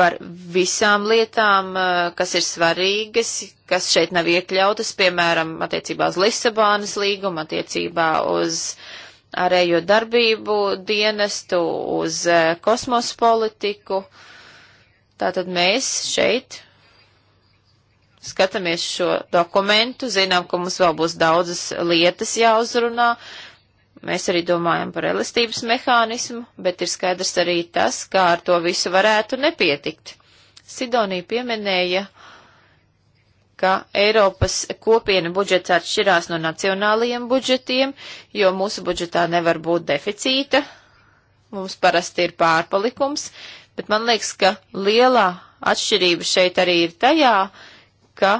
par visām lietām, eh, kas ir svarīgas, kas šeit nav iekļautas, piemēram, attiecībā uz Lisabonas līgumu, attiecībā uz ārējo darbību dienestu, uz eh, kosmos politiku. Tātad mēs šeit skatāmies šo dokumentu, zinām, ka mums vēl būs daudzas lietas jāuzrunā, uh, Mēs arī domājam par elastības mehānismu, bet ir skaidrs arī tas, kā ar to visu varētu nepietikt. Sidonija pieminēja, ka Eiropas kopiena budžets atšķirās no nacionālajiem budžetiem, jo mūsu budžetā nevar būt deficīta. Mums parasti ir pārpalikums, bet man liekas, ka lielā atšķirība šeit arī ir tajā, ka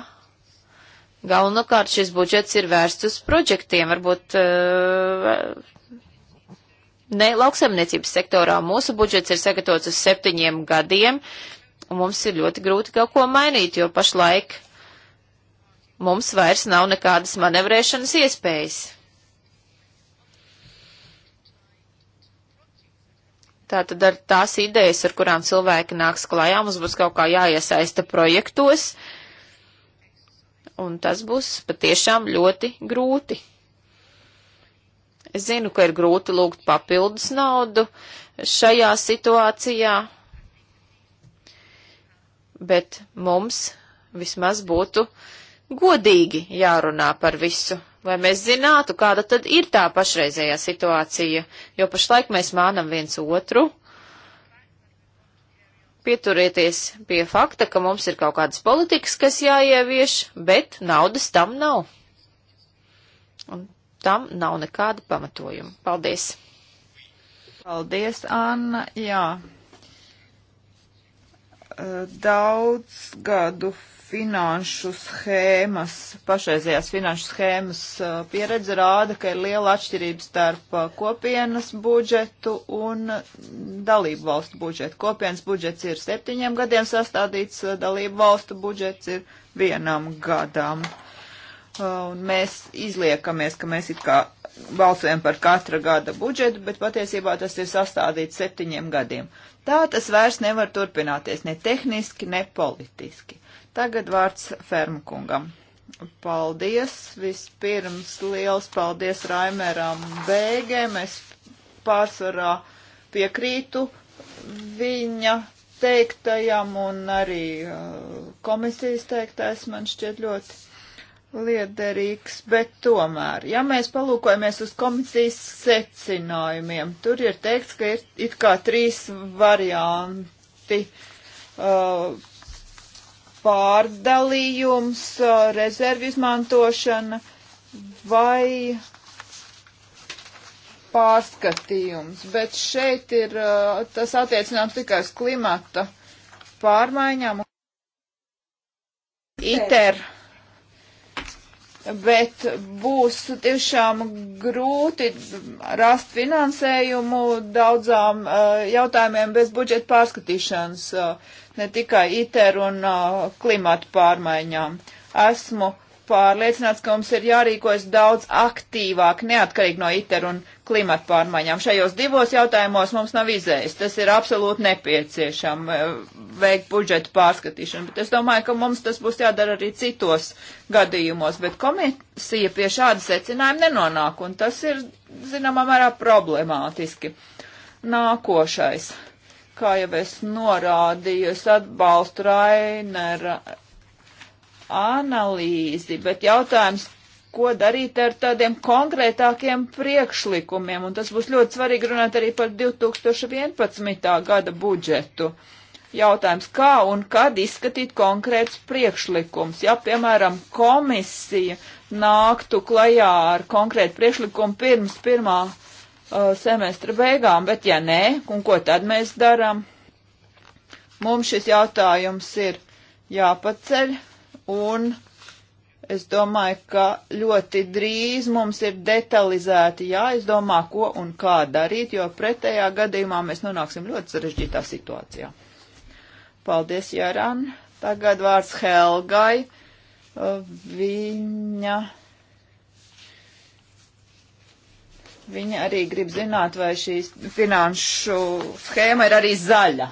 Galvenokārt šis budžets ir vērsts uz projektiem, varbūt eh, ne lauksaimniecības sektorā. Mūsu budžets ir sagatavots uz septiņiem gadiem, un mums ir ļoti grūti kaut ko mainīt, jo pašlaik mums vairs nav nekādas manevrēšanas iespējas. Tātad ar tās idejas, ar kurām cilvēki nāks klajā, mums būs kaut kā jāiesaista projektos. Uh, un tas būs patiešām ļoti grūti. Es zinu, ka ir grūti lūgt papildus naudu šajā situācijā, bet mums vismaz būtu godīgi jārunā par visu, lai mēs zinātu, kāda tad ir tā pašreizējā situācija, jo pašlaik mēs mānam viens otru pieturieties pie fakta, ka mums ir kaut kādas politikas, kas jāievieš, bet naudas tam nav. Un tam nav nekāda pamatojuma. Paldies! Paldies, Anna! Jā. Daudz gadu finanšu schēmas, pašreizējās finanšu schēmas uh, pieredze rāda, ka ir liela atšķirība starp uh, kopienas budžetu un dalību valstu budžetu. Kopienas budžets ir septiņiem gadiem sastādīts, uh, dalību valstu budžets ir vienam gadam. Un mēs izliekamies, ka mēs it kā balsojam par katra gada budžetu, bet patiesībā tas ir sastādīts septiņiem gadiem. Tā tas vairs nevar turpināties ne tehniski, ne politiski. Tagad vārds Fermkungam. Paldies! Vispirms liels paldies Raimeram Bēgēm. Es pārsvarā piekrītu viņa teiktajam un arī uh, komisijas teiktais man šķiet ļoti liederīgs, bet tomēr, ja mēs palūkojamies uz komisijas secinājumiem, tur ir teikts, ka ir it kā trīs varianti. Uh, pārdalījums, rezervi izmantošana vai pārskatījums. Bet šeit ir tas attiecināms tikai uz klimata pārmaiņām. ITER bet būs tiešām grūti rast finansējumu daudzām uh, jautājumiem bez budžeta pārskatīšanas. Uh, ne tikai ITER un uh, klimatu pārmaiņām. Esmu pārliecināts, ka mums ir jārīkojas daudz aktīvāk, neatkarīgi no ITER un klimatu pārmaiņām. Šajos divos jautājumos mums nav izējas. Tas ir absolūti nepieciešams uh, veikt budžeta pārskatīšanu, bet es domāju, ka mums tas būs jādara arī citos gadījumos, bet komisija pie šāda secinājuma nenonāk, un tas ir, zināmā mērā, problemātiski. Nākošais kā jau es norādīju, es atbalstu Rainera analīzi, bet jautājums, ko darīt ar tādiem konkrētākiem priekšlikumiem, un tas būs ļoti svarīgi runāt arī par 2011. gada budžetu. Jautājums, kā un kad izskatīt konkrēts priekšlikums. Ja, piemēram, komisija nāktu klajā ar konkrētu priekšlikumu pirms pirmā Uh, semestra beigām, bet ja nē, un ko tad mēs darām? Mums šis jautājums ir jāpaceļ, un es domāju, ka ļoti drīz mums ir detalizēti jāizdomā, ko un kā darīt, jo pretējā gadījumā mēs nonāksim ļoti sarežģītā situācijā. Paldies, Jāran. Tagad vārds Helgai. Uh, viņa Viņa arī grib zināt, vai šī finanšu schēma ir arī zaļa.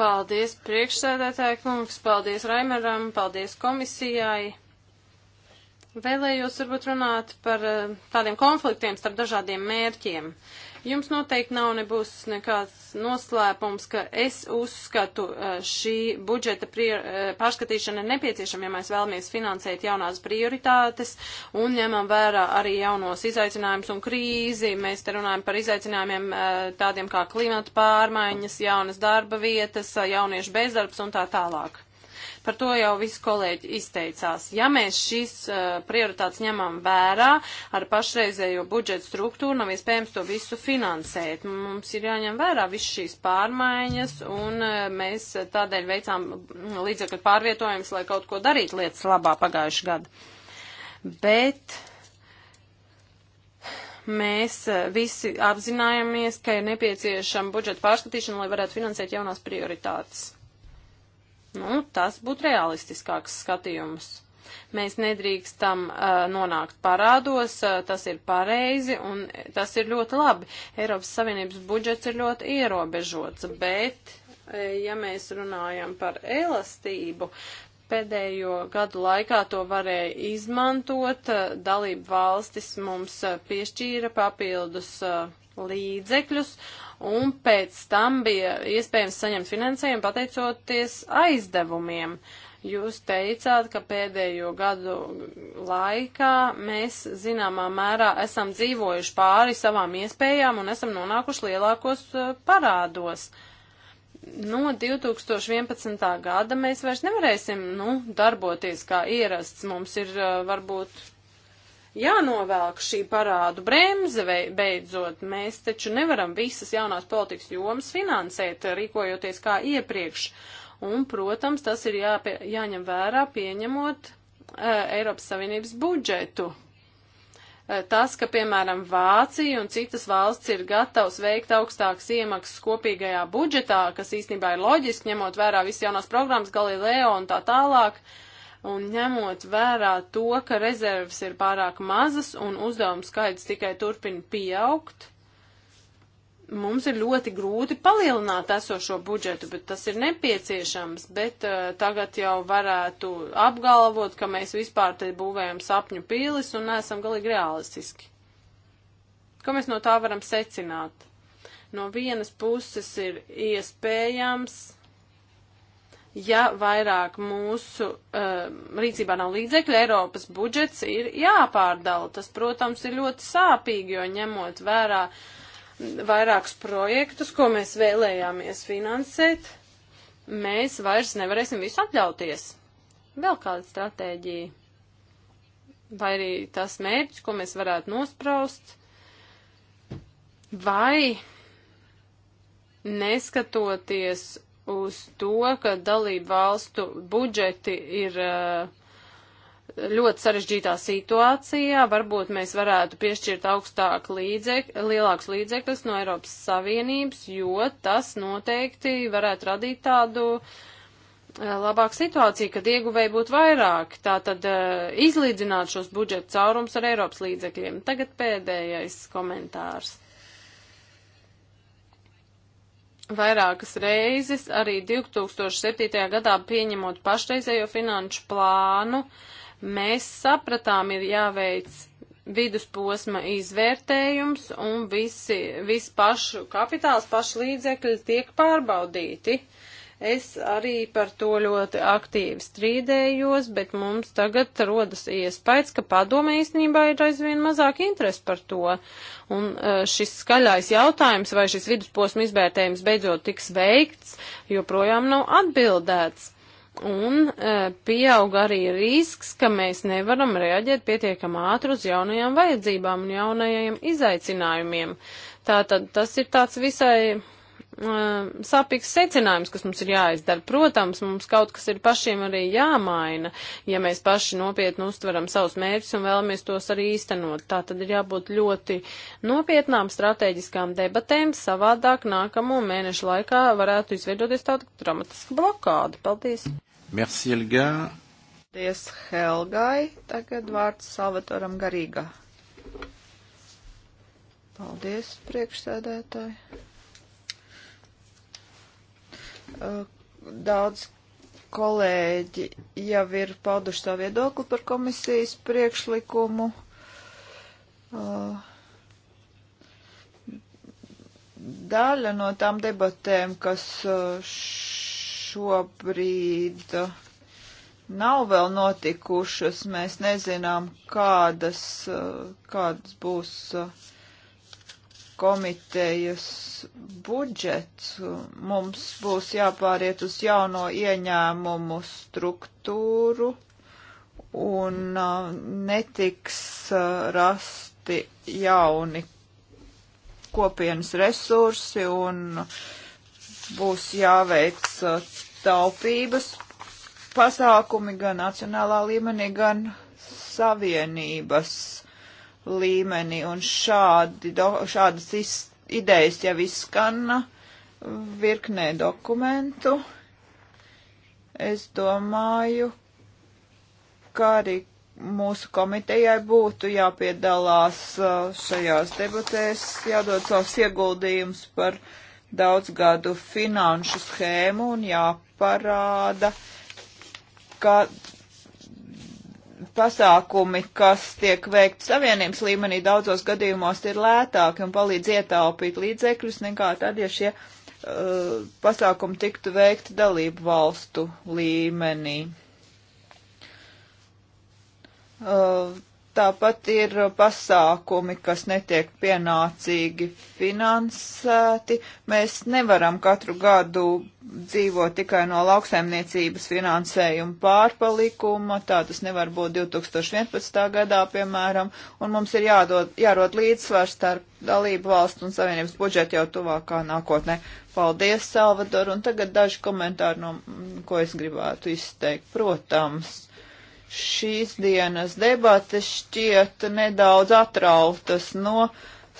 Paldies priekšsēdētāji kungs, paldies Raimaram, paldies komisijai. Vēlējos varbūt runāt par eh, tādiem konfliktiem starp dažādiem mērķiem. Uh, Jums noteikti nav nebūs nekāds noslēpums, ka es uzskatu eh, šī budžeta eh, pārskatīšana nepieciešama, ja mēs vēlamies finansēt jaunās prioritātes un ņemam vērā arī jaunos izaicinājumus un krīzi. Mēs te runājam par izaicinājumiem eh, tādiem kā klimata pārmaiņas, jaunas darba vietas, jauniešu bezdarbs un tā tālāk. Par to jau visi kolēģi izteicās. Ja mēs šīs uh, prioritātes ņemam vērā ar pašreizējo budžetu struktūru, nav iespējams to visu finansēt. Mums ir jāņem vērā viss šīs pārmaiņas un uh, mēs tādēļ veicām līdzekļu pārvietojums, lai kaut ko darītu lietas labā pagājušajā gadā. Bet mēs eh, visi apzināmies, ka ir nepieciešama budžeta pārskatīšana, lai varētu finansēt jaunās prioritātes. Nu, tas būtu realistiskāks skatījums. Mēs nedrīkstam uh, nonākt parādos, uh, tas ir pareizi un tas ir ļoti labi. Eiropas Savienības budžets ir ļoti ierobežots, bet, uh, ja mēs runājam par elastību, pēdējo gadu laikā to varēja izmantot. Uh, dalību valstis mums uh, piešķīra papildus uh, līdzekļus, un pēc tam bija iespējams saņemt finansējumu pateicoties aizdevumiem. Jūs teicāt, ka pēdējo gadu laikā mēs zināmā mērā esam dzīvojuši pāri savām iespējām un esam nonākuši lielākos eh, parādos. No 2011. gada mēs vairs nevarēsim nu, darboties kā ierasts. Mums ir eh, varbūt jānovelk šī parādu bremze, beidzot, mēs taču nevaram visas jaunās politikas jomas finansēt, rīkojoties kā iepriekš. Un, protams, tas ir jāpie, jāņem vērā pieņemot uh, Eiropas Savienības budžetu. Uh, tas, ka, piemēram, Vācija un citas valsts ir gatavs veikt augstākas iemaksas kopīgajā budžetā, kas īstenībā ir loģiski, ņemot vērā visas jaunās programmas, Galileo un tā tālāk, uh, Un ņemot vērā to, ka rezerves ir pārāk mazas un uzdevumu skaits tikai turpina pieaugt, mums ir ļoti grūti palielināt esošo budžetu, bet tas ir nepieciešams. Bet uh, tagad jau varētu apgalvot, ka mēs vispār te būvējam sapņu pīlis un neesam galīgi realistiski. Ko mēs no tā varam secināt? No vienas puses ir iespējams ja vairāk mūsu uh, rīcībā nav līdzekļu, Eiropas budžets ir jāpārdala. Tas, protams, ir ļoti sāpīgi, jo ņemot vērā vairākus projektus, ko mēs vēlējāmies finansēt, mēs vairs nevarēsim visu atļauties. Vēl kāda stratēģija vai arī tas mērķis, ko mēs varētu nospraust, vai neskatoties uz to, ka dalību valstu budžeti ir eh, ļoti sarežģītā situācijā. Varbūt mēs varētu piešķirt augstāk līdzek, lielāks līdzeklis no Eiropas Savienības, jo tas noteikti varētu radīt tādu uh, eh, labāka situācija, kad ieguvēji būtu vairāk, tā tad uh, eh, izlīdzināt šos budžeta caurums ar Eiropas līdzekļiem. Tagad pēdējais komentārs vairākas reizes, arī 2007. gadā pieņemot pašreizējo finanšu plānu, mēs sapratām, ir jāveic vidusposma izvērtējums un visi, viss pašu kapitāls, pašu līdzekļi tiek pārbaudīti. Uh, Es arī par to ļoti aktīvi strīdējos, bet mums tagad rodas iespējas, ka padome īstenībā ir aizvien mazāk interesi par to. Un e, šis skaļais jautājums, vai šis vidusposma izvērtējums beidzot tiks veikts, joprojām nav atbildēts. Un e, pieaug arī risks, ka mēs nevaram reaģēt pietiekam ātri uz jaunajām vajadzībām un jaunajiem izaicinājumiem. Tātad tas ir tāds visai sapīgs secinājums, kas mums ir jāizdara. Protams, mums kaut kas ir pašiem arī jāmaina, ja mēs paši nopietni uztveram savus mērķus un vēlamies tos arī īstenot. Tā tad ir jābūt ļoti nopietnām strateģiskām debatēm, savādāk nākamo mēnešu laikā varētu izveidoties tādu dramatisku blokādu. Paldies! Merci, Helga! Paldies, Helgai! Tagad vārds Salvatoram Garīgā. Paldies, priekšsēdētāji! Eh, daudz kolēģi jau ir pauduši savu viedokli par komisijas priekšlikumu. Eh, daļa no tām debatēm, kas eh, šobrīd nav vēl notikušas, mēs nezinām, kādas, kādas būs uh, komitejas budžets. Mums būs jāpāriet uz jauno ieņēmumu struktūru un netiks rasti jauni kopienas resursi un būs jāveic taupības pasākumi gan nacionālā līmenī, gan savienības līmenī, un šādi, do, šādas iz, idejas jau izskana virknē dokumentu. Es domāju, ka arī mūsu komitejai būtu jāpiedalās uh, šajās debatēs, jādod savus ieguldījumus par daudzgadu finanšu schēmu un jāparāda, ka pasākumi, kas tiek veikti savienības līmenī, daudzos gadījumos ir lētāki un palīdz ietaupīt līdzekļus nekā tad, ja šie uh, pasākumi tiktu veikti dalību valstu līmenī. Uh, Tāpat ir pasākumi, kas netiek pienācīgi finansēti. Mēs nevaram katru gadu dzīvot tikai no lauksaimniecības finansējuma pārpalikuma. Tā tas nevar būt 2011. gadā, piemēram, un mums ir jādod, jārot līdzsvars starp dalību valstu un savienības budžetu jau tuvākā nākotnē. Paldies, Salvador, un tagad daži komentāri, no, ko es gribētu izteikt. Protams šīs dienas debates šķiet nedaudz atrautas no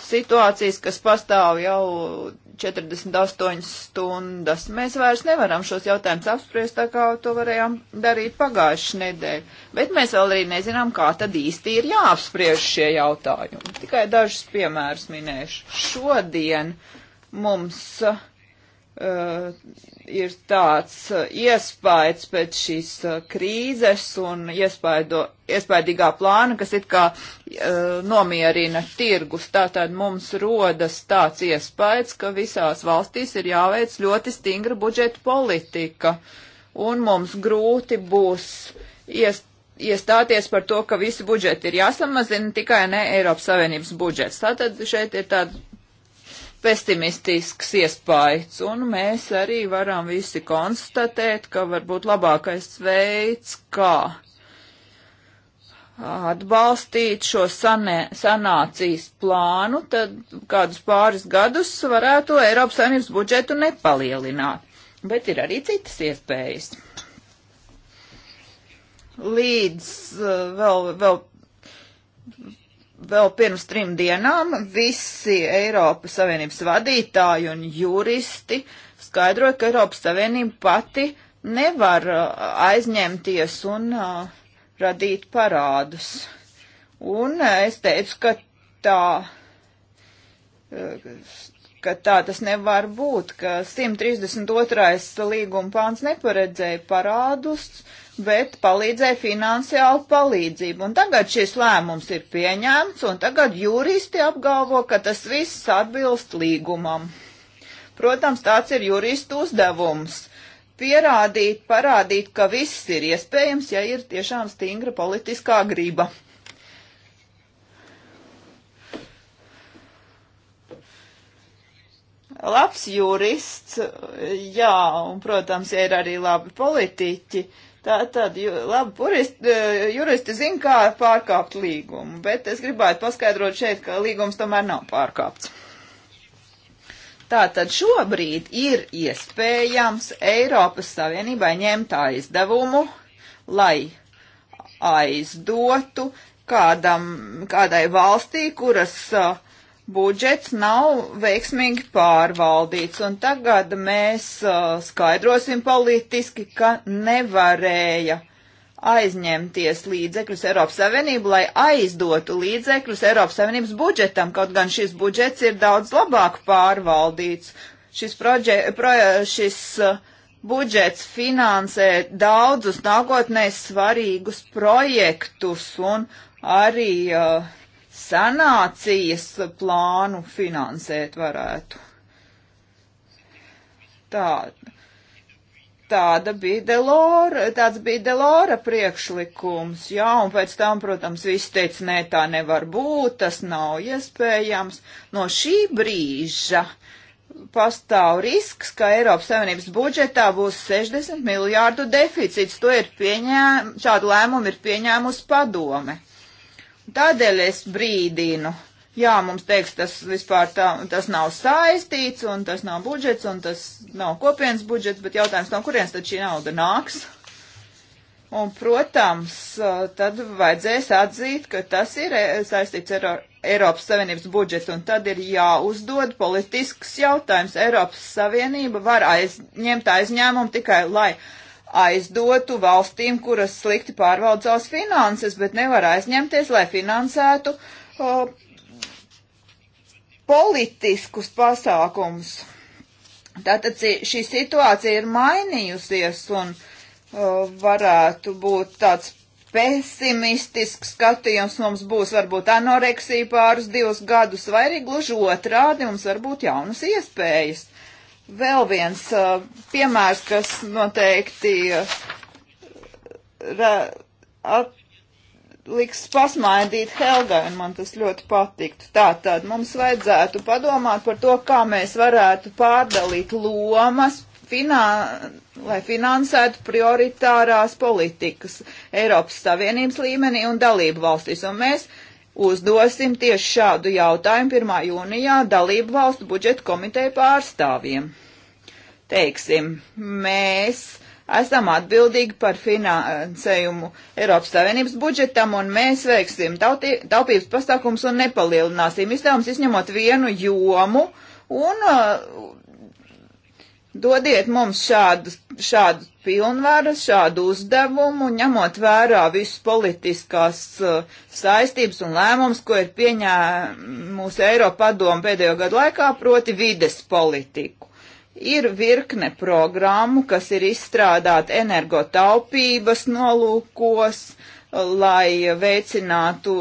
situācijas, kas pastāv jau 48 stundas. Mēs vairs nevaram šos jautājumus apspriest, tā kā to varējām darīt pagājušajā nedēļā. Bet mēs vēl arī nezinām, kā tad īsti ir jāapspriež šie jautājumi. Tikai dažus piemērus minēšu. Šodien mums uh, Uh, ir tāds uh, iespējas pēc šīs uh, krīzes un iespaido, iespaidīgā plāna, kas it kā uh, nomierina tirgus. Tātad mums rodas tāds iespējas, ka visās valstīs ir jāveic ļoti stingra budžeta politika. Un mums grūti būs iest, iestāties par to, ka visi budžeti ir jāsamazina, tikai ne Eiropas Savienības budžets. Tātad šeit ir tāda pesimistisks iespējas, un mēs arī varam visi konstatēt, ka varbūt labākais veids, kā atbalstīt šo sanē, sanācijas plānu, tad kādus pāris gadus varētu Eiropas saimnības budžetu nepalielināt. Bet ir arī citas iespējas. Līdz uh, vēl, vēl vēl pirms trim dienām visi Eiropas Savienības vadītāji un juristi skaidroja, ka Eiropas Savienība pati nevar uh, aizņemties un uh, radīt parādus. Un uh, es teicu, ka tā uh, ka tā tas nevar būt, ka 132. līguma pāns neparedzēja parādus, bet palīdzēja finansiālu palīdzību. Un tagad šis lēmums ir pieņemts, un tagad juristi apgalvo, ka tas viss atbilst līgumam. Protams, tāds ir juristu uzdevums - pierādīt, parādīt, ka viss ir iespējams, ja ir tiešām stingra politiskā griba. labs jurists, jā, un, protams, ir arī labi politiķi. Tātad, labi, puristi, eh, juristi zina, kā pārkāpt līgumu, bet es gribētu paskaidrot šeit, ka līgums tomēr nav pārkāpts. Tātad šobrīd ir iespējams Eiropas Savienībai ņemt aizdevumu, lai aizdotu kādam, kādai valstī, kuras uh, budžets nav veiksmīgi pārvaldīts, un tagad mēs uh, skaidrosim politiski, ka nevarēja aizņemties līdzekļus Eiropas Savienību, lai aizdotu līdzekļus Eiropas Savienības budžetam, kaut gan šis budžets ir daudz labāk pārvaldīts. Šis, proje, pro, šis uh, budžets finansē daudzus nākotnē svarīgus projektus un arī uh, sanācijas plānu finansēt varētu. Tā, tāda bija Delora, tāds bija Delora priekšlikums, jā, un pēc tam, protams, visi teica, nē, tā nevar būt, tas nav iespējams. No šī brīža pastāv risks, ka Eiropas Savienības budžetā būs 60 miljārdu deficīts, to ir pieņēm, šādu lēmumu ir pieņēmusi padome. Tādēļ es brīdinu. Jā, mums teiks, tas vispār tā, tas nav saistīts, un tas nav budžets, un tas nav kopienas budžets, bet jautājums no kurienes tad šī nauda nāks? Un, protams, tad vajadzēs atzīt, ka tas ir e, saistīts ar Eiropas Savienības budžetu, un tad ir jāuzdod politisks jautājums. Eiropas Savienība var aizņemt aizņēmumu tikai, lai uh, aizdotu valstīm, kuras slikti pārvalda savas finanses, bet nevar aizņemties, lai finansētu uh, politiskus pasākumus. Tātad šī situācija ir mainījusies un uh, varētu būt tāds pesimistisks skatījums mums būs varbūt anoreksija pāris divus gadus vai arī gluži otrādi mums varbūt jaunas iespējas. Vēl viens uh, piemērs, kas noteikti uh, ra, at, liks pasmaidīt Helgai, un man tas ļoti patiktu. Tātad mums vajadzētu padomāt par to, kā mēs varētu pārdalīt lomas, finā, lai finansētu prioritārās politikas Eiropas Savienības līmenī un dalību valstīs. Un mēs uh, uzdosim tieši šādu jautājumu 1. jūnijā dalību valstu budžeta komiteju pārstāvjiem. Teiksim, mēs esam atbildīgi par finansējumu Eiropas Savienības budžetam, un mēs veiksim tauti, taupības pasākums un nepalielināsim izdevumus, izņemot vienu jomu, un uh, dodiet mums šādus šādu pilnvaru, šādu uzdevumu, ņemot vērā visas politiskās uh, saistības un lēmums, ko ir pieņēmusi Eiropa padoma pēdējo gadu laikā, proti vides politiku. Ir virkne programmu, kas ir izstrādāta energotaupības nolūkos, lai veicinātu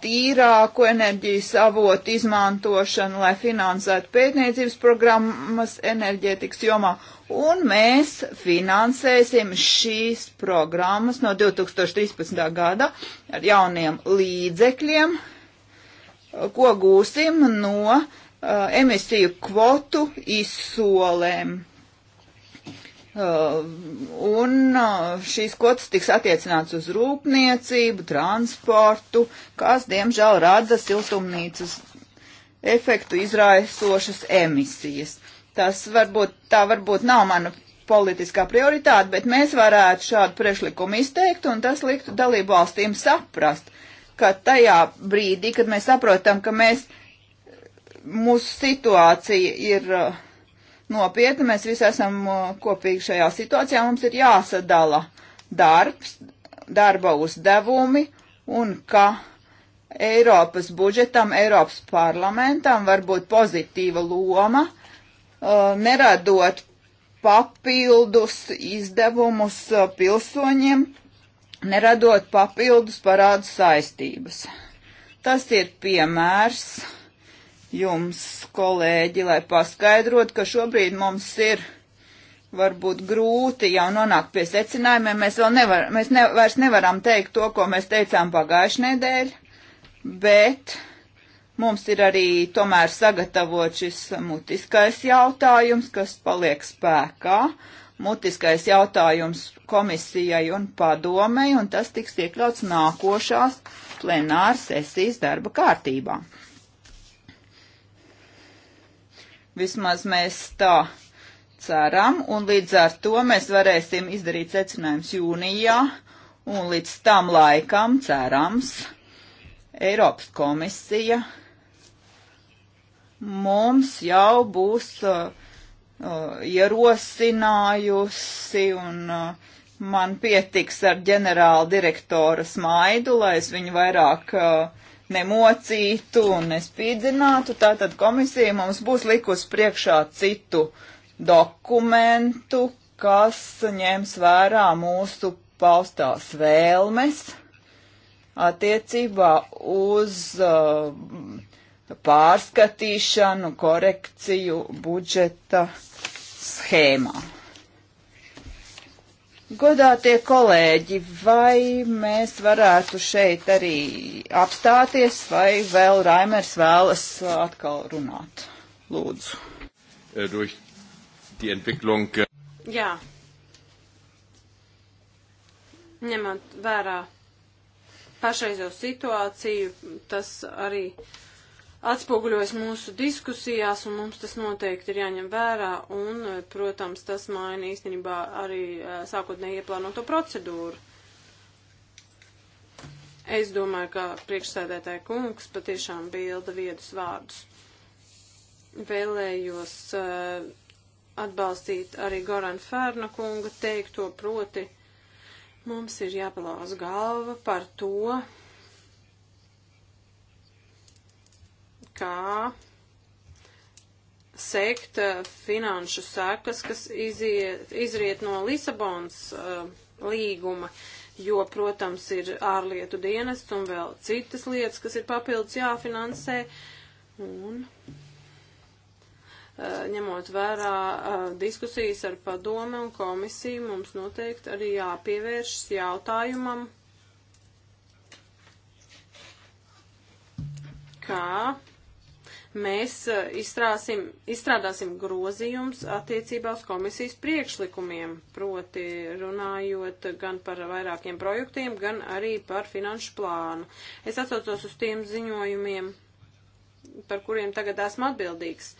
tīrāku enerģijas avotu izmantošanu, lai finansētu pētniecības programmas enerģētikas jomā Un mēs finansēsim šīs programmas no 2013. gada ar jauniem līdzekļiem, ko gūsim no uh, emisiju kvotu izsolēm. Uh, un uh, šīs kvotas tiks attiecināts uz rūpniecību, transportu, kas, diemžēl, rada siltumnīcas efektu izraisošas emisijas. Uh, Tas varbūt, tā varbūt nav mana politiskā prioritāte, bet mēs varētu šādu priekšlikumu izteikt, un tas liktu dalību valstīm saprast, ka tajā brīdī, kad mēs saprotam, ka mēs, mūsu situācija ir uh, nopietna, mēs visi esam uh, kopīgi šajā situācijā, mums ir jāsadala darbs, darba uzdevumi, un ka Eiropas budžetam, Eiropas parlamentam var būt pozitīva loma, Uh, neradot papildus izdevumus uh, pilsoņiem, neradot papildus parādu saistības. Tas ir piemērs jums, kolēģi, lai paskaidrotu, ka šobrīd mums ir varbūt grūti jau nonākt pie secinājumiem. Mēs, nevar, mēs ne, vairs nevaram teikt to, ko mēs teicām pagājušajā nedēļā, bet Mums ir arī tomēr sagatavot šis mutiskais jautājums, kas paliek spēkā. Mutiskais jautājums komisijai un padomei, un tas tiks iekļauts nākošās plenāra sesijas darba kārtībā. Vismaz mēs tā ceram, un līdz ar to mēs varēsim izdarīt secinājums jūnijā, un līdz tam laikam cerams Eiropas komisija mums jau būs uh, uh, ierosinājusi un uh, man pietiks ar ģenerāla direktora smaidu, lai es viņu vairāk uh, nemocītu un nespīdzinātu. Tātad komisija mums būs likus priekšā citu dokumentu, kas ņems vērā mūsu paustās vēlmes attiecībā uz uh, pārskatīšanu, korekciju budžeta schēmā. Godātie kolēģi, vai mēs varētu šeit arī apstāties, vai vēl Raimers vēlas atkal runāt? Lūdzu. Äh, äh, Jā. Ņemot vērā pašreizo situāciju, tas arī uh, atspoguļojas mūsu diskusijās, un mums tas noteikti ir jāņem vērā, un, eh, protams, tas maina īstenībā arī eh, sākotnēji ieplānoto procedūru. Es domāju, ka priekšsēdētāja kungs patiešām bilda viedus vārdus. Vēlējos uh, atbalstīt arī Goran Fērna kunga teikto proti. Mums ir jāpalauza galva par to, kā sekt uh, finanšu sekas, kas iziet, izriet no Lisabonas uh, līguma, jo, protams, ir ārlietu dienests un vēl citas lietas, kas ir papildus jāfinansē. Un uh, ņemot vērā uh, diskusijas ar padome un komisiju, mums noteikti arī jāpievēršas jautājumam, kā mēs e, izstrāsim, izstrādāsim grozījums attiecībā uz komisijas priekšlikumiem, proti runājot gan par vairākiem projektiem, gan arī par finanšu plānu. Es atsaucos uz tiem ziņojumiem, par kuriem tagad esmu atbildīgs. Uh,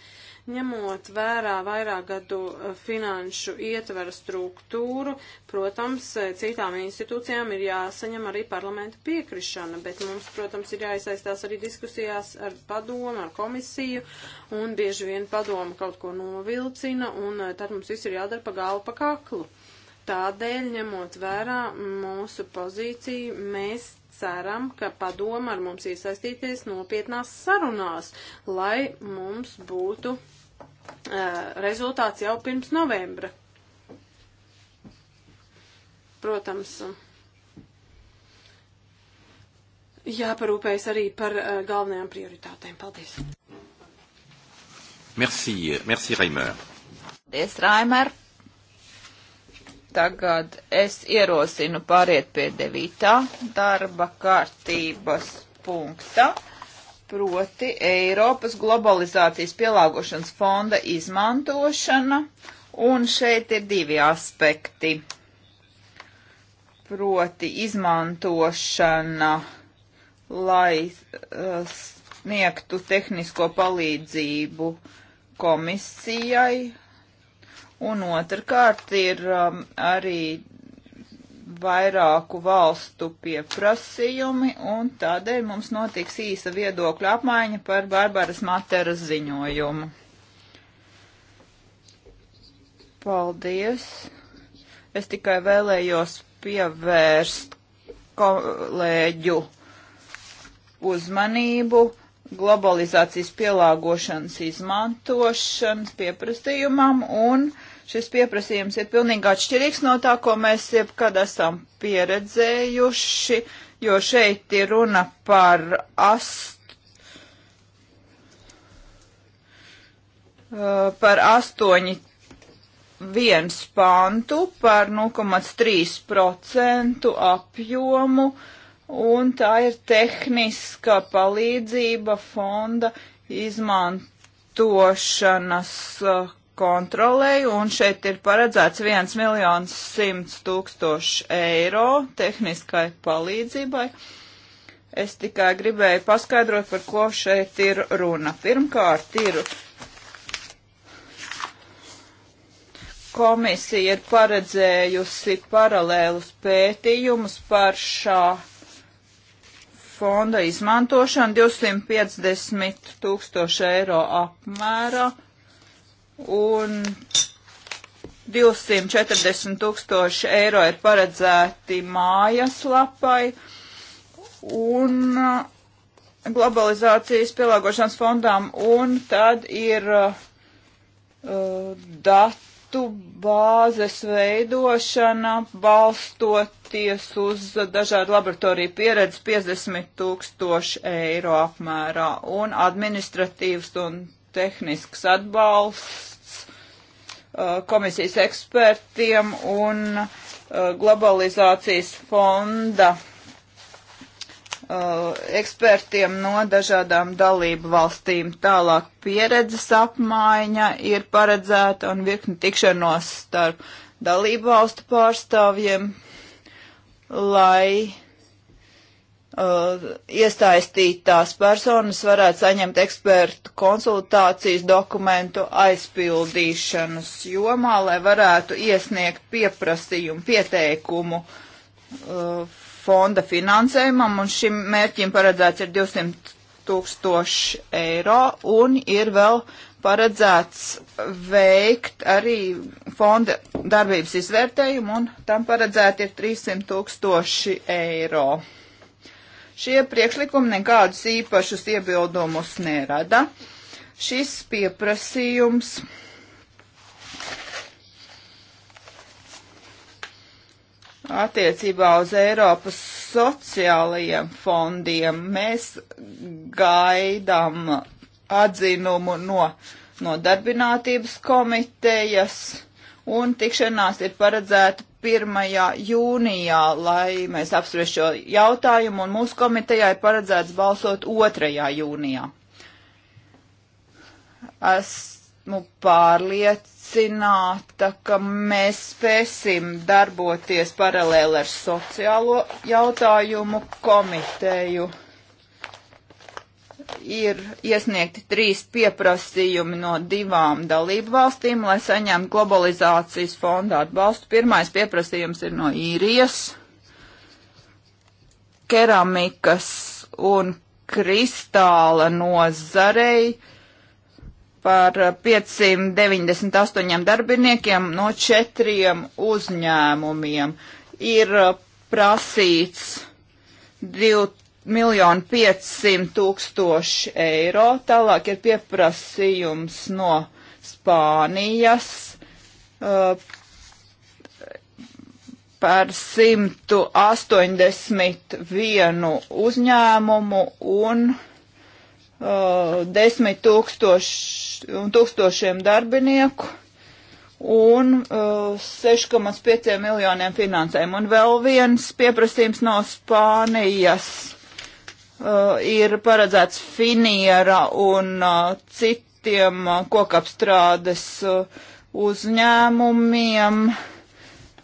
Ņemot vērā vairāk gadu eh, finanšu ietvera struktūru, protams, eh, citām institūcijām ir jāsaņem arī parlamenta piekrišana, bet mums, protams, ir jāiesaistās arī diskusijās ar padomu, ar komisiju, un bieži vien padoma kaut ko novilcina, un eh, tad mums viss ir jādara pa galvu pa kaklu. Tādēļ, ņemot vērā mūsu pozīciju, mēs ceram, ka padoma ar mums iesaistīties nopietnās sarunās, lai mums būtu Eh, rezultāts jau pirms novembra. Protams, jāparūpējas arī par eh, galvenajām prioritātēm. Paldies! Merci, merci Raimer. Paldies, Raimer. Tagad es ierosinu pāriet pie devītā darba kārtības punkta proti Eiropas globalizācijas pielāgošanas fonda izmantošana, un šeit ir divi aspekti. Proti izmantošana, lai uh, sniegtu tehnisko palīdzību komisijai, un otrkārt ir um, arī vairāku valstu pieprasījumi, un tādēļ mums notiks īsa viedokļa apmaiņa par Barbaras Materas ziņojumu. Paldies! Es tikai vēlējos pievērst kolēģu uzmanību globalizācijas pielāgošanas izmantošanas pieprasījumam un uh, Šis pieprasījums ir pilnīgi atšķirīgs no tā, ko mēs jebkad esam pieredzējuši, jo šeit ir runa par ast, par astoņi viens pantu par 0,3% apjomu, un tā ir tehniska palīdzība fonda izmantošanas kontrolei, un šeit ir paredzēts 1 miljons 100 tūkstoši eiro tehniskai palīdzībai. Es tikai gribēju paskaidrot, par ko šeit ir runa. Pirmkārt, ir komisija ir paredzējusi paralēlus pētījumus par šā fonda izmantošanu 250 tūkstoši eiro apmērā un 240 tūkstoši eiro ir paredzēti mājaslapai un globalizācijas pielāgošanas fondām, un tad ir uh, datu bāzes veidošana, balstoties uz dažādu laboratoriju pieredzi 50 tūkstoši eiro apmērā, un administratīvs un tehnisks atbalsts Uh, komisijas ekspertiem un uh, globalizācijas fonda uh, ekspertiem no dažādām dalību valstīm. Tālāk pieredzes apmaiņa ir paredzēta un virkni tikšanos starp dalību valstu pārstāvjiem, lai uh, Uh, iesaistītās personas varētu saņemt ekspertu konsultācijas dokumentu aizpildīšanas jomā, lai varētu iesniegt pieprasījumu, pieteikumu uh, fonda finansējumam, un šim mērķim paredzēts ir 200 tūkstoši eiro, un ir vēl paredzēts veikt arī fonda darbības izvērtējumu, un tam paredzēti ir 300 tūkstoši eiro. Šie priekšlikumi nekādus īpašus iebildumus nerada. Šis pieprasījums attiecībā uz Eiropas sociālajiem fondiem mēs gaidām atzinumu no nodarbinātības komitejas, un tikšanās ir paredzēta 1. jūnijā, lai mēs apspriež šo jautājumu, un mūsu komitejai paredzēts balsot 2. jūnijā. Esmu pārliecināta, ka mēs spēsim darboties paralēli ar sociālo jautājumu komiteju ir iesniegti trīs pieprasījumi no divām dalību valstīm, lai saņemtu globalizācijas fonda atbalstu. Pirmais pieprasījums ir no īrijas, keramikas un kristāla nozarei par 598 darbiniekiem no četriem uzņēmumiem. Ir prasīts 2000 miljonu 500 tūkstoši eiro. Tālāk ir pieprasījums no Spānijas uh, par 181 uzņēmumu un uh, 10 tūkstoši, un tūkstošiem darbinieku un uh, 6,5 miljoniem finansējumu. Un vēl viens pieprasījums no Spānijas uh, ir paredzēts finiera un uh, citiem uh, kokapstrādes uh, uzņēmumiem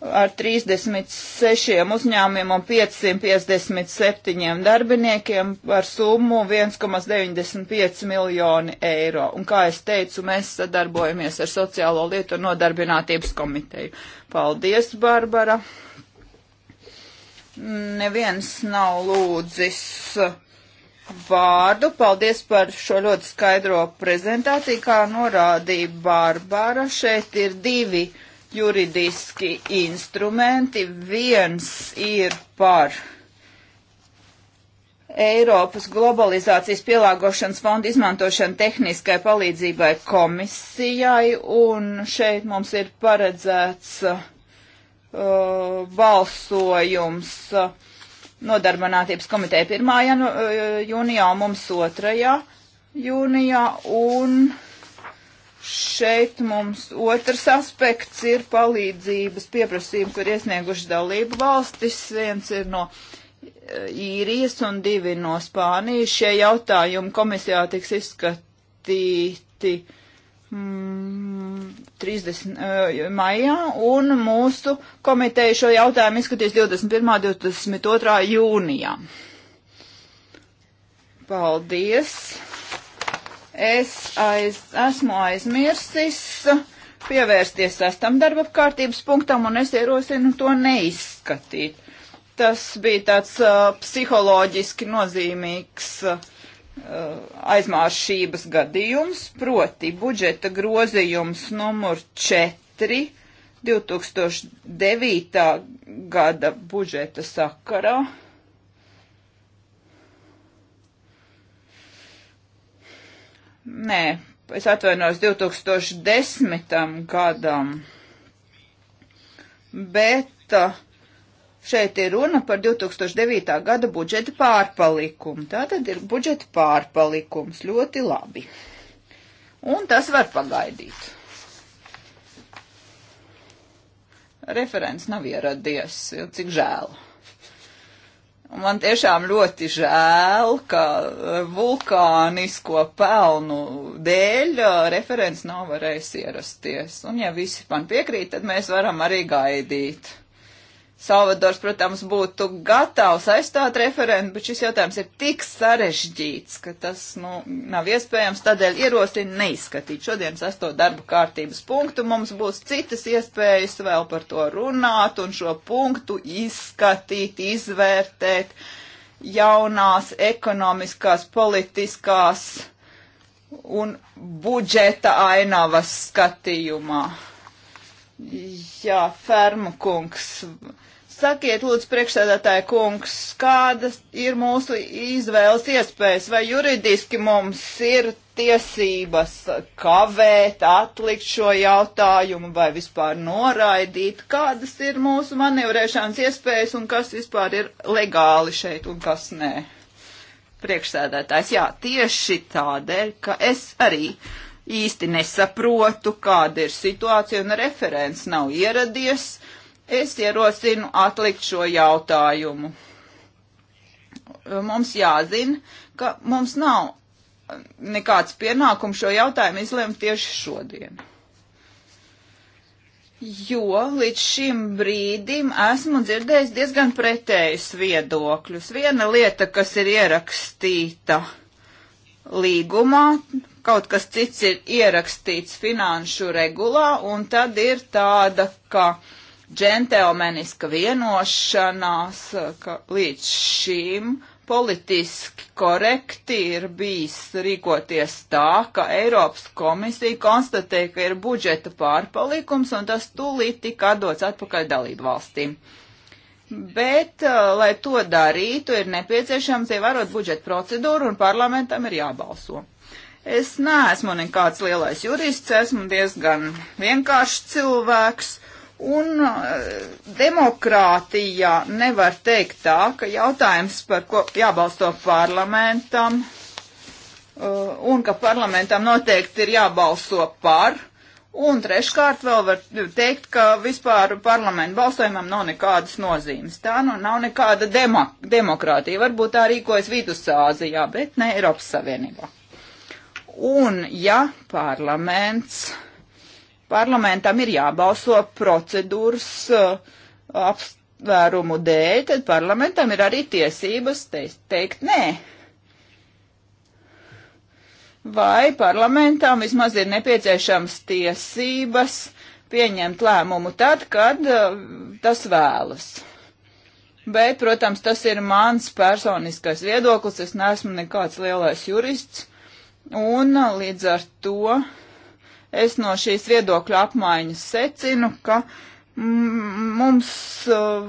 ar 36 uzņēmumiem un 557 darbiniekiem par summu 1,95 miljoni eiro. Un kā es teicu, mēs sadarbojamies ar Sociālo lietu un nodarbinātības komiteju. Paldies, Barbara! Neviens nav lūdzis vārdu. Paldies par šo ļoti skaidro prezentāciju. Kā norādīja Bārbara, šeit ir divi juridiski instrumenti. Viens ir par Eiropas globalizācijas pielāgošanas fonda izmantošanu tehniskai palīdzībai komisijai, un šeit mums ir paredzēts uh, balsojums. Uh, nodarbinātības komiteja 1. Janu, eh, jūnijā un mums 2. jūnijā. Un šeit mums otrs aspekts ir palīdzības pieprasījumi, kur iesnieguši dalību valstis. Viens ir no eh, īrijas un divi no Spānijas. Šie jautājumi komisijā tiks izskatīti 30. Mm, eh, maijā, un mūsu komiteja šo jautājumu izskatīs 21. un 22. jūnijā. Paldies! Es aiz, esmu aizmirsis pievērsties sastam darba kārtības punktam, un es ierosinu to neizskatīt. Tas bija tāds uh, psiholoģiski nozīmīgs uh, Eh, aizmāršības gadījums, proti budžeta grozījums numur 4 2009. gada budžeta sakarā. Nē, es atvainojos 2010. gadam, bet uh, Šeit ir runa par 2009. gada budžeta pārpalikumu. Tātad ir budžeta pārpalikums. Ļoti labi. Un tas var pagaidīt. Referents nav ieradies, cik žēl. Man tiešām ļoti žēl, ka eh, vulkānisko pelnu dēļ eh, referents nav varējis ierasties. Un ja visi man piekrīt, tad mēs varam arī gaidīt. Salvadors, protams, būtu gatavs aizstāt referentu, bet šis jautājums ir tik sarežģīts, ka tas nu, nav iespējams. Tādēļ ierosinu neizskatīt. Šodien sasto darba kārtības punktu mums būs citas iespējas vēl par to runāt un šo punktu izskatīt, izvērtēt jaunās ekonomiskās, politiskās un budžeta ainavas skatījumā. Jā, Fermu kungs Sakiet, lūdzu, priekšsēdētāji kungs, kādas ir mūsu izvēles iespējas, vai juridiski mums ir tiesības kavēt, atlikt šo jautājumu vai vispār noraidīt, kādas ir mūsu manevrēšanas iespējas un kas vispār ir legāli šeit un kas nē. Priekšsēdētājs, jā, tieši tādēļ, ka es arī īsti nesaprotu, kāda ir situācija un referents nav ieradies. Uh, Es ierosinu atlikt šo jautājumu. Mums jāzina, ka mums nav nekāds pienākums šo jautājumu izlemt tieši šodien. Jo līdz šim brīdim esmu dzirdējis diezgan pretējus viedokļus. Viena lieta, kas ir ierakstīta līgumā, kaut kas cits ir ierakstīts finanšu regulā, un tad ir tāda, ka uh, džentelmeniska vienošanās, ka līdz šim politiski korekti ir bijis rīkoties tā, ka Eiropas komisija konstatē, ka ir budžeta pārpalikums un tas tūlīt tika atdots atpakaļ dalību valstīm. Bet, uh, lai to darītu, ir nepieciešams ievērot budžeta procedūru un parlamentam ir jābalso. Es neesmu nekāds lielais jurists, esmu diezgan vienkāršs cilvēks Un uh, demokrātijā nevar teikt tā, ka jautājums, par ko jābalsto parlamentam, uh, un ka parlamentam noteikti ir jābalso par, un treškārt vēl var teikt, ka vispār parlamentu balsojumam nav nekādas nozīmes. Tā nu nav nekāda demo, demokrātija. Varbūt tā rīkojas Vidusāzijā, bet ne Eiropas Savienībā. Un ja parlaments parlamentam ir jābalso procedūras uh, apsvērumu dēļ, tad parlamentam ir arī tiesības teikt, teikt nē. Vai parlamentam vismaz ir nepieciešams tiesības pieņemt lēmumu tad, kad uh, tas vēlas. Bet, protams, tas ir mans personiskais viedoklis, es neesmu nekāds lielais jurists, un uh, līdz ar to uh, Es no šīs viedokļu apmaiņas secinu, ka mums uh,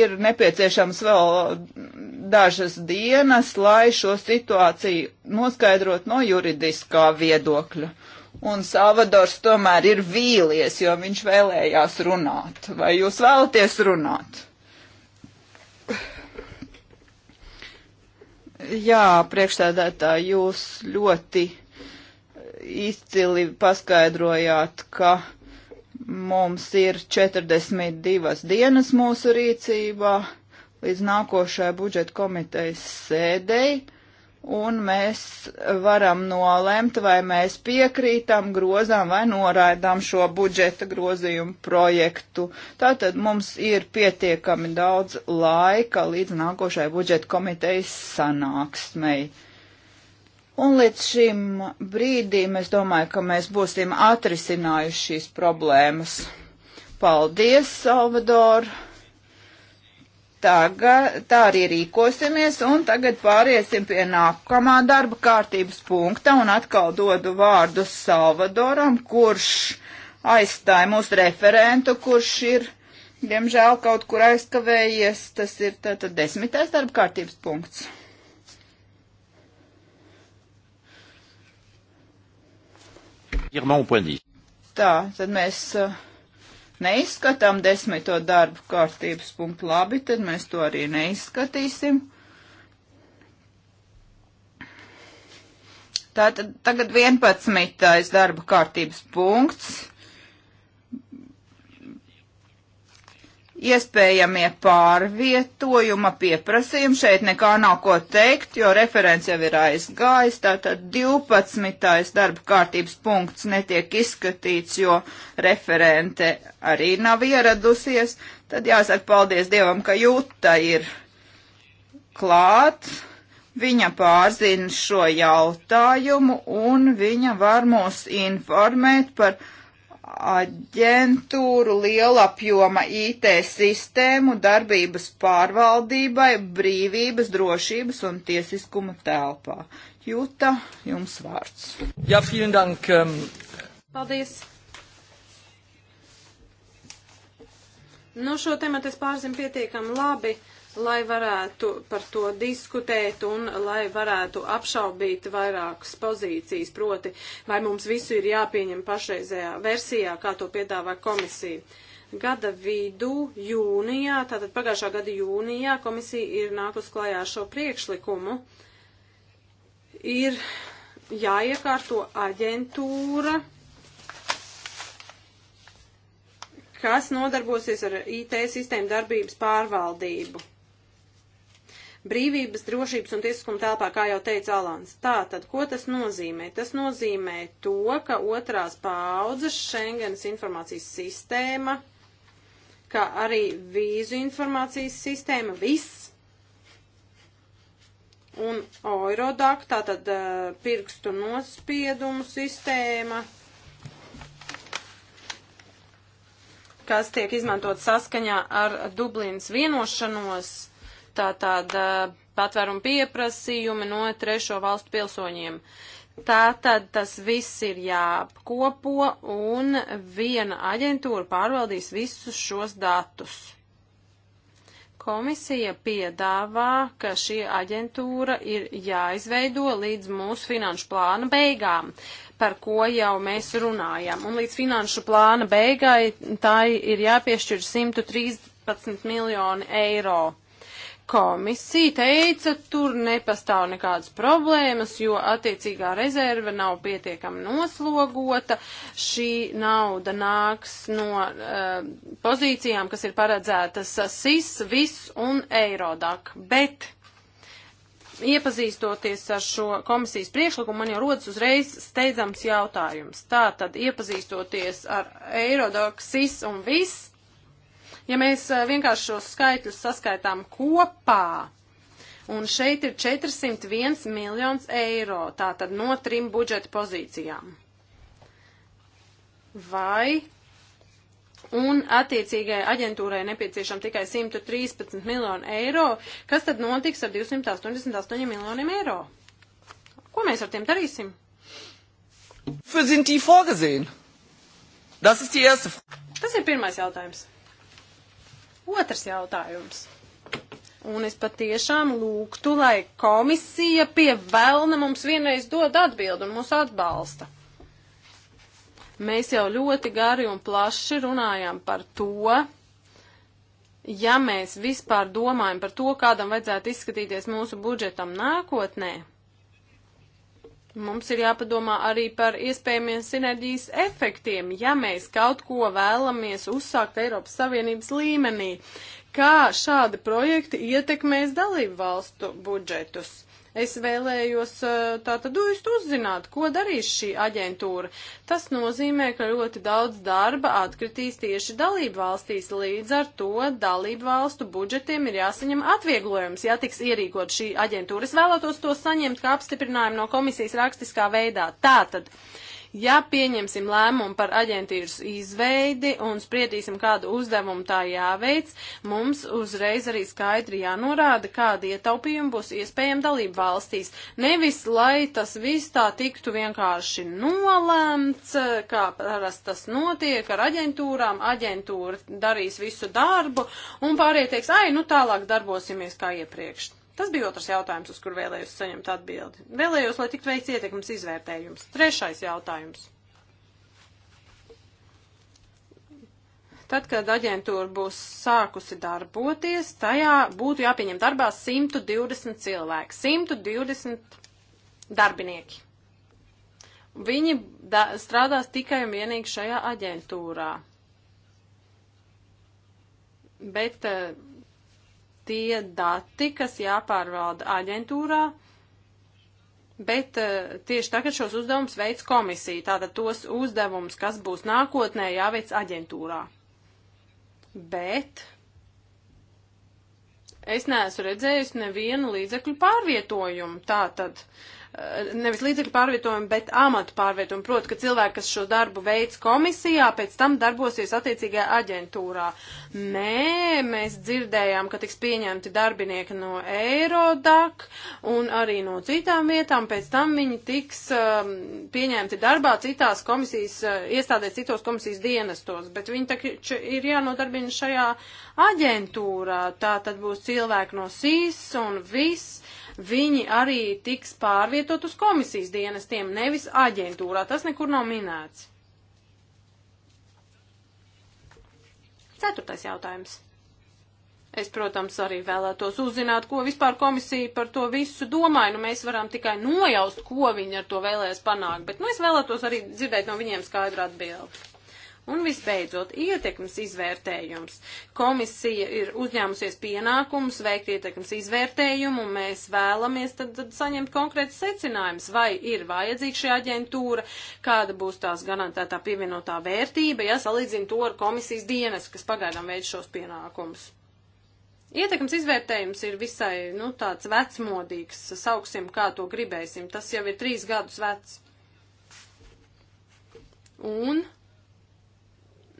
ir nepieciešams vēl dažas dienas, lai šo situāciju noskaidrot no juridiskā viedokļa. Un Salvadors tomēr ir vīlies, jo viņš vēlējās runāt. Vai jūs vēlaties runāt? Jā, priekšstādētā jūs ļoti izcili paskaidrojāt, ka mums ir 42 dienas mūsu rīcībā līdz nākošajai budžeta komitejas sēdei, un mēs varam nolēmt, vai mēs piekrītam, grozām vai noraidām šo budžeta grozījumu projektu. Tātad mums ir pietiekami daudz laika līdz nākošajai budžeta komitejas sanāksmei. Un līdz šim brīdim es domāju, ka mēs būsim atrisinājuši šīs problēmas. Paldies, Salvador! Tagad, tā arī rīkosimies, un tagad pāriesim pie nākamā darba kārtības punkta, un atkal dodu vārdu Salvadoram, kurš aizstāja mūsu referentu, kurš ir, diemžēl, kaut kur aizkavējies. Tas ir tātad desmitais darba kārtības punkts. Tā, tad mēs uh, neizskatām desmito darbu kārtības punktu labi, tad mēs to arī neizskatīsim. Tātad tagad 11. darba kārtības punkts iespējamie pārvietojuma pieprasījumi. Šeit nekā nav ko teikt, jo referents jau ir aizgājis. Tātad 12. darba kārtības punkts netiek izskatīts, jo referente arī nav ieradusies. Tad jāsaka paldies Dievam, ka Jūta ir klāt. Viņa pārzina šo jautājumu un viņa var mūs informēt par aģentūru, lielapjoma IT sistēmu, darbības pārvaldībai, brīvības, drošības un tiesiskuma telpā. Jūta, jums vārds. Jā, ja, vielen dank. Um... Paldies. Nu, šo tematu es pārzinu pietiekami labi. Uh, lai varētu par to diskutēt un lai varētu apšaubīt vairākas pozīcijas, proti, vai mums visu ir jāpieņem pašreizējā versijā, kā to piedāvā komisija. Gada vidū, jūnijā, tātad pagājušā gada jūnijā, komisija ir nākus klajā šo priekšlikumu. Ir jāiekārto aģentūra, kas nodarbosies ar IT sistēmu darbības pārvaldību brīvības, drošības un tiesiskuma telpā, kā jau teica Alans. Tātad, ko tas nozīmē? Tas nozīmē to, ka otrās paudzes Schengenas informācijas sistēma, kā arī vīzu informācijas sistēma, viss un Eurodac, tātad uh, pirkstu nospiedumu sistēma, kas tiek izmantot saskaņā ar Dublīnas vienošanos, tātad patvērumu pieprasījumi no trešo valstu pilsoņiem. Tātad tas viss ir jāapkopo un viena aģentūra pārvaldīs visus šos datus. Komisija piedāvā, ka šī aģentūra ir jāizveido līdz mūsu finanšu plāna beigām, par ko jau mēs runājam. Un līdz finanšu plāna beigai tai ir jāpiešķir 113 miljoni eiro komisija teica, tur nepastāv nekādas problēmas, jo attiecīgā rezerve nav pietiekami noslogota. Šī nauda nāks no uh, pozīcijām, kas ir paredzētas SIS, VIS un Eirodak. Bet iepazīstoties ar šo komisijas priekšlikumu, man jau rodas uzreiz steidzams jautājums. Tā tad iepazīstoties ar Eirodak, SIS un VIS Ja mēs eh, vienkārši šos skaitļus saskaitām kopā, un šeit ir 401 miljons eiro, tātad no trim budžeta pozīcijām. Vai un attiecīgai aģentūrai nepieciešam tikai 113 miljonu eiro, kas tad notiks ar 288 miljoniem eiro? Ko mēs ar tiem darīsim? Tas ir pirmais jautājums. Otrs jautājums. Un es patiešām lūgtu, lai komisija pie vēlna mums vienreiz dod atbildi un mūs atbalsta. Mēs jau ļoti gari un plaši runājām par to, ja mēs vispār domājam par to, kādam vajadzētu izskatīties mūsu budžetam nākotnē, Mums ir jāpadomā arī par iespējamiem sinerģijas efektiem, ja mēs kaut ko vēlamies uzsākt Eiropas Savienības līmenī. Kā šādi projekti ietekmēs dalību valstu budžetus? Es vēlējos tātad nu, jūs uzzināt, ko darīs šī aģentūra. Tas nozīmē, ka ļoti daudz darba atkritīs tieši dalību valstīs. Līdz ar to dalību valstu budžetiem ir jāsaņem atvieglojums, ja tiks ierīkot šī aģentūra. Es vēlētos to saņemt kā apstiprinājumu no komisijas rakstiskā veidā. Tātad. Uh, Ja pieņemsim lēmumu par aģentīras izveidi un spriedīsim, kādu uzdevumu tā jāveic, mums uzreiz arī skaidri jānorāda, kādi ietaupījumi būs iespējami dalību valstīs. Nevis, lai tas viss tā tiktu vienkārši nolēmts, kā parasti tas notiek ar aģentūrām, aģentūra darīs visu darbu un pārējie teiks, ai, nu tālāk darbosimies kā iepriekš. Tas bija otrs jautājums, uz kur vēlējos saņemt atbildi. Vēlējos, lai tiktu veikts ietekmes izvērtējums. Trešais jautājums. Tad, kad aģentūra būs sākusi darboties, tajā būtu jāpieņem darbā 120 cilvēki, 120 darbinieki. Viņi da strādās tikai un vienīgi šajā aģentūrā. Bet uh, tie dati, kas jāpārvalda aģentūrā, bet uh, tieši tagad šos uzdevumus veids komisija. Tātad tos uzdevumus, kas būs nākotnē, jāveic aģentūrā. Bet es neesmu redzējusi nevienu līdzekļu pārvietojumu. Tātad. Uh, nevis līdzekļu pārvietojumu, bet amatu pārvietojumu. Proti, ka cilvēki, kas šo darbu veids komisijā, pēc tam darbosies attiecīgajā aģentūrā. Nē, mēs dzirdējām, ka tiks pieņemti darbinieki no Eirodak un arī no citām vietām, pēc tam viņi tiks um, pieņemti darbā citās komisijas, uh, iestādēs citos komisijas dienestos, bet viņi taču ir jānodarbina šajā aģentūrā. Tā tad būs cilvēki no SIS un viss viņi arī tiks pārvietot uz komisijas dienestiem, nevis aģentūrā. Tas nekur nav minēts. Ceturtais jautājums. Es, protams, arī vēlētos uzzināt, ko vispār komisija par to visu domāja. Nu, mēs varam tikai nojaust, ko viņi ar to vēlēs panākt, bet nu, es vēlētos arī dzirdēt no viņiem skaidru atbildi. Un visbeidzot, ietekmes izvērtējums. Komisija ir uzņēmusies pienākumus veikt ietekmes izvērtējumu, un mēs vēlamies tad, tad saņemt konkrēts secinājums, vai ir vajadzīga šī aģentūra, kāda būs tās garantētā pievienotā vērtība, ja salīdzina to ar komisijas dienas, kas pagaidām veic šos pienākumus. Ietekmes izvērtējums ir visai, nu, tāds vecmodīgs, sauksim, kā to gribēsim. Tas jau ir trīs gadus vecs. Un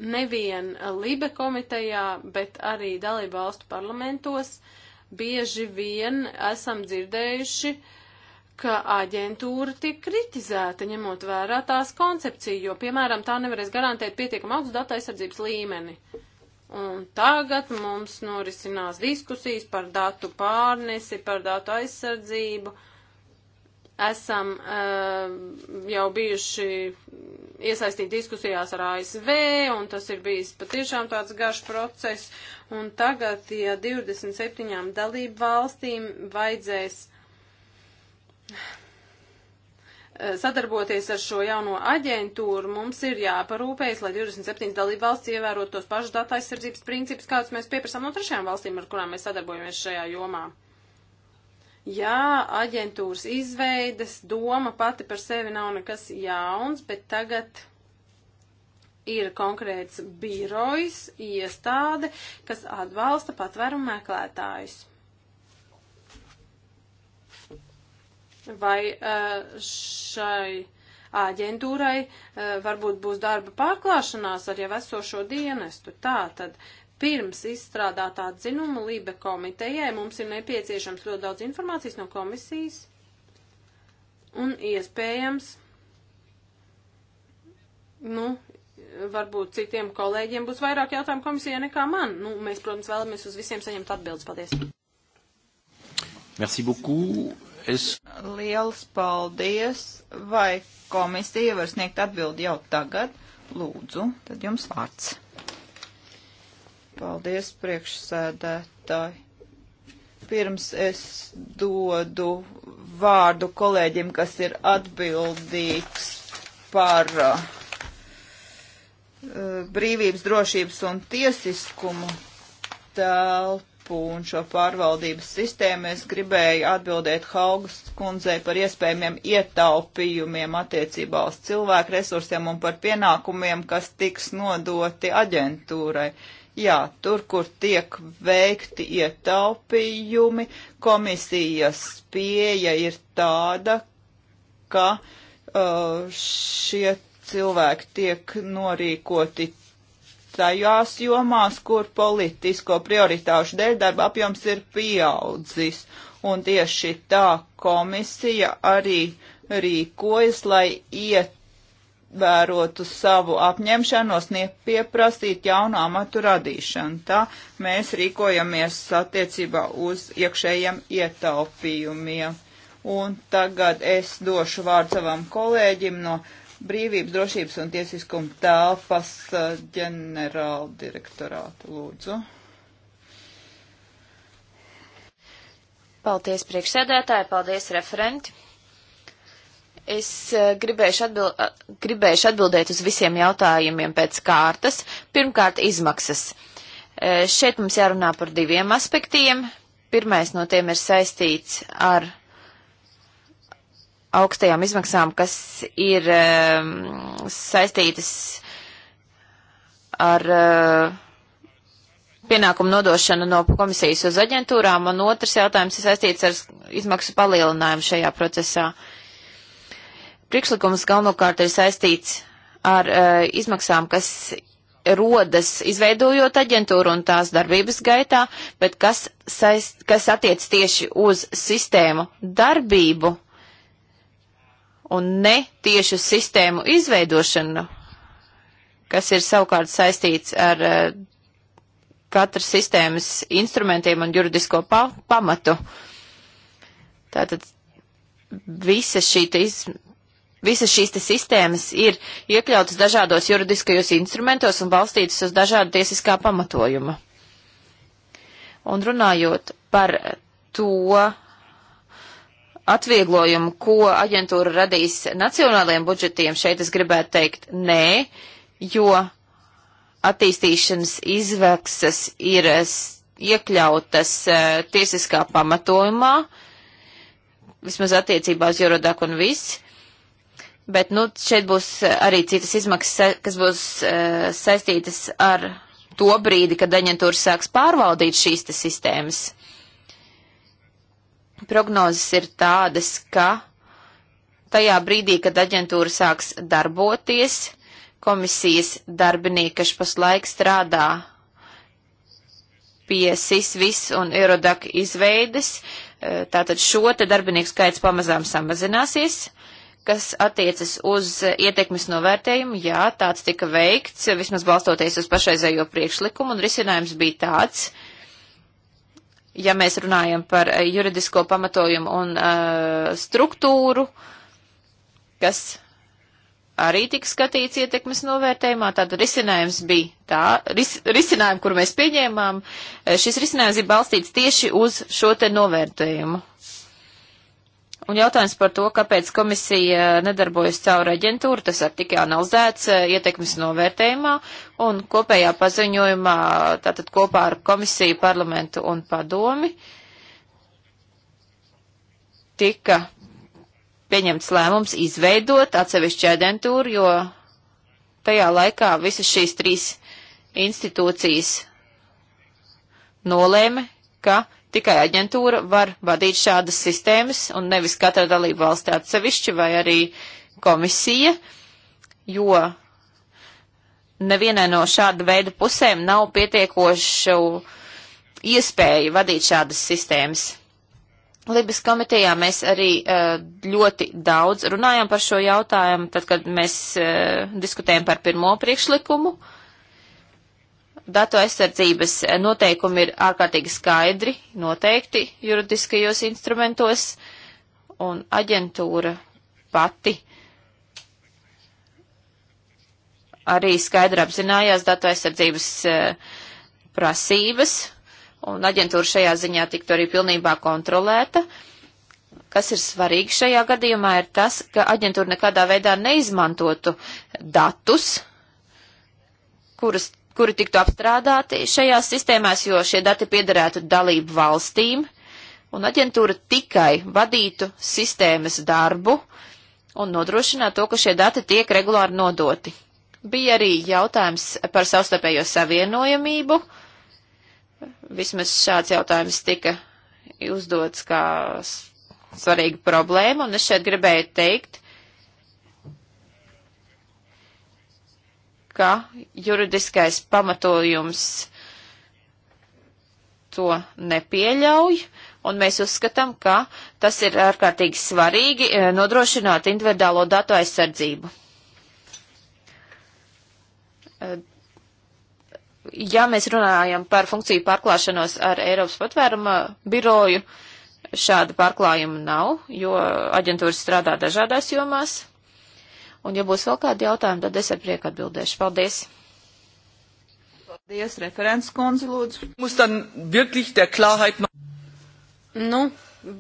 nevien Libe komitejā, bet arī dalību valstu parlamentos bieži vien esam dzirdējuši, ka aģentūra tiek kritizēta, ņemot vērā tās koncepciju, jo, piemēram, tā nevarēs garantēt pietiekam augstu datu aizsardzības līmeni. Un tagad mums norisinās diskusijas par datu pārnesi, par datu aizsardzību. Uh, esam uh, jau bijuši iesaistīti diskusijās ar ASV, un tas ir bijis patiešām tāds garš process. Un tagad, ja 27 dalību valstīm vajadzēs eh, sadarboties ar šo jauno aģentūru, mums ir jāparūpējas, lai 27 dalību valsts ievērot tos pašus datu aizsardzības principus, kādus mēs pieprasām no trešajām valstīm, ar kurām mēs sadarbojamies šajā jomā. Jā, aģentūras izveidas doma pati par sevi nav nekas jauns, bet tagad ir konkrēts birojs, iestāde, kas atbalsta patvērumu meklētājus. Vai eh, šai aģentūrai eh, varbūt būs darba pārklāšanās ar jau esošo dienestu? Tā tad Pirms izstrādāt atzinumu Lībe komitejai mums ir nepieciešams ļoti daudz informācijas no komisijas un iespējams, nu, varbūt citiem kolēģiem būs vairāk jautājumu komisijai nekā man. Nu, mēs, protams, vēlamies uz visiem saņemt atbildes. Paldies! Merci beaucoup. Es... Liels paldies! Vai komisija var sniegt atbildi jau tagad? Lūdzu, tad jums vārds. Paldies, priekšsēdētāji. Pirms es dodu vārdu kolēģim, kas ir atbildīgs par uh, brīvības, drošības un tiesiskumu telpu grupu un šo pārvaldības sistēmu, es gribēju atbildēt Haugas kundzei par iespējamiem ietaupījumiem attiecībā uz cilvēku resursiem un par pienākumiem, kas tiks nodoti aģentūrai. Uh, Jā, tur, kur tiek veikti ietaupījumi, komisijas pieeja ir tāda, ka uh, šie cilvēki tiek norīkoti tajās jomās, kur politisko prioritāšu dēļ darba apjoms ir pieaudzis. Un tieši tā komisija arī rīkojas, lai iet ievērotu savu apņemšanos nepieprasīt jaunu amatu radīšanu. Tā mēs rīkojamies attiecībā uz iekšējiem ietaupījumiem. Un tagad es došu vārdu savam kolēģim no Brīvības, drošības un tiesiskuma telpas eh, ģenerāla direktorāta. Lūdzu. Paldies priekšsēdētāji, paldies referenti. Es eh, gribēšu, atbild, eh, gribēšu atbildēt uz visiem jautājumiem pēc kārtas. Pirmkārt, izmaksas. Eh, šeit mums jārunā par diviem aspektiem. Pirmais no tiem ir saistīts ar augstajām izmaksām, kas ir um, saistītas ar uh, pienākumu nodošanu no komisijas uz aģentūrām, un otrs jautājums ir saistīts ar izmaksu palielinājumu šajā procesā. Uh, Priekšlikums galvenokārt ir saistīts ar uh, izmaksām, kas rodas izveidojot aģentūru un tās darbības gaitā, bet kas, saist, kas attiec tieši uz sistēmu darbību un ne tieši uz sistēmu izveidošanu, kas ir savukārt saistīts ar uh, katras sistēmas instrumentiem un juridisko pa pamatu. Tātad visa šī iz, visas šīs sistēmas ir iekļautas dažādos juridiskajos instrumentos un balstītas uz dažādu tiesiskā pamatojuma. Un runājot par to atvieglojumu, ko aģentūra radīs nacionālajiem budžetiem, šeit es gribētu teikt nē, jo attīstīšanas izvekses ir iekļautas e, tiesiskā pamatojumā, vismaz attiecībā uz Eurodaku un viss Bet, nu, šeit būs arī citas izmaksas, kas būs uh, saistītas ar to brīdi, kad aģentūra sāks pārvaldīt šīs te sistēmas. Prognozes ir tādas, ka tajā brīdī, kad aģentūra sāks darboties, komisijas darbinieki, kas pašlaik strādā pie SISVIS un Eurodak izveides, eh, tātad šo te darbinieku skaits pamazām samazināsies kas attiecas uz ietekmes novērtējumu, jā, tāds tika veikts, vismaz balstoties uz pašreizējo priekšlikumu, un risinājums bija tāds, ja mēs runājam par eh, juridisko pamatojumu un uh, struktūru, kas arī tika skatīts ietekmes novērtējumā, tad risinājums bija tā, ris, risinājumu, kur mēs pieņēmām, eh, šis risinājums ir balstīts tieši uz šo te novērtējumu. Un jautājums par to, kāpēc komisija nedarbojas caur aģentūru, tas ir tikai analizēts eh, ietekmes novērtējumā un kopējā paziņojumā, tātad kopā ar komisiju, parlamentu un padomi, tika pieņemts lēmums izveidot atsevišķu aģentūru, jo tajā laikā visas šīs trīs institūcijas nolēma, ka Tikai aģentūra var vadīt šādas sistēmas un nevis katra dalība valsts atsevišķi vai arī komisija, jo nevienai no šāda veida pusēm nav pietiekošu iespēju vadīt šādas sistēmas. Libas komitejā mēs arī eh, ļoti daudz runājām par šo jautājumu, tad, kad mēs eh, diskutējam par pirmo priekšlikumu. Uh, datu aizsardzības noteikumi ir ārkārtīgi skaidri, noteikti juridiskajos instrumentos, un aģentūra pati arī skaidri apzinājās datu aizsardzības e, prasības, un aģentūra šajā ziņā tiktu arī pilnībā kontrolēta. Kas ir svarīgi šajā gadījumā ir tas, ka aģentūra nekādā veidā neizmantotu datus, kurus kuri tiktu apstrādāti šajās sistēmās, jo šie dati piederētu dalību valstīm, un aģentūra tikai vadītu sistēmas darbu un nodrošinātu to, ka šie dati tiek regulāri nodoti. Bija arī jautājums par savstarpējo savienojamību. Vismaz šāds jautājums tika uzdots kā svarīga problēma, un es šeit gribēju teikt, ka juridiskais pamatojums to nepieļauj, un mēs uzskatām, ka tas ir ārkārtīgi svarīgi eh, nodrošināt individuālo datu aizsardzību. Eh, ja mēs runājam par funkciju pārklāšanos ar Eiropas patvēruma biroju, šāda pārklājuma nav, jo aģentūras strādā dažādās jomās. Un, ja būs vēl kādi jautājumi, tad es ar prieku atbildēšu. Paldies! Paldies, referents kundze, lūdzu. Nu,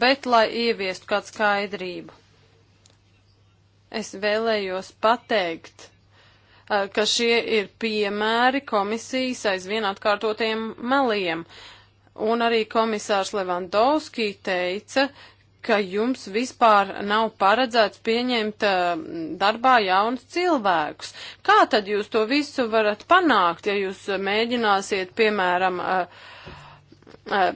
bet lai ieviestu kādu skaidrību, es vēlējos pateikt, ka šie ir piemēri komisijas aizvien atkārtotiem meliem. Un arī komisārs Levandovski teica, ka jums vispār nav paredzēts pieņemt uh, darbā jaunus cilvēkus. Kā tad jūs to visu varat panākt, ja jūs eh, mēģināsiet, piemēram, uh, Eh,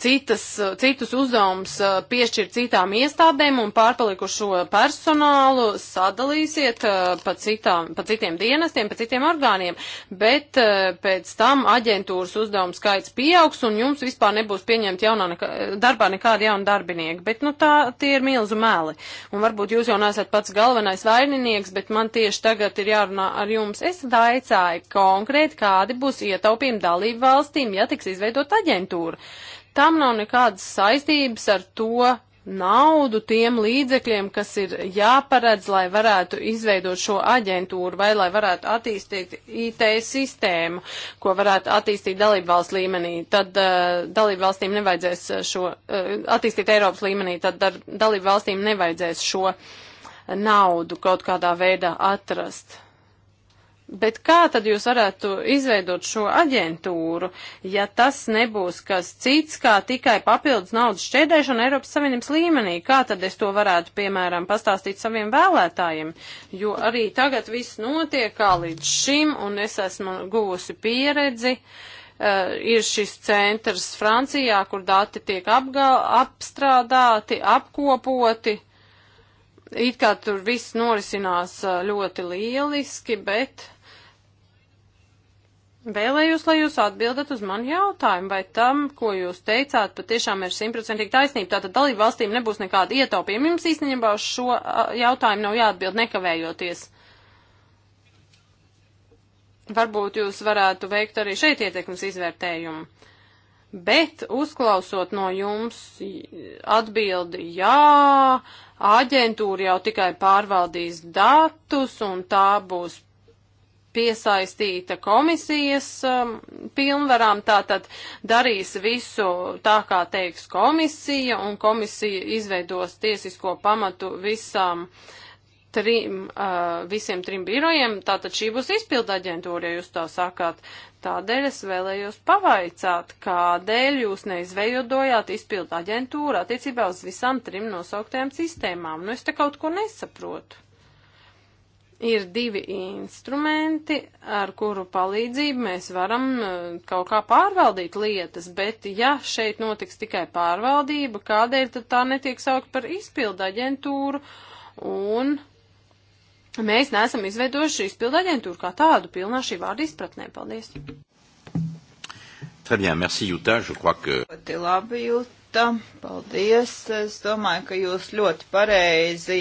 citas, citus uzdevumus eh, piešķirt citām iestādēm un pārpalikušo personālu sadalīsiet eh, pa, citām, pa citiem dienestiem, pa citiem orgāniem, bet pēc tam aģentūras uzdevumu skaits pieaugs un jums vispār nebūs pieņemt jaunā nekā, darbā nekāda jauna darbinieka, bet nu tā tie ir milzu meli. Un varbūt jūs jau nesat pats galvenais vaininieks, bet man tieši tagad ir jārunā ar jums. Es daicāju konkrēti, kādi būs ietaupījumi dalību valstīm, ja tiks izveidot aģentūra aģentūra. Tam nav nekādas saistības ar to naudu tiem līdzekļiem, kas ir jāparedz, lai varētu izveidot šo aģentūru vai lai varētu attīstīt IT sistēmu, ko varētu attīstīt dalībvalsts līmenī. Tad uh, dalībvalstīm nevajadzēs eh, šo, uh, attīstīt Eiropas līmenī, tad dalībvalstīm nevajadzēs šo naudu kaut kādā veidā atrast. Bet kā tad jūs varētu izveidot šo aģentūru, ja tas nebūs kas cits, kā tikai papildus naudas šķēdēšana Eiropas Savienības līmenī? Kā tad es to varētu, piemēram, pastāstīt saviem vēlētājiem? Jo arī tagad viss notiek kā līdz šim, un es esmu guvusi pieredzi. Uh, ir šis centrs Francijā, kur dati tiek apgā, apstrādāti, apkopoti. It kā tur viss norisinās eh, ļoti lieliski, bet Vēlējos, lai jūs atbildat uz manu jautājumu, vai tam, ko jūs teicāt, patiešām ir simtprocentīgi taisnība. Tātad dalību valstīm nebūs nekāda ietaupījuma. Jums īstenībā uz šo jautājumu nav jāatbild nekavējoties. Varbūt jūs varētu veikt arī šeit ietekmes izvērtējumu. Bet uzklausot no jums atbildi, jā, aģentūra jau tikai pārvaldīs datus un tā būs piesaistīta komisijas um, pilnvarām, tātad darīs visu tā, kā teiks komisija, un komisija izveidos tiesisko pamatu visām trim, uh, visiem trim birojiem, tātad šī būs izpilda aģentūra, ja jūs tā sakāt. Tādēļ es vēlējos pavaicāt, kādēļ jūs neizveidojāt izpildu aģentūru attiecībā uz visām trim nosauktajām sistēmām. Nu, es te kaut ko nesaprotu ir divi instrumenti, ar kuru palīdzību mēs varam eh, kaut kā pārvaldīt lietas, bet ja šeit notiks tikai pārvaldība, kādēļ tad tā netiek saukt par izpildu aģentūru un mēs neesam izveidojuši izpildu aģentūru kā tādu pilnā šī vārda izpratnē. Paldies! Très bien, merci Jūta, je crois que. Ļoti labi, Jūta, paldies. Es domāju, ka jūs ļoti pareizi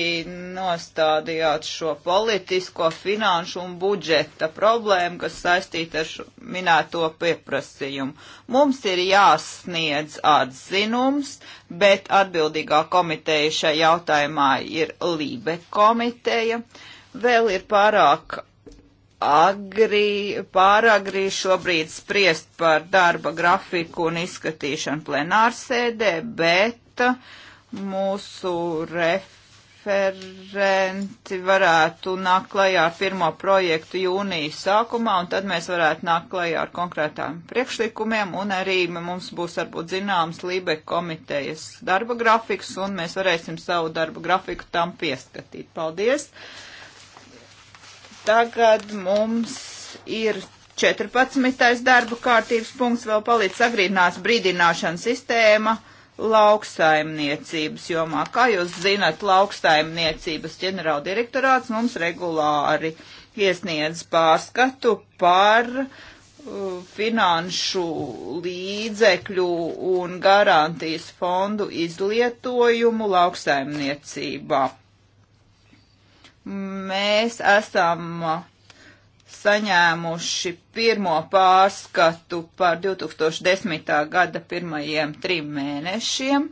nostādījāt šo politisko, finanšu un budžeta problēmu, kas saistīta ar šo minēto pieprasījumu. Mums ir jāsniedz atzinums, bet atbildīgā komiteja šajā jautājumā ir Lībe komiteja. Vēl ir pārāk agri, pāragri šobrīd spriest par darba grafiku un izskatīšanu plenārsēdē, bet mūsu referenti varētu nākt klajā ar pirmo projektu jūnijas sākumā, un tad mēs varētu nākt klajā ar konkrētām priekšlikumiem, un arī mums būs varbūt zināms Lībe komitejas darba grafiks, un mēs varēsim savu darba grafiku tam pieskatīt. Paldies! Tagad mums ir 14. darba kārtības punkts, vēl palīdz agrīnās brīdināšanas sistēma lauksaimniecības jomā. Kā jūs zinat, lauksaimniecības ģenerāldirektorāts mums regulāri iesniedz pārskatu par uh, finanšu līdzekļu un garantijas fondu izlietojumu lauksaimniecībā. Mēs esam saņēmuši pirmo pārskatu par 2010. gada pirmajiem trim mēnešiem.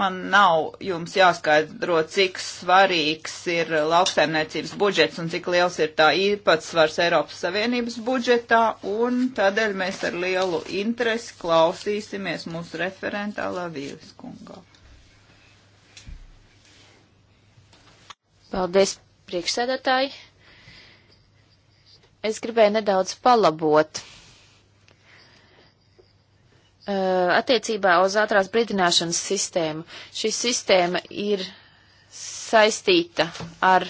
Man nav jums jāskaidro, cik svarīgs ir lauksaimniecības budžets un cik liels ir tā īpatsvars Eiropas Savienības budžetā, un tādēļ mēs ar lielu interesi klausīsimies mūsu referentā Lavīvis kungā. Paldies priekšsēdētāji. Es gribēju nedaudz palabot. Uh, attiecībā uz ātrās brīdināšanas sistēmu. Šī sistēma ir saistīta ar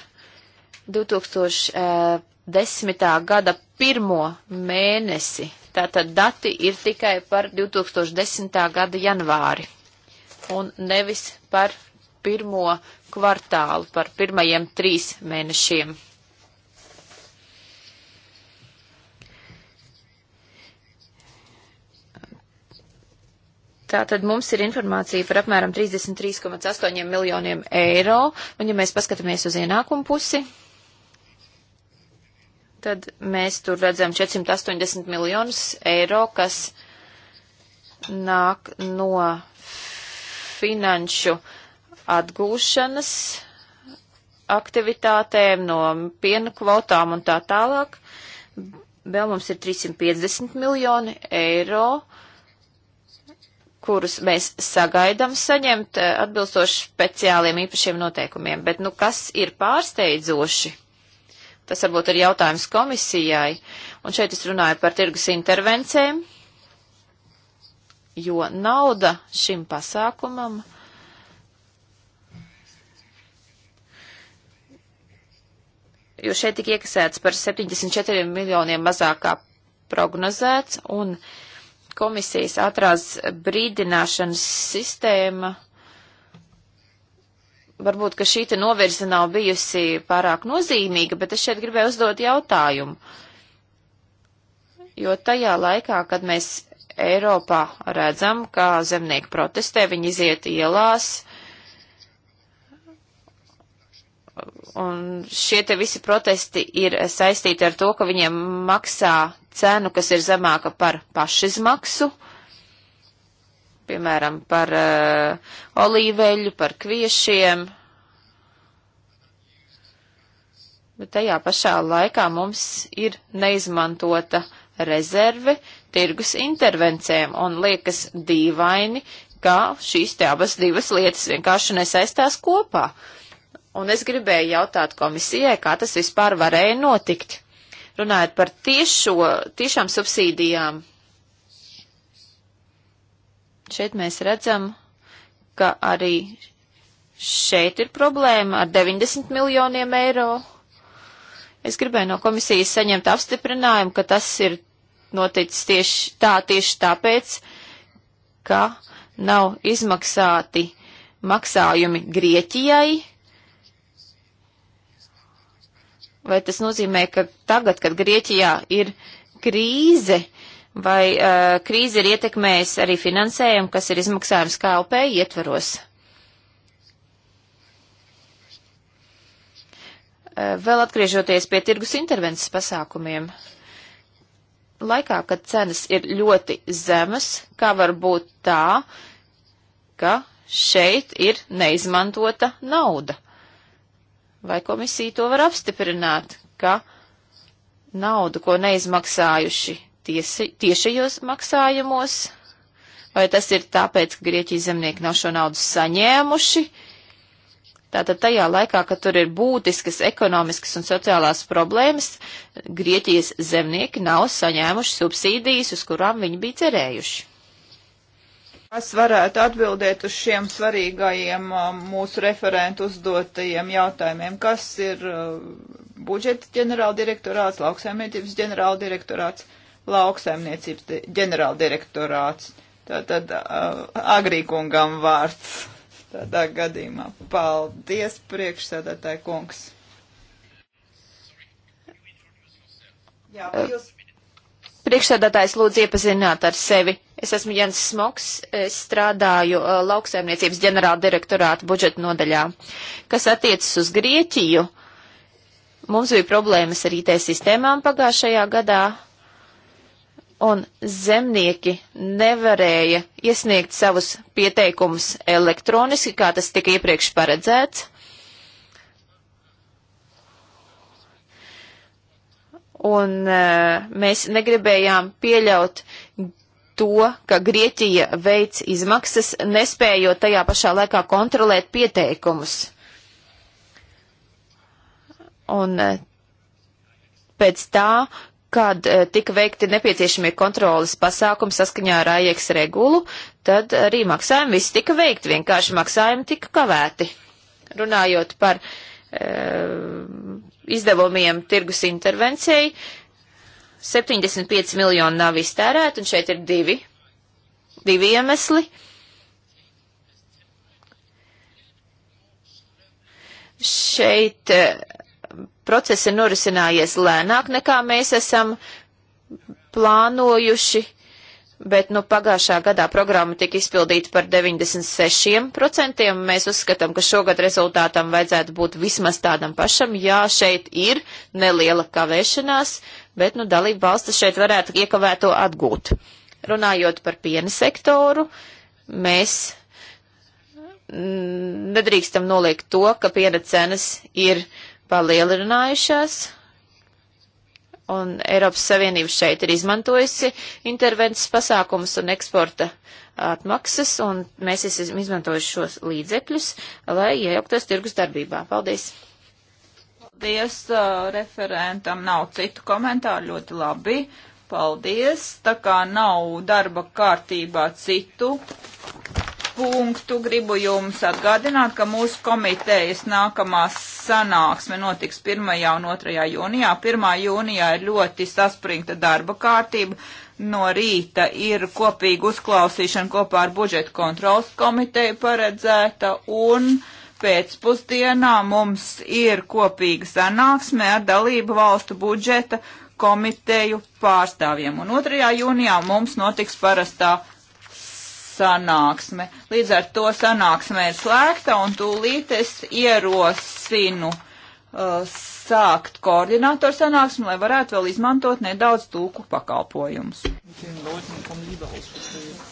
2010. gada pirmo mēnesi. Tātad dati ir tikai par 2010. gada janvāri un nevis par pirmo kvartālu, par pirmajiem trīs mēnešiem. Tātad mums ir informācija par apmēram 33,8 miljoniem eiro, un ja mēs paskatāmies uz ienākumu pusi, tad mēs tur redzam 480 miljonus eiro, kas nāk no finanšu uh, atgūšanas aktivitātēm, no piena kvotām un tā tālāk. Vēl mums ir 350 miljoni eiro, kurus mēs sagaidām saņemt eh, atbilstoši speciāliem īpašiem noteikumiem. Bet, nu, kas ir pārsteidzoši? Tas varbūt ir jautājums komisijai. Un šeit es runāju par tirgus intervencēm, jo nauda šim pasākumam jo šeit tika iekasēts par 74 miljoniem mazākā prognozēts, un komisijas ātrās brīdināšanas sistēma varbūt, ka šī te novirze nav bijusi pārāk nozīmīga, bet es šeit gribēju uzdot jautājumu. Jo tajā laikā, kad mēs Eiropā redzam, kā zemnieki protestē, viņi iziet ielās, Un šie te visi protesti ir saistīti ar to, ka viņiem maksā cenu, kas ir zemāka par pašizmaksu, piemēram, par uh, olīveļu, par kviešiem. Bet tajā pašā laikā mums ir neizmantota rezerve tirgus intervencēm un liekas dīvaini, kā šīs te abas divas lietas vienkārši nesaistās kopā. Uh, Un es gribēju jautāt komisijai, kā tas vispār varēja notikt. Runājot par tiešo, tiešām subsīdijām, šeit mēs redzam, ka arī šeit ir problēma ar 90 miljoniem eiro. Es gribēju no komisijas saņemt apstiprinājumu, ka tas ir noticis tieši tā, tieši tāpēc, ka nav izmaksāti maksājumi Grieķijai, Vai tas nozīmē, ka tagad, kad Grieķijā ir krīze, vai uh, krīze ir ietekmējusi arī finansējumu, kas ir izmaksājums KLP ietvaros? Uh, vēl atgriežoties pie tirgus intervences pasākumiem, laikā, kad cenas ir ļoti zemas, kā var būt tā, ka šeit ir neizmantota nauda. Vai komisija to var apstiprināt, ka naudu, ko neizmaksājuši tiesi, tiešajos maksājumos, vai tas ir tāpēc, ka Grieķijas zemnieki nav šo naudu saņēmuši? Tātad tajā laikā, kad tur ir būtiskas ekonomiskas un sociālās problēmas, Grieķijas zemnieki nav saņēmuši subsīdijas, uz kurām viņi bija cerējuši. Kas varētu atbildēt uz šiem svarīgajiem uh, mūsu referentu uzdotajiem jautājumiem? Kas ir uh, budžeta ģenerāldirektorāts, lauksaimniecības ģenerāldirektorāts, lauksaimniecības ģenerāldirektorāts? Tātad uh, agrīkungam vārds tādā gadījumā. Paldies, priekšsēdētāji kungs. Jā, jūs... Eh, priekšsēdētājs lūdzu iepazināt ar sevi. Es esmu Jens Smoks, es strādāju uh, lauksaimniecības ģenerāla direktorāta budžeta nodaļā. Kas attiecas uz Grieķiju, mums bija problēmas ar IT sistēmām pagājušajā gadā, un zemnieki nevarēja iesniegt savus pieteikumus elektroniski, kā tas tika iepriekš paredzēts. Un uh, mēs negribējām pieļaut uh, to, ka Grieķija veids izmaksas, nespējot tajā pašā laikā kontrolēt pieteikumus. Un e, pēc tā, kad e, tika veikti nepieciešamie kontrolas pasākumi saskaņā ar AIEX regulu, tad arī maksājumi viss tika veikti, vienkārši maksājumi tika kavēti. Runājot par e, izdevumiem tirgus intervencijai, e, 75 miljoni nav iztērēti, un šeit ir divi, divi iemesli. Šeit eh, process ir norisinājies lēnāk nekā mēs esam plānojuši, bet nu, pagājušā gadā programma tika izpildīta par 96%. Mēs uzskatām, ka šogad rezultātam vajadzētu būt vismaz tādam pašam. Jā, šeit ir neliela kavēšanās, bet, nu, dalība valstis šeit varētu iekavēto atgūt. Runājot par piena sektoru, mēs mm, nedrīkstam noliegt to, ka piena cenas ir palielinājušās, un Eiropas Savienība šeit ir izmantojusi intervences pasākumus un eksporta atmaksas, un mēs esam izmantojuši šos līdzekļus, lai iejauktos tirgus darbībā. Paldies! Paldies uh, referentam, nav citu komentāru, ļoti labi. Paldies. Tā kā nav darba kārtībā citu punktu, gribu jums atgādināt, ka mūsu komitejas nākamā sanāksme notiks 1. un 2. jūnijā. 1. jūnijā ir ļoti saspringta darba kārtība. No rīta ir kopīga uzklausīšana kopā ar budžeta kontrolas komiteju paredzēta un pēcpusdienā mums ir kopīga sanāksme ar dalību valstu budžeta komiteju pārstāvjiem. Un 2. jūnijā mums notiks parastā sanāksme. Līdz ar to sanāksme ir slēgta un tūlīt es ierosinu uh, sākt koordinātoru sanāksmi, lai varētu vēl izmantot nedaudz tulku pakalpojumus. Okay,